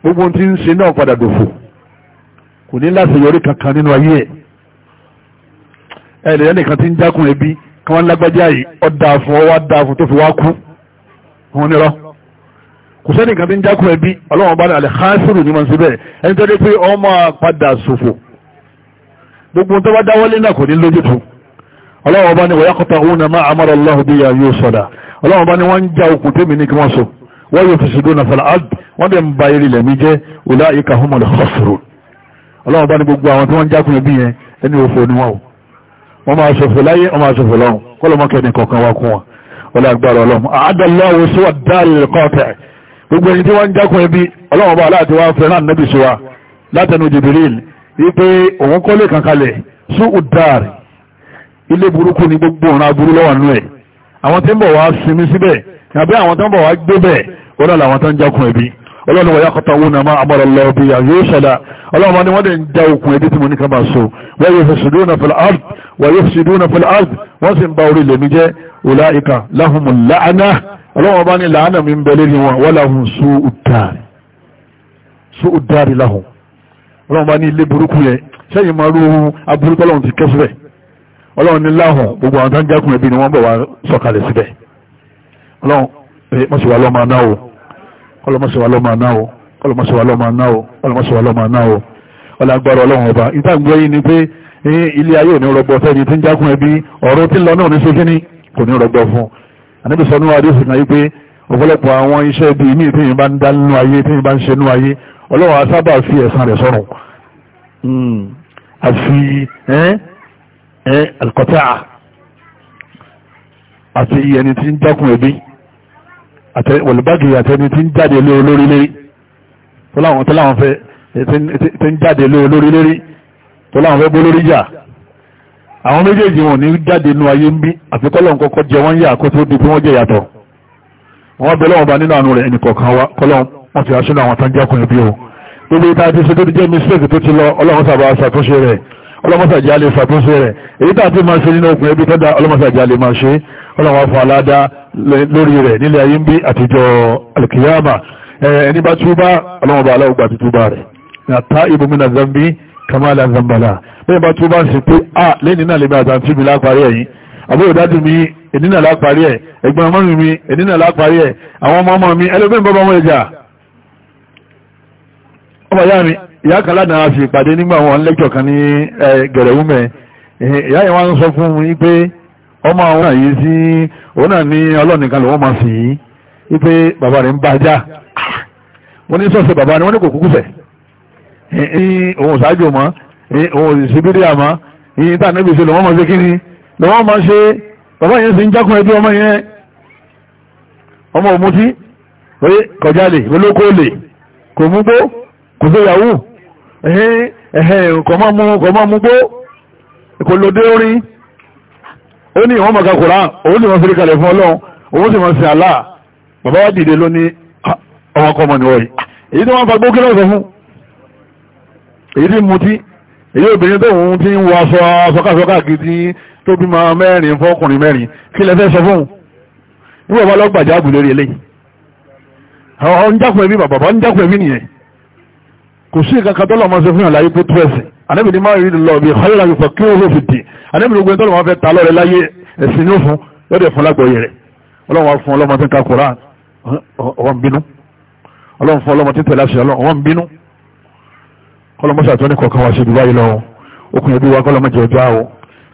gbogbo tí ń ṣe náà padà dòfò kò ní láti yọrí kankan nínú ayé ẹ̀ ẹ̀rẹ̀ ẹnìkan tí ń jákùn ẹbí kí wọ́n lágbájá yìí ọ̀dà fún ọwọ́ dà fún tó fi wá kú wọn nírọ́ kò sẹ́nìkan tí ń jákùn ẹbí ọlọ́wọ́bá ní alẹ́ hasro ní mọ̀ síbẹ̀ ẹni tó dé pé ọmọ padà ṣòfò gbogbo tó bá dáwọ́lé náà kò ní lójútu ọlọ́run ọba ni wọ́n yàkọ́ta òun náà máa amara Allahu bí ya yóò sọ̀dà ọlọ́run ọba ni wọ́n ń já okùn tèmi ní kí wọ́n so wọ́n yóò fi ṣùgbọ́n náà fọlá wọ́n dẹ̀ ń ba eré ilẹ̀ jẹ́ ọlá ìka humul khasirun ọlọ́run ọba ni gbogbo àwọn tí wọ́n ń jákun ẹbí yẹn ẹni òfò ni wọ́n wọ́n máa ṣòfò wípé òun kọ́lé kankalẹ̀ sún udari ilé burúkú ni gbogbo ọ̀ràn aburú lọ́wọ́ nú ẹ̀ àwọn tí ń bọ̀ wá sinmi síbẹ̀ àbí àwọn tí ń bọ̀ wá gbé bẹ̀ ọlọ́run làwọn tó ń jákun ẹ̀bí ọlọ́run wọ̀nyá kọta owó náà máa lọ bí yóò ṣẹlá ọlọ́run ọlọ́run bá ní ilé burúkú yẹn sẹ́yìn máa rú aburú tọ́lọ́run ti kẹ́ síbẹ̀ ọlọ́run ní láhùn gbogbo àwọn tó ń jákun ẹbí ni wọ́n bọ̀ wá sọ̀kalẹ̀ síbẹ̀ ọlọ́run mọ̀síwá lọ́ọ́ máa ná o ọlọ́mọ̀síwá lọ́ọ́ máa ná o ọlọ́mọ̀síwá lọ́ọ́ máa ná o ọlọ́mọ̀síwá lọ́ọ́ máa ná o ni pé ilé ayé ò ní rọgbọ fẹ́ni tí ń jákun ẹbí ọ̀rọ̀ tí ń lọ náà ní sókíní kò ní rọgbọ fún àníbi níwájú sí kan yìí pé ọ̀pọ̀lọpọ̀ àwọn iṣẹ́ bíi míì tí bá ń dá nínú ayé tí bá ń ṣe nínú ayé ọlọ́run asábà fi ẹ̀sán rẹ̀ sọ́run àfi hmm. àkọ́tà àti ẹni tí ń jákun ẹbí wọ̀lùbágì àtẹni tí ń jáde lé olórí lérí tọ́láwọn tọ́láwọn fẹ́ tí ń jáde lé olórí lérí tọ́láwọn fẹ́ bólórí jà àwọn méjèèjì wọn ní jáde nú ayé ń bí àfikọ́lọ́n kọ́kọ́ jẹ wọ́n yà kó tó di bí wọ́n jẹ yàtọ̀ wọ́n bẹ bá nínú àánú rẹ̀ ẹnì kọ̀ọ̀kan wa kọ́lọ́n wọ́n ti aṣọ́nà àwọn tán jẹ́kùnrin bí o gbogbo ìta ti ṣe tó ti jẹ́ mistake tó ti lọ ọlọ́run sábà ṣàtúnṣe rẹ̀ ọlọ́run sàjá lè ṣàtúnṣe rẹ̀ èyí tá a ti máa ṣe nínú okùn ẹbí tó dá ọlọ́run sàjá lè máa ṣe ọlọ́run afọ aládá lórí rẹ̀ nílẹ̀ ayé ń bí àtijọ́ alkiyama ẹni bá túbá ọlọ́run bá aláwọ̀ túbá rẹ̀ nàtá ibùmínà zambi kamala zambala bẹ́ẹ̀ bá túbá a lẹ́yìn náà lè bá àtàntí mi láparí ẹ̀yìn àbúrò dájú mi ènìyàn láparí ẹ̀ ẹ̀gbọ́n ọmọ mi ènìyàn láparí ẹ̀ àwọn ọmọ ọmọ mi ẹlẹ́gbẹ́ bàbá wọn ẹja ọmọ ìyá mi ìyá kan ládàá fi ìpàdé nígbà wọn lẹ́jọ̀ kan ní gẹ̀rẹ̀wúmẹ̀ ìyá yẹn wá sọ fún mi pé ọmọ àwọn àyè sí òun náà ní ọlọ́nìkan lòun máa sì yí wípé bàbá rẹ̀ ń bá ajá wọ́n ní sọ́ọ̀sẹ̀ bàbá ni wọ́n ní kò kúkú sẹ̀ ní òun ṣáájú mọ́ òun òṣìṣẹ́ bídí àmọ́ ìyìn tá níbi ṣe lọ́wọ́ máa ṣe kí ni lọ́wọ́ máa ṣe bàbá yẹn sì ń jákun ẹbí ọmọ yẹn ọmọ òmùtí kọjá lè olóko lè kò mú gbó kò sí ìyàwó kò máa mú gbó kò lòdé orí ó ní ìwọ́n mọ̀ká kòrá òun ni wọ́n fi kalẹ̀ fún ọlọ́run òun sì wọ́n sí àlá bàbá wá dìde ló ní ọmọkọmọ ni wọ́yí èyí tí wọ́n fa gbókè lọ́sọ̀ fún èyí tí mutí èyí obìnrin tó òun ti ń wọ aṣọ aṣọkáṣọká gidi tó bímọ mẹ́rin fọ́kùnrin mẹ́rin kí lẹ fẹ́ sọ fún nígbà wọ́n lọ́gbàjá àbùlérí eléyìí ọ̀ ń jákùn ẹ̀mí bàbá ń jákùn ẹ̀mí nìyẹn kò sí ìkankan tọ́lọ̀ máa ṣe fún àlàyé tó tó ẹ̀sìn anábì ní máa rí lọ bí ọ̀hẹ́rẹ́ láti fọ kí ó ló fi dì anábì ní gbogbo tọ́lọ̀ máa fẹ́ ta lọ́rẹ̀ láyé ẹ̀sìn ní òfun lọ́dẹ̀ fún lágbọ̀ọ́yẹ rẹ̀ ọlọ́run fún ọlọ́mọ tí ń ka koran ọwọ́n bínú ọlọ́run fún ọlọ́mọ tí ń tẹ̀lé àṣẹ ọwọ́n bínú kọlọmọsà tó ní kọ̀ọ̀kan wá sí ibi báyìí lọ́wọ́ okùn ẹbí wa kọlọmọ jẹ́ ọjọ́ àwọ̀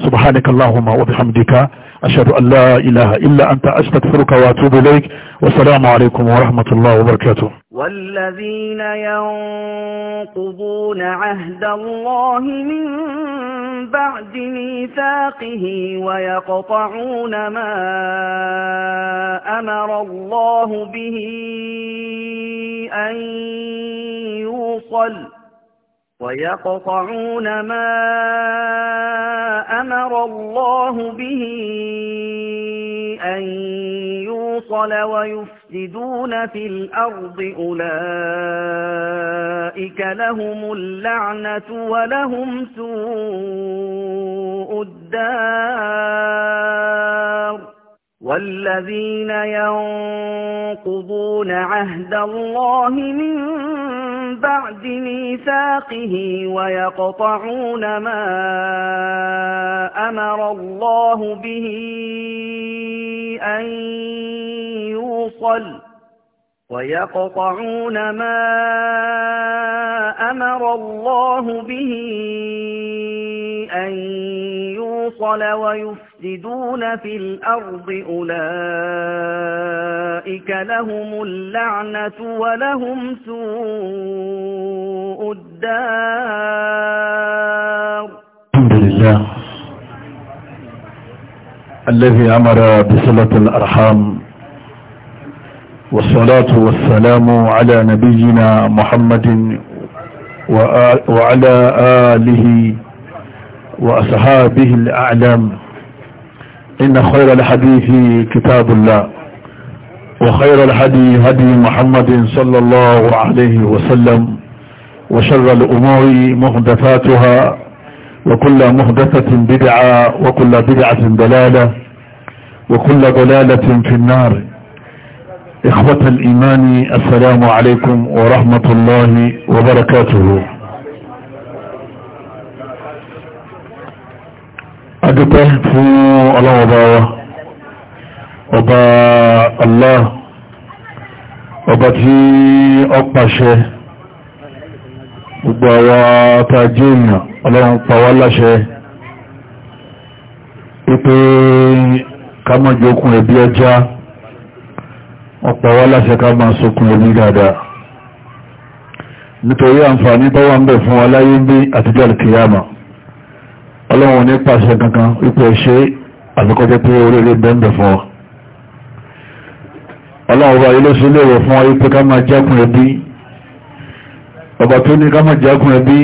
subhanakallahumma wa bihamdika أشهد أن لا إله إلا أنت أستغفرك وأتوب إليك والسلام عليكم ورحمة الله وبركاته والذين ينقضون عهد الله من بعد ميثاقه ويقطعون ما أمر الله به أن يوصل ويقطعون ما أمر الله به أن يوصل ويفسدون في الأرض أولئك لهم اللعنة ولهم سوء الدار والذين ينقضون عهد الله من بعد ميثاقه ويقطعون ما أمر الله به أن يوصل ويقطعون ما أمر الله به أن يوصل ويفسدون في الأرض أولئك لهم اللعنة ولهم سوء الدار الحمد لله الذي أمر بصلة الأرحام والصلاة والسلام على نبينا محمد وعلى آله وأصحابه الأعلام إن خير الحديث كتاب الله وخير الحدي هدي محمد صلى الله عليه وسلم وشر الأمور مهدفاتها وكل مهدفة بدعة وكل بدعة ضلالة وكل ضلالة في النار إخوة الإيمان السلام عليكم ورحمة الله وبركاته أدبه في الله وبا وبا الله وبتي أقشه gbogbo àwọn tajínà ọlọ́run pàwà láṣẹ wípé ká mọ́ jókun ẹ̀bí ọ̀pọ̀ wá láṣẹ ká máa sókun omi dáadáa nítorí àǹfààní tó wà ń bẹ̀ fún wa láyé ń bí àtijọ́ àlùkìyàmà ọlọ́run ní pàṣẹ kankan ipò ṣe àfikọ́jẹ́ pé oríire bẹ́ẹ̀ fún wa ọlọ́run bá ilé sí léèrè fún wa ipò ká máa jákun ẹbí ọba tó ní ká máa jákun ẹbí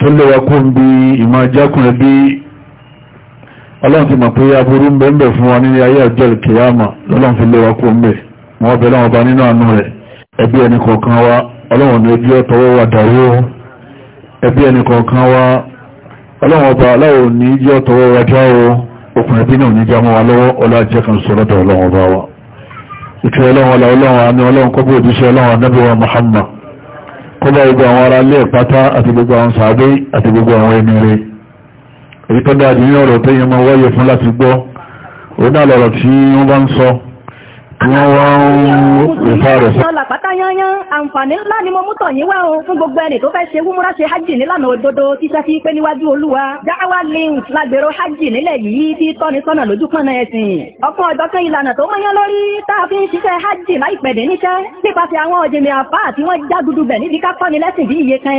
tó léwa kó ń bi ìmọ̀ jákun ẹbí ọlọ́run ti mọ̀ pé aburú ń bẹ́ẹ̀ fún wa nílé ayé àjọ àlùkìyàmà lọ́lọ́run fi léwa kó ń bẹ́ẹ̀ wọ́n bẹ̀rẹ̀ wọn bá nínú àánú rẹ̀ ẹbí ẹni kọ̀ọ̀kan wa ọlọ́wọ̀n ní ojú ọ̀tọ̀wọ́ wà dàrú ẹbí ẹni kọ̀ọ̀kan wa ọlọ́wọ̀n ọba aláwọ̀ ní ojú ọ̀tọ̀wọ́ wà jáwó okùn ẹbí náà ní jámọ́ wa lọ́wọ́ ọlájẹ́ kan sọ́lọ́dọ̀ ọlọ́wọ̀n wa Muhammad kọ́bá gbogbo àwọn ará ilé ìpátá àti gbogbo àwọn sàádé àti gbogbo àwọn ẹni rẹ̀ èyí tó dáa jù wọ́n wá ń ìfà rẹ̀ sí. ọ̀la pátá yányán àǹfààní ńlá ni mo mú tọ̀ yín wá o fún gbogbo ẹni tó fẹ́ ṣe wúmúra ṣe hajj nílànà òdodo títẹ́ sí pé níwájú olúwa dáhàwá links lágbèrò hajj nílẹ̀ yìí tí tọ́ni sọ́nà lójú pọ̀nà ẹ̀sìn. ọ̀kan ọ̀dọ́kan ìlànà tó mọ́yán lórí tá a fi ń ṣiṣẹ́ hajj láìpẹ́ dé níṣẹ́ nípasẹ̀ àwọn ọ̀jẹ̀mẹ̀ àfà tí wọ́n já dudu bẹ̀ níbi ká kọ́ni lẹ́sìn bí iye kan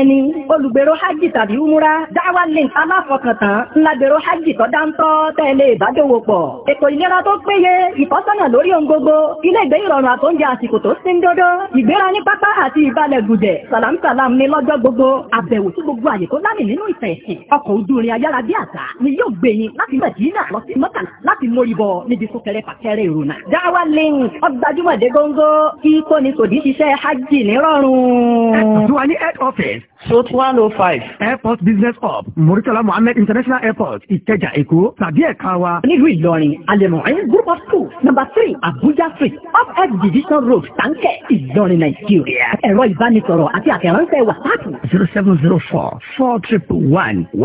ilé ìgbé ìrọ̀rùn àtọ́njẹ àsìkò tó sí ń dọ́dọ́ ìgbéra ní pápá àti ìbalẹ̀ gùdẹ̀ sàlámsàlám ní lọ́jọ́ gbogbo àbẹ̀wò sí gbogbo àyè tó lámì nínú ìtàn ẹ̀sìn ọkọ̀ ojú irin ayára bí àṣà ni yóò gbé láti mẹ̀dínà lọ sí mọ́tà láti mórí bọ níbi súnkẹrẹ fàkẹrẹ ìrònà. dáwà lẹ́yìn ọgbàjúmọ̀dé góńgó kí kóni tòdí ṣiṣẹ́ hajj nírọ̀rùn. ẹ̀ Suit 105. Airport Business Hub, Muritala Mohammed International Airport, Ìkẹjà, Èkó, tàbí ẹ̀ka wa. Nílùú Ìlọrin, Àlẹ̀mọ̀ẹ́ Group of Schools, Number three. Abuja Street, Up F Division Road, Tankẹ́, Ìlọrin, Nàìjíríà. Ẹ̀rọ ìbánisọ̀rọ̀ àti àtẹ̀ránṣẹ́ one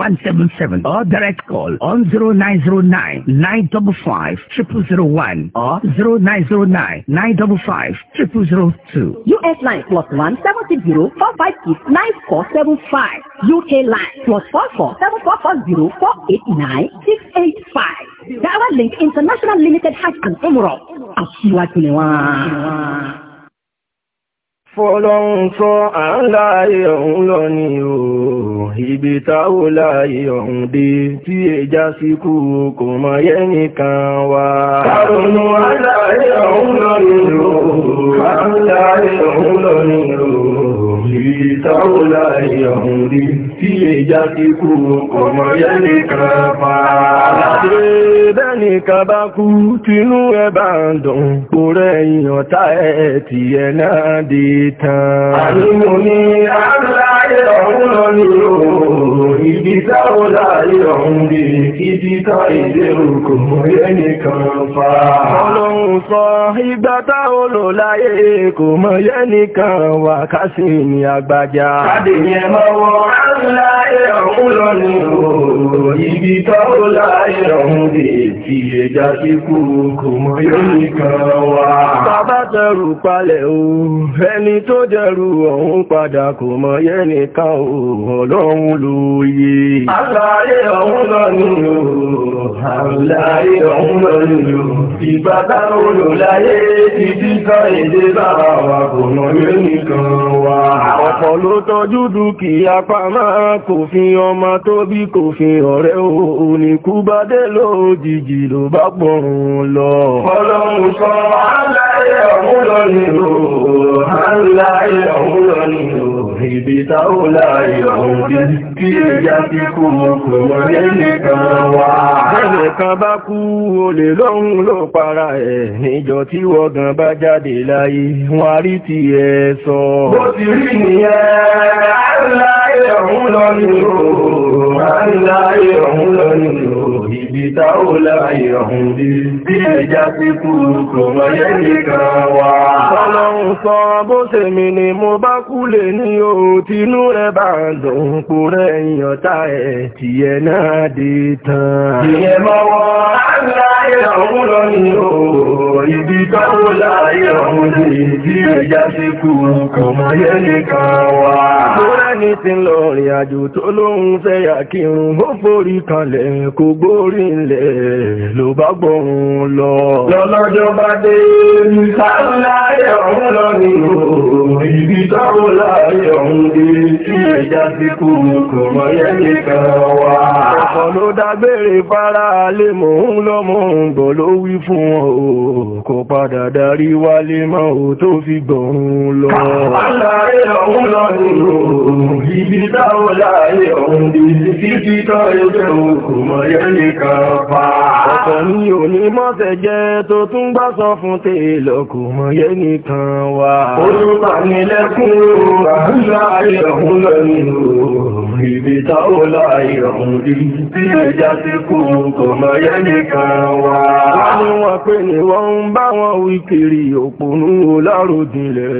one seven seven. or direct call on zero zero nine nine nine double five triple zero one or zero zero nine nine nine double five triple zero two. US line plus one seven zero four five six nine four seven five UK line plus four four seven four four zero four eight nine six eight five. Dàwa Link International Limited Hajj and Umrah. Aṣíwájú ni wọ́n. Fọlọ́run sọ à ń láàyè ọ̀hún lọ ni o, ibi táwo láàyè ọ̀hún dé tí ẹja sí kú kò mọ yẹ́nìkan wá. Àrùnú àláyé ọ̀hún lọ ni o, àrùn láàyè lọ ni o. يهدي تولى يهدي tí ìjà ti kú ọmọ yẹ́ nìkan pa. Àlàdé bẹ́nìkan bá tínú ẹ ń dùn, kò rẹ̀ èèyàn tá ẹ̀ tí ẹ náà dé tán. Àníwò ni àmìláyé ọ̀hún lọ ní òòrùn, ibi táwọn láyé ọ̀hún dé, ibi tá ìdé òkò mọ̀ yẹ́ nìkan pa. Ọlọ́run sọ ìgbà táwọn lò láyé kò mọ̀ yẹ́ nìkan wà ká sì ní àgbàjá. Kádé yẹn mọ́wọ́ láyé ọ̀hún lọ ní oòrùn ibi táwọn láyé ọ̀hún dè ti lè já sí kú kò mọ̀ yóò nìkan wá. Bàbá tẹrù palẹ̀ o, ẹni tó jẹrù ọ̀hún padà kò mọ̀ yẹ́ nìkan o, ọlọ́run ló yé. Àláyé ọ̀hún lọ ní oòrùn, àláyé ọ̀hún lọ ní ìgbà kò fi ọmọ tó bí kò fi ọ̀rẹ́ òníkú bá dé lójijì ló bá pọ̀rùn lọ. ọlọ́run sọ aláyẹ̀ lọ nìlò aláyẹ̀ lọ nìlò ibi táúlà ìrọ̀rùn bí kí ìjá ti kú kò wọ́n ẹnìkan wá. Ẹnìkan bá kú olè lọ́run ló para ẹ̀ níjọ tí wọ́gan bá jáde láyé wọ́n rí ti ẹ sọ. Bó ti rí nìyẹn, àìláyẹ̀ ọ̀hún lọ nìyẹn, àìláyẹ̀ ọ̀hún lọ nìyẹn ìta ó láàyè ọ̀hún dé bí ẹja sí kúrú kò mọ̀ yẹ́ nìkan wà. ọlọ́run sọ bó ṣe mi ni mo bá kú lè ní o tinú rẹ̀ bá dùn kú rẹ̀ èèyàn tá ẹ̀ tìyẹ náà dé tán. ìyẹn mọ́wọ́ láàyè ọ̀hún lọ ní o ìdí tó ó láàyè ọ̀hún bí ẹja sí kúrú kò mọ̀ nìkan wà. tó rẹ́ni ti lọ rìn àjò tó lóun fẹ́ yà kírun ó forí kanlẹ̀ kò gbórí ilẹ̀ ló bá gbọ́run lọ. lọ́lọ́jọ́ bá dé nípa láyé ọ̀hún lọ ní òòrùn ibi tọ́rọ láyé ọ̀hún dé tí ẹja sí kú kò mọ yẹ́lẹ́ kan wá. ọ̀pọ̀ ló dágbére fara lé mò ń lọ mò ń bọ̀ ló wí fún ọ kò padà darí wálé mọ́ ò tó fi gbọ̀run lọ. láyé ọ̀hún lọ ní òòrùn tọ́rọ láyé ọ̀hún dé títí tọ́ ẹgbẹ́ òkú mọ yẹ́lẹ́ kan ọba. Ọ̀tọ̀ ni ò ní mọ́sẹ̀ jẹ́ tó tún gbá sọ fún tèèlọ kò mọ̀ yé nìkan wà. Olúpanilẹ́kún ibi táwọn láyẹ̀hún rí tí ẹja ti kú kò mọ̀ yé nìkan wà. Wọ́n ní wọ́n pè ní wọ́n ń bá wọn wí kiri òpònú oláròdìnlẹ̀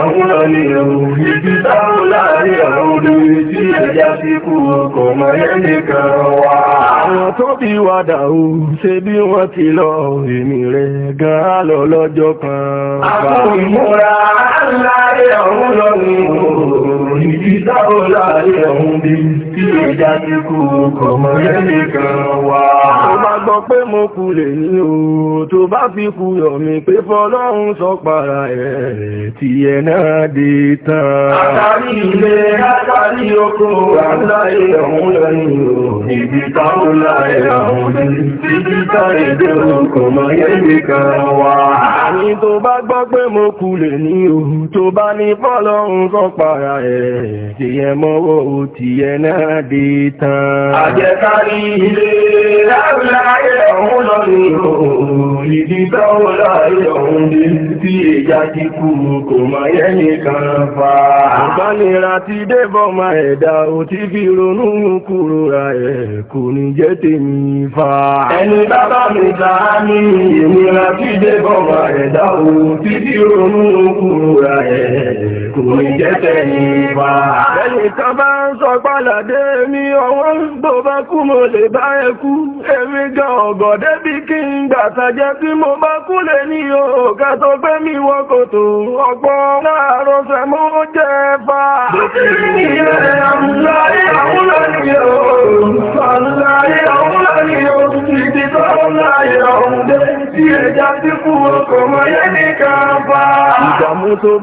ọ̀hún ọlẹ́rù ibi táwọn láàrin àwọn olórí tí ẹjá sí kú ọkọ̀ mọ̀ ẹ́ nìkan ọ tó bí wàdà ò ṣe bí wọ́n ti lọ èmì rẹ̀ gan-an lọ lọ́jọ́ kan. Àkókò ìmúra láàrẹ ọ̀hún lọ ní òòrùn ìbí bí tí ó já kú kọ̀mọ̀ lẹ́lẹ́ kan wà. Tó bá gbọ́ pé mo kú lè ní o, tó bá fi kú yọ̀ mi pé fọlọ́run sọ para ẹ̀ tí ẹ náà dé tán. Àtàrí ilé, àtàrí خير هدي تجتهد حكم غيرك وعي tó bá gbọ́ pé mo kú lè ní òhù tó bá ní fọ́lọ́run sọ para ẹ̀ tí ẹ mọ́wọ́ ò ti ẹ náà dé tán. àjẹkárí ilé láàrín ọ̀hún lọ ní òhù ìdí tọ́wọ́ láàrín ọ̀hún dé tí ìjà ti kú kò mọ yẹ́nì kan fa. ìbánira ti débọ̀ máa ẹ̀dá ò ti fi ronú kúrò ra ẹ̀ kò ní jẹ́ tè mi fa. ẹni bàbá mi ta ní ìnira tí dé ẹ̀dá òun títí ronú kúrò ẹ̀ kò lè jẹ́ tẹ̀yìn bá. Ẹnì kan bá ń sọ pàlàdé mi ọwọ́ bó bá kú mo lè bá ẹ kú. Èmi gan ọ̀gọ̀dẹ́ bí kí n gbàtà jẹ́ tí mo bá kú lè ní òkà tó gbé mi wọ kòtò. Ọ̀pọ̀ láàárọ̀ sẹ̀ mú jẹ́ fà.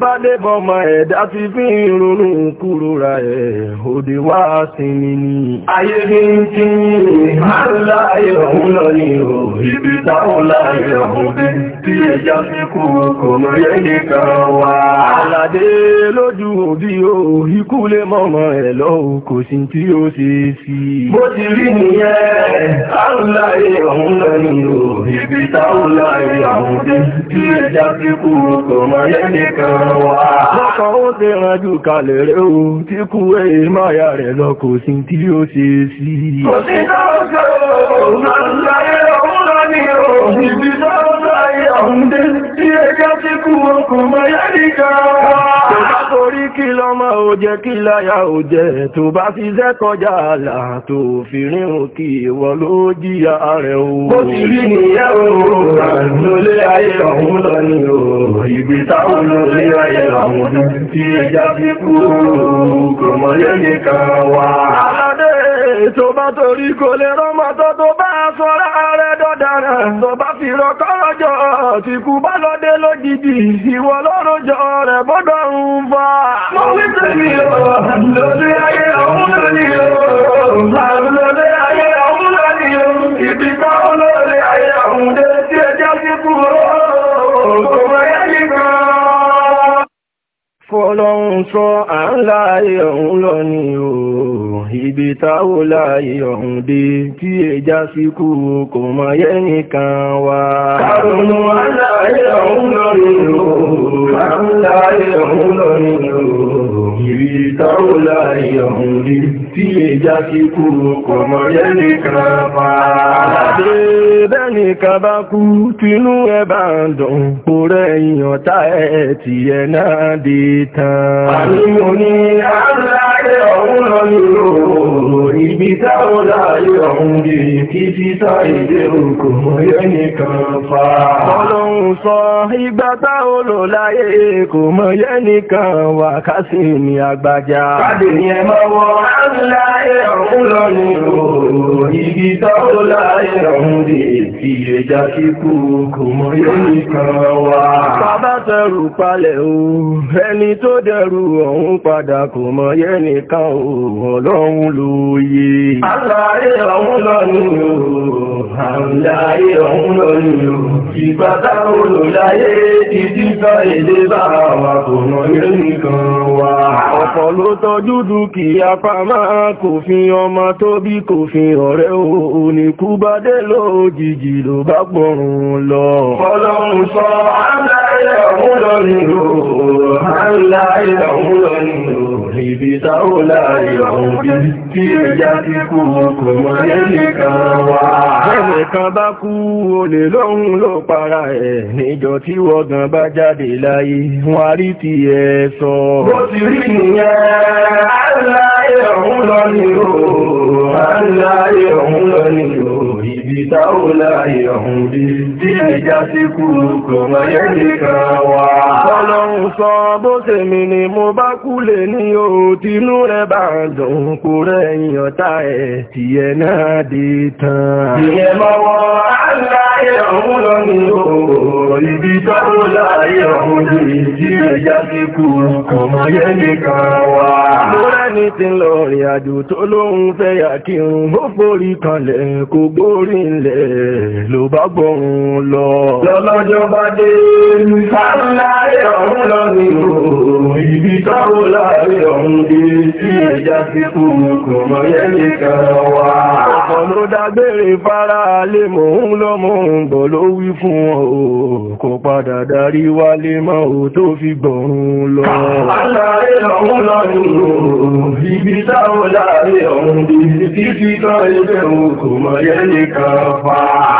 bá dé bọ́ mọ́ ẹ̀ ẹ̀dá ti fi ìrònú kúrò ra ẹ̀ òde wá sinmi ni. ayé bí ń tí máa láyé ọ̀hún lọ ní o ibi táwọn láyé ọ̀hún bí tí ẹja fi kú kò mọ̀ yẹ́ nìkan wá. àlàdé lójú òbí o ikú lè mọ̀mọ́ ẹ̀ lọ kò sí tí ó ṣe é sí. bó ti rí nìyẹn táwọn láyé ọ̀hún lọ ní o ibi táwọn láyé ọ̀hún bí tí ẹja fi kú kò mọ̀ yẹ́ nìkan wá ó ti ránjú kalẹ̀ rẹ̀ o tí kú ẹ̀ máa yà rẹ̀ lọ kò sí tí ó ṣe sí kò sí lọ́mọ ò jẹ́ kí láyà ò jẹ́ tó bá fi ṣẹ́ kọjá àlà tó fi rin òkè ìwọ ló jìyà rẹ̀ o. bó ti rí nìyẹn o àlólé ayé ọ̀hún lọ ni o ìgbé táwọn lólé ayé ọ̀hún tí ẹja fi kú kò mọ̀ lẹ́yìn kan wá. aládé tó bá torí kò lè rọ́mọ tó tó bá sọ́ra rẹ̀ tó bá fi rọ́kọ́rọ́jọ́ tìkú bá lọ́dé lójijì ìwọ lọ́rọ̀jọ́ rẹ̀ bọ́dọ̀ ń fa. Fọ́lọ́run sọ à ń láàyè ọ̀hún lọ ní ooo, ibi táwò láàyè ọ̀hún dé tí èjá sí kú kò mọ̀ yẹ́nì kan wá. Kàrùn-ún à ń láàyè ọ̀hún lọ ní ooo, à ń láàyè ọ̀hún lọ ní ooo ògiri táwọlá ìyàwó rí tí ẹjá kí kúrò kọmọ yẹnì kan pa. Àdàdé bẹ́ẹ̀ni kan bá kú tinú ẹ bá ń dùn kó rẹ̀ èèyàn tá ẹ̀ náà dé tán. Àní mo ní láyé ọ̀hún lọ yòrò ibi táwọn láyé ọ̀hún dé kí títà èdè òkò mọ̀yẹ́ nìkan fa. ọlọ́run sọ ìgbà táwọn lò láyé kò mọ̀yẹ́ nìkan wà kásì ní àgbàjá. káde ni ẹ máa wọ láyé ọ̀hún lọ yòrò ibi táwọn láyé ọ̀hún dé kí ìrẹjà kíkú kò mọ̀yẹ́ nìkan wà. bàbá tẹrù palẹ̀ o ẹni tó dẹrù ọ̀hún padà kò mọ̀yẹ́ nìkan nìkan ọlọ́run ló yé. Aláyé ọ̀hún lọ́nìí o, àmìláyé ọ̀hún lọ́nìí o, ìgbàdá olùláyé títí sọ èdè bá wa kò mọ ilé nìkan wa. Ọ̀pọ̀ ló tọ́jú dúkìá pamá kò fi ọmọ tó bí kò fi ọ̀rẹ́ o, nìkú bá dé lójijì ló bá gbọ̀rùn lọ. Ọlọ́run sọ, àmìláyé ọ̀hún lọ́nìí o, àmìláyé ọ̀hún lọ́nìí o, ìbí láòlá ìrọ̀rùn bí kí ẹja ti kú kò mọ̀ lẹ́nìkan wá. Ẹnìkan bá kú olè lọ́hun ló para ẹ̀ níjọ tí wọ́gàn bá jáde láyé wọ́n rí ti ẹ sọ. Bó ti rí nìyẹn, àlá ìrọ̀rùn lọ ni ó, àlá ìrọ̀rùn lọ ni ìtàúláyọ̀hún bí tí ìjà sí kúrò kò máyé nìkan wà. Ọlọ́run sọ bó ṣe mi ni mo bá kú lè ibi tàúláyọ̀hún bí tí ìjà sí kúrò kò máyé nìkan wà. Mo rẹ́ni ti lọ rìn àjò tó lóhun fẹ́ yà kírun ó forí kanlẹ̀ kò gbórí ńlẹ̀ balẹ̀ ló bá gbóhùn lọ. lọ́lọ́jọ́ bá dé sáńláyé ọ̀hún lọ ní òòrùn ibi tọ́rọ láàrin ọ̀hún dé sí ẹja sí kùnrin kò mọ yẹ́lẹ̀ kan wá. ọ̀pọ̀ ló dágbére fara lè mọ̀ ń lọ́mọ ǹgbọ̀ ló wí fún ọ kò padà darí wálé mọ́ ò tó fi gbọ̀run lọ. sáńláyé ọ̀hún lọ ní òòrùn ibi tọ́rọ láàrin ọ̀hún dé sí títí tọ́ ẹgbẹ́ òkú mọ yẹ́lẹ̀ kan sọ́fà.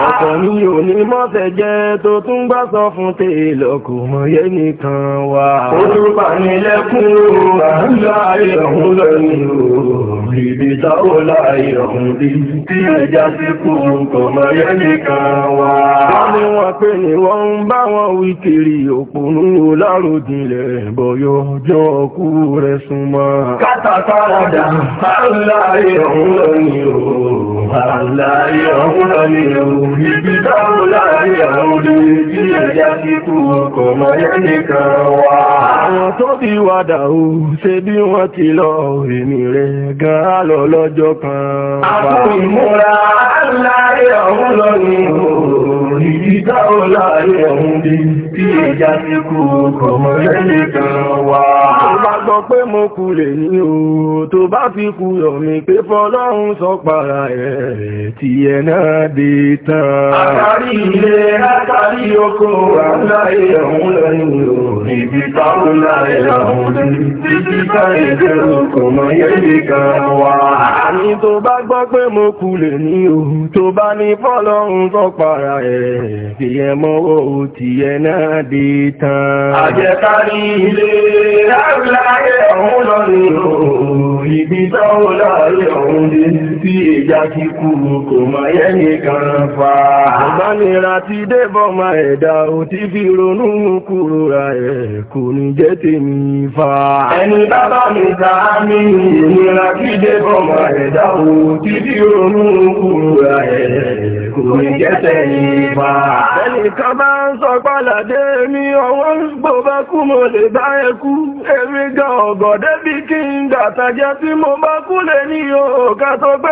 ọ̀pọ̀ ni ò ní mọ́sẹ̀ jẹ́ tó tún gbá sọ fún tèèlọ̀ kò mọ̀ yé nìkan wà. ó tún bà ní lẹ́kún àdúrà ìrọ̀hún lẹ́yìn òrìbí táwọn láì ọ̀hún rí tí ẹja sí kú kò mọ̀ yé nìkan wà. wọ́n ní wọ́n pè ní wọ́n ń bá láàrin ẹ̀rùn ibi dáhùn láàrin àwọn olórin tí ẹ̀yà ti kú ọkọ̀ máa yẹ́ nìkan wá. Àwọn tó ti wà dàrú ṣe bí wọ́n ti lọ èmì rẹ̀ gan-an lọ lọ́jọ́ kan. Àpò ìmúra láàrin ọ̀hún lọ ní ibi dáhùn pé mo kú lè ní o, tó bá fi kú yọ̀ mi pé fọlọ́run sọ para ẹ̀ tí ẹ náà dìtà. Àkàrí ilé, àkàrí oko, àláyé ọ̀hún lẹ́yìn òní, bíbá ọláyé ọ̀hún títí káyé jẹ́ oko mọ yẹ́lì kan wá. Àní tó bá gbọ́ pé mo kú lè ní ohun tó bá ní fọ́lọ́run tó para ẹ̀ fi ẹ mọ́wọ́ òtì ẹ náà dìtà. Àjẹkárí ilé, àláyé ọ̀hún lọ́rin òní, bíbá tí ìjà ti kúrò kò máa yẹ́ ní kan fa. Ìbánira ti débọ̀ ma ẹ̀dá ò ti fi ronú kúrò ra ẹ̀ kò ní jẹ́ tèmi fa. Ẹni bàbá mi ta mí ìnira ti débọ̀ ma ẹ̀dá ò ti fi ronú kúrò ra ẹ̀ kò ní jẹ́ tèmi fa. Ẹnìkan bá ń sọ pàlàdé mi ọwọ́ ń gbọ́bá kú mo lè bá ẹ kú. Èmi gan ọ̀gọ̀dẹ́bí kí n gbàtàjẹ́ tí mo bá kú lè ní òkà tó gbé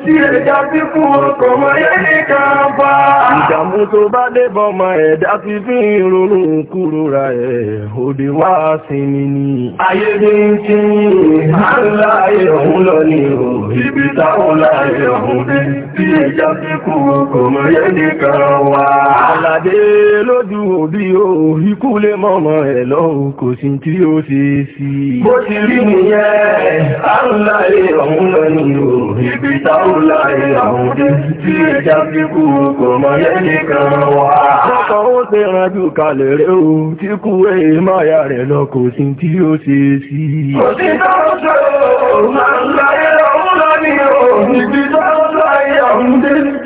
Ìdàmú tó bá débọ̀ ma ẹ̀dá ti fi ìrònú kúrò ra ẹ̀, òde wá sinmi ni. Ayé bí ń tí aláyé òun lọ ní òun, ibi táwọn láyé òun dé, bí ẹja fi kú kò mọ̀ yẹ́ nìkan wá. Àlàdé lójú òbí o, ikú lé mọ́mọ́ ẹ̀ lọ́hùn kò sí tí ó ṣe sí. Bó ti rí nìyẹn, aláyé òun lọ ní òun, ibi táwọn láìràwọ̀ tí ẹja fi kú kò mọ̀ yẹ́lì kan wà. Ọkọ̀ ó ti rànjú kalẹ̀ rẹ̀ o, tí kú ẹ̀ máa yà rẹ̀ lọ kò ó ṣe sí. tó ń láyé lọ́wọ́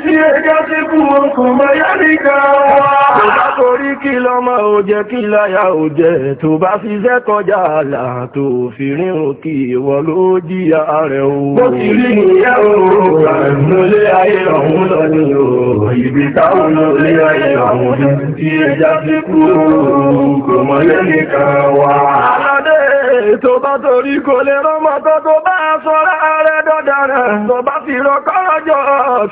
tí ẹjá sí fún ọkùn báyá nìkan wá. Tó bá torí kí lọ́mọ ò jẹ́ kí láyà ò jẹ́, tó bá fi ṣẹ́ kọjá àlà tó fi rí òkè ìwọ ló jíyà rẹ̀ o. Bó ti rí ìyá òòrùn àìmúlé torí kò lè rọ́mọ tó tó bá sọ́ra rẹ̀ dọ́dà rẹ̀, tó bá fi rọ kọ́rọ́jọ́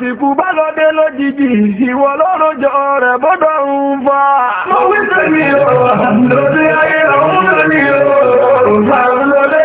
fi kú bá lọ dé lójijì ìwọ lọ́rọ̀jọ́ rẹ̀ bọ́dọ̀ ń fà. Mo wí tẹ́mi ọ̀rọ̀ lórí ayé ọ̀hún lórí ọ̀rọ̀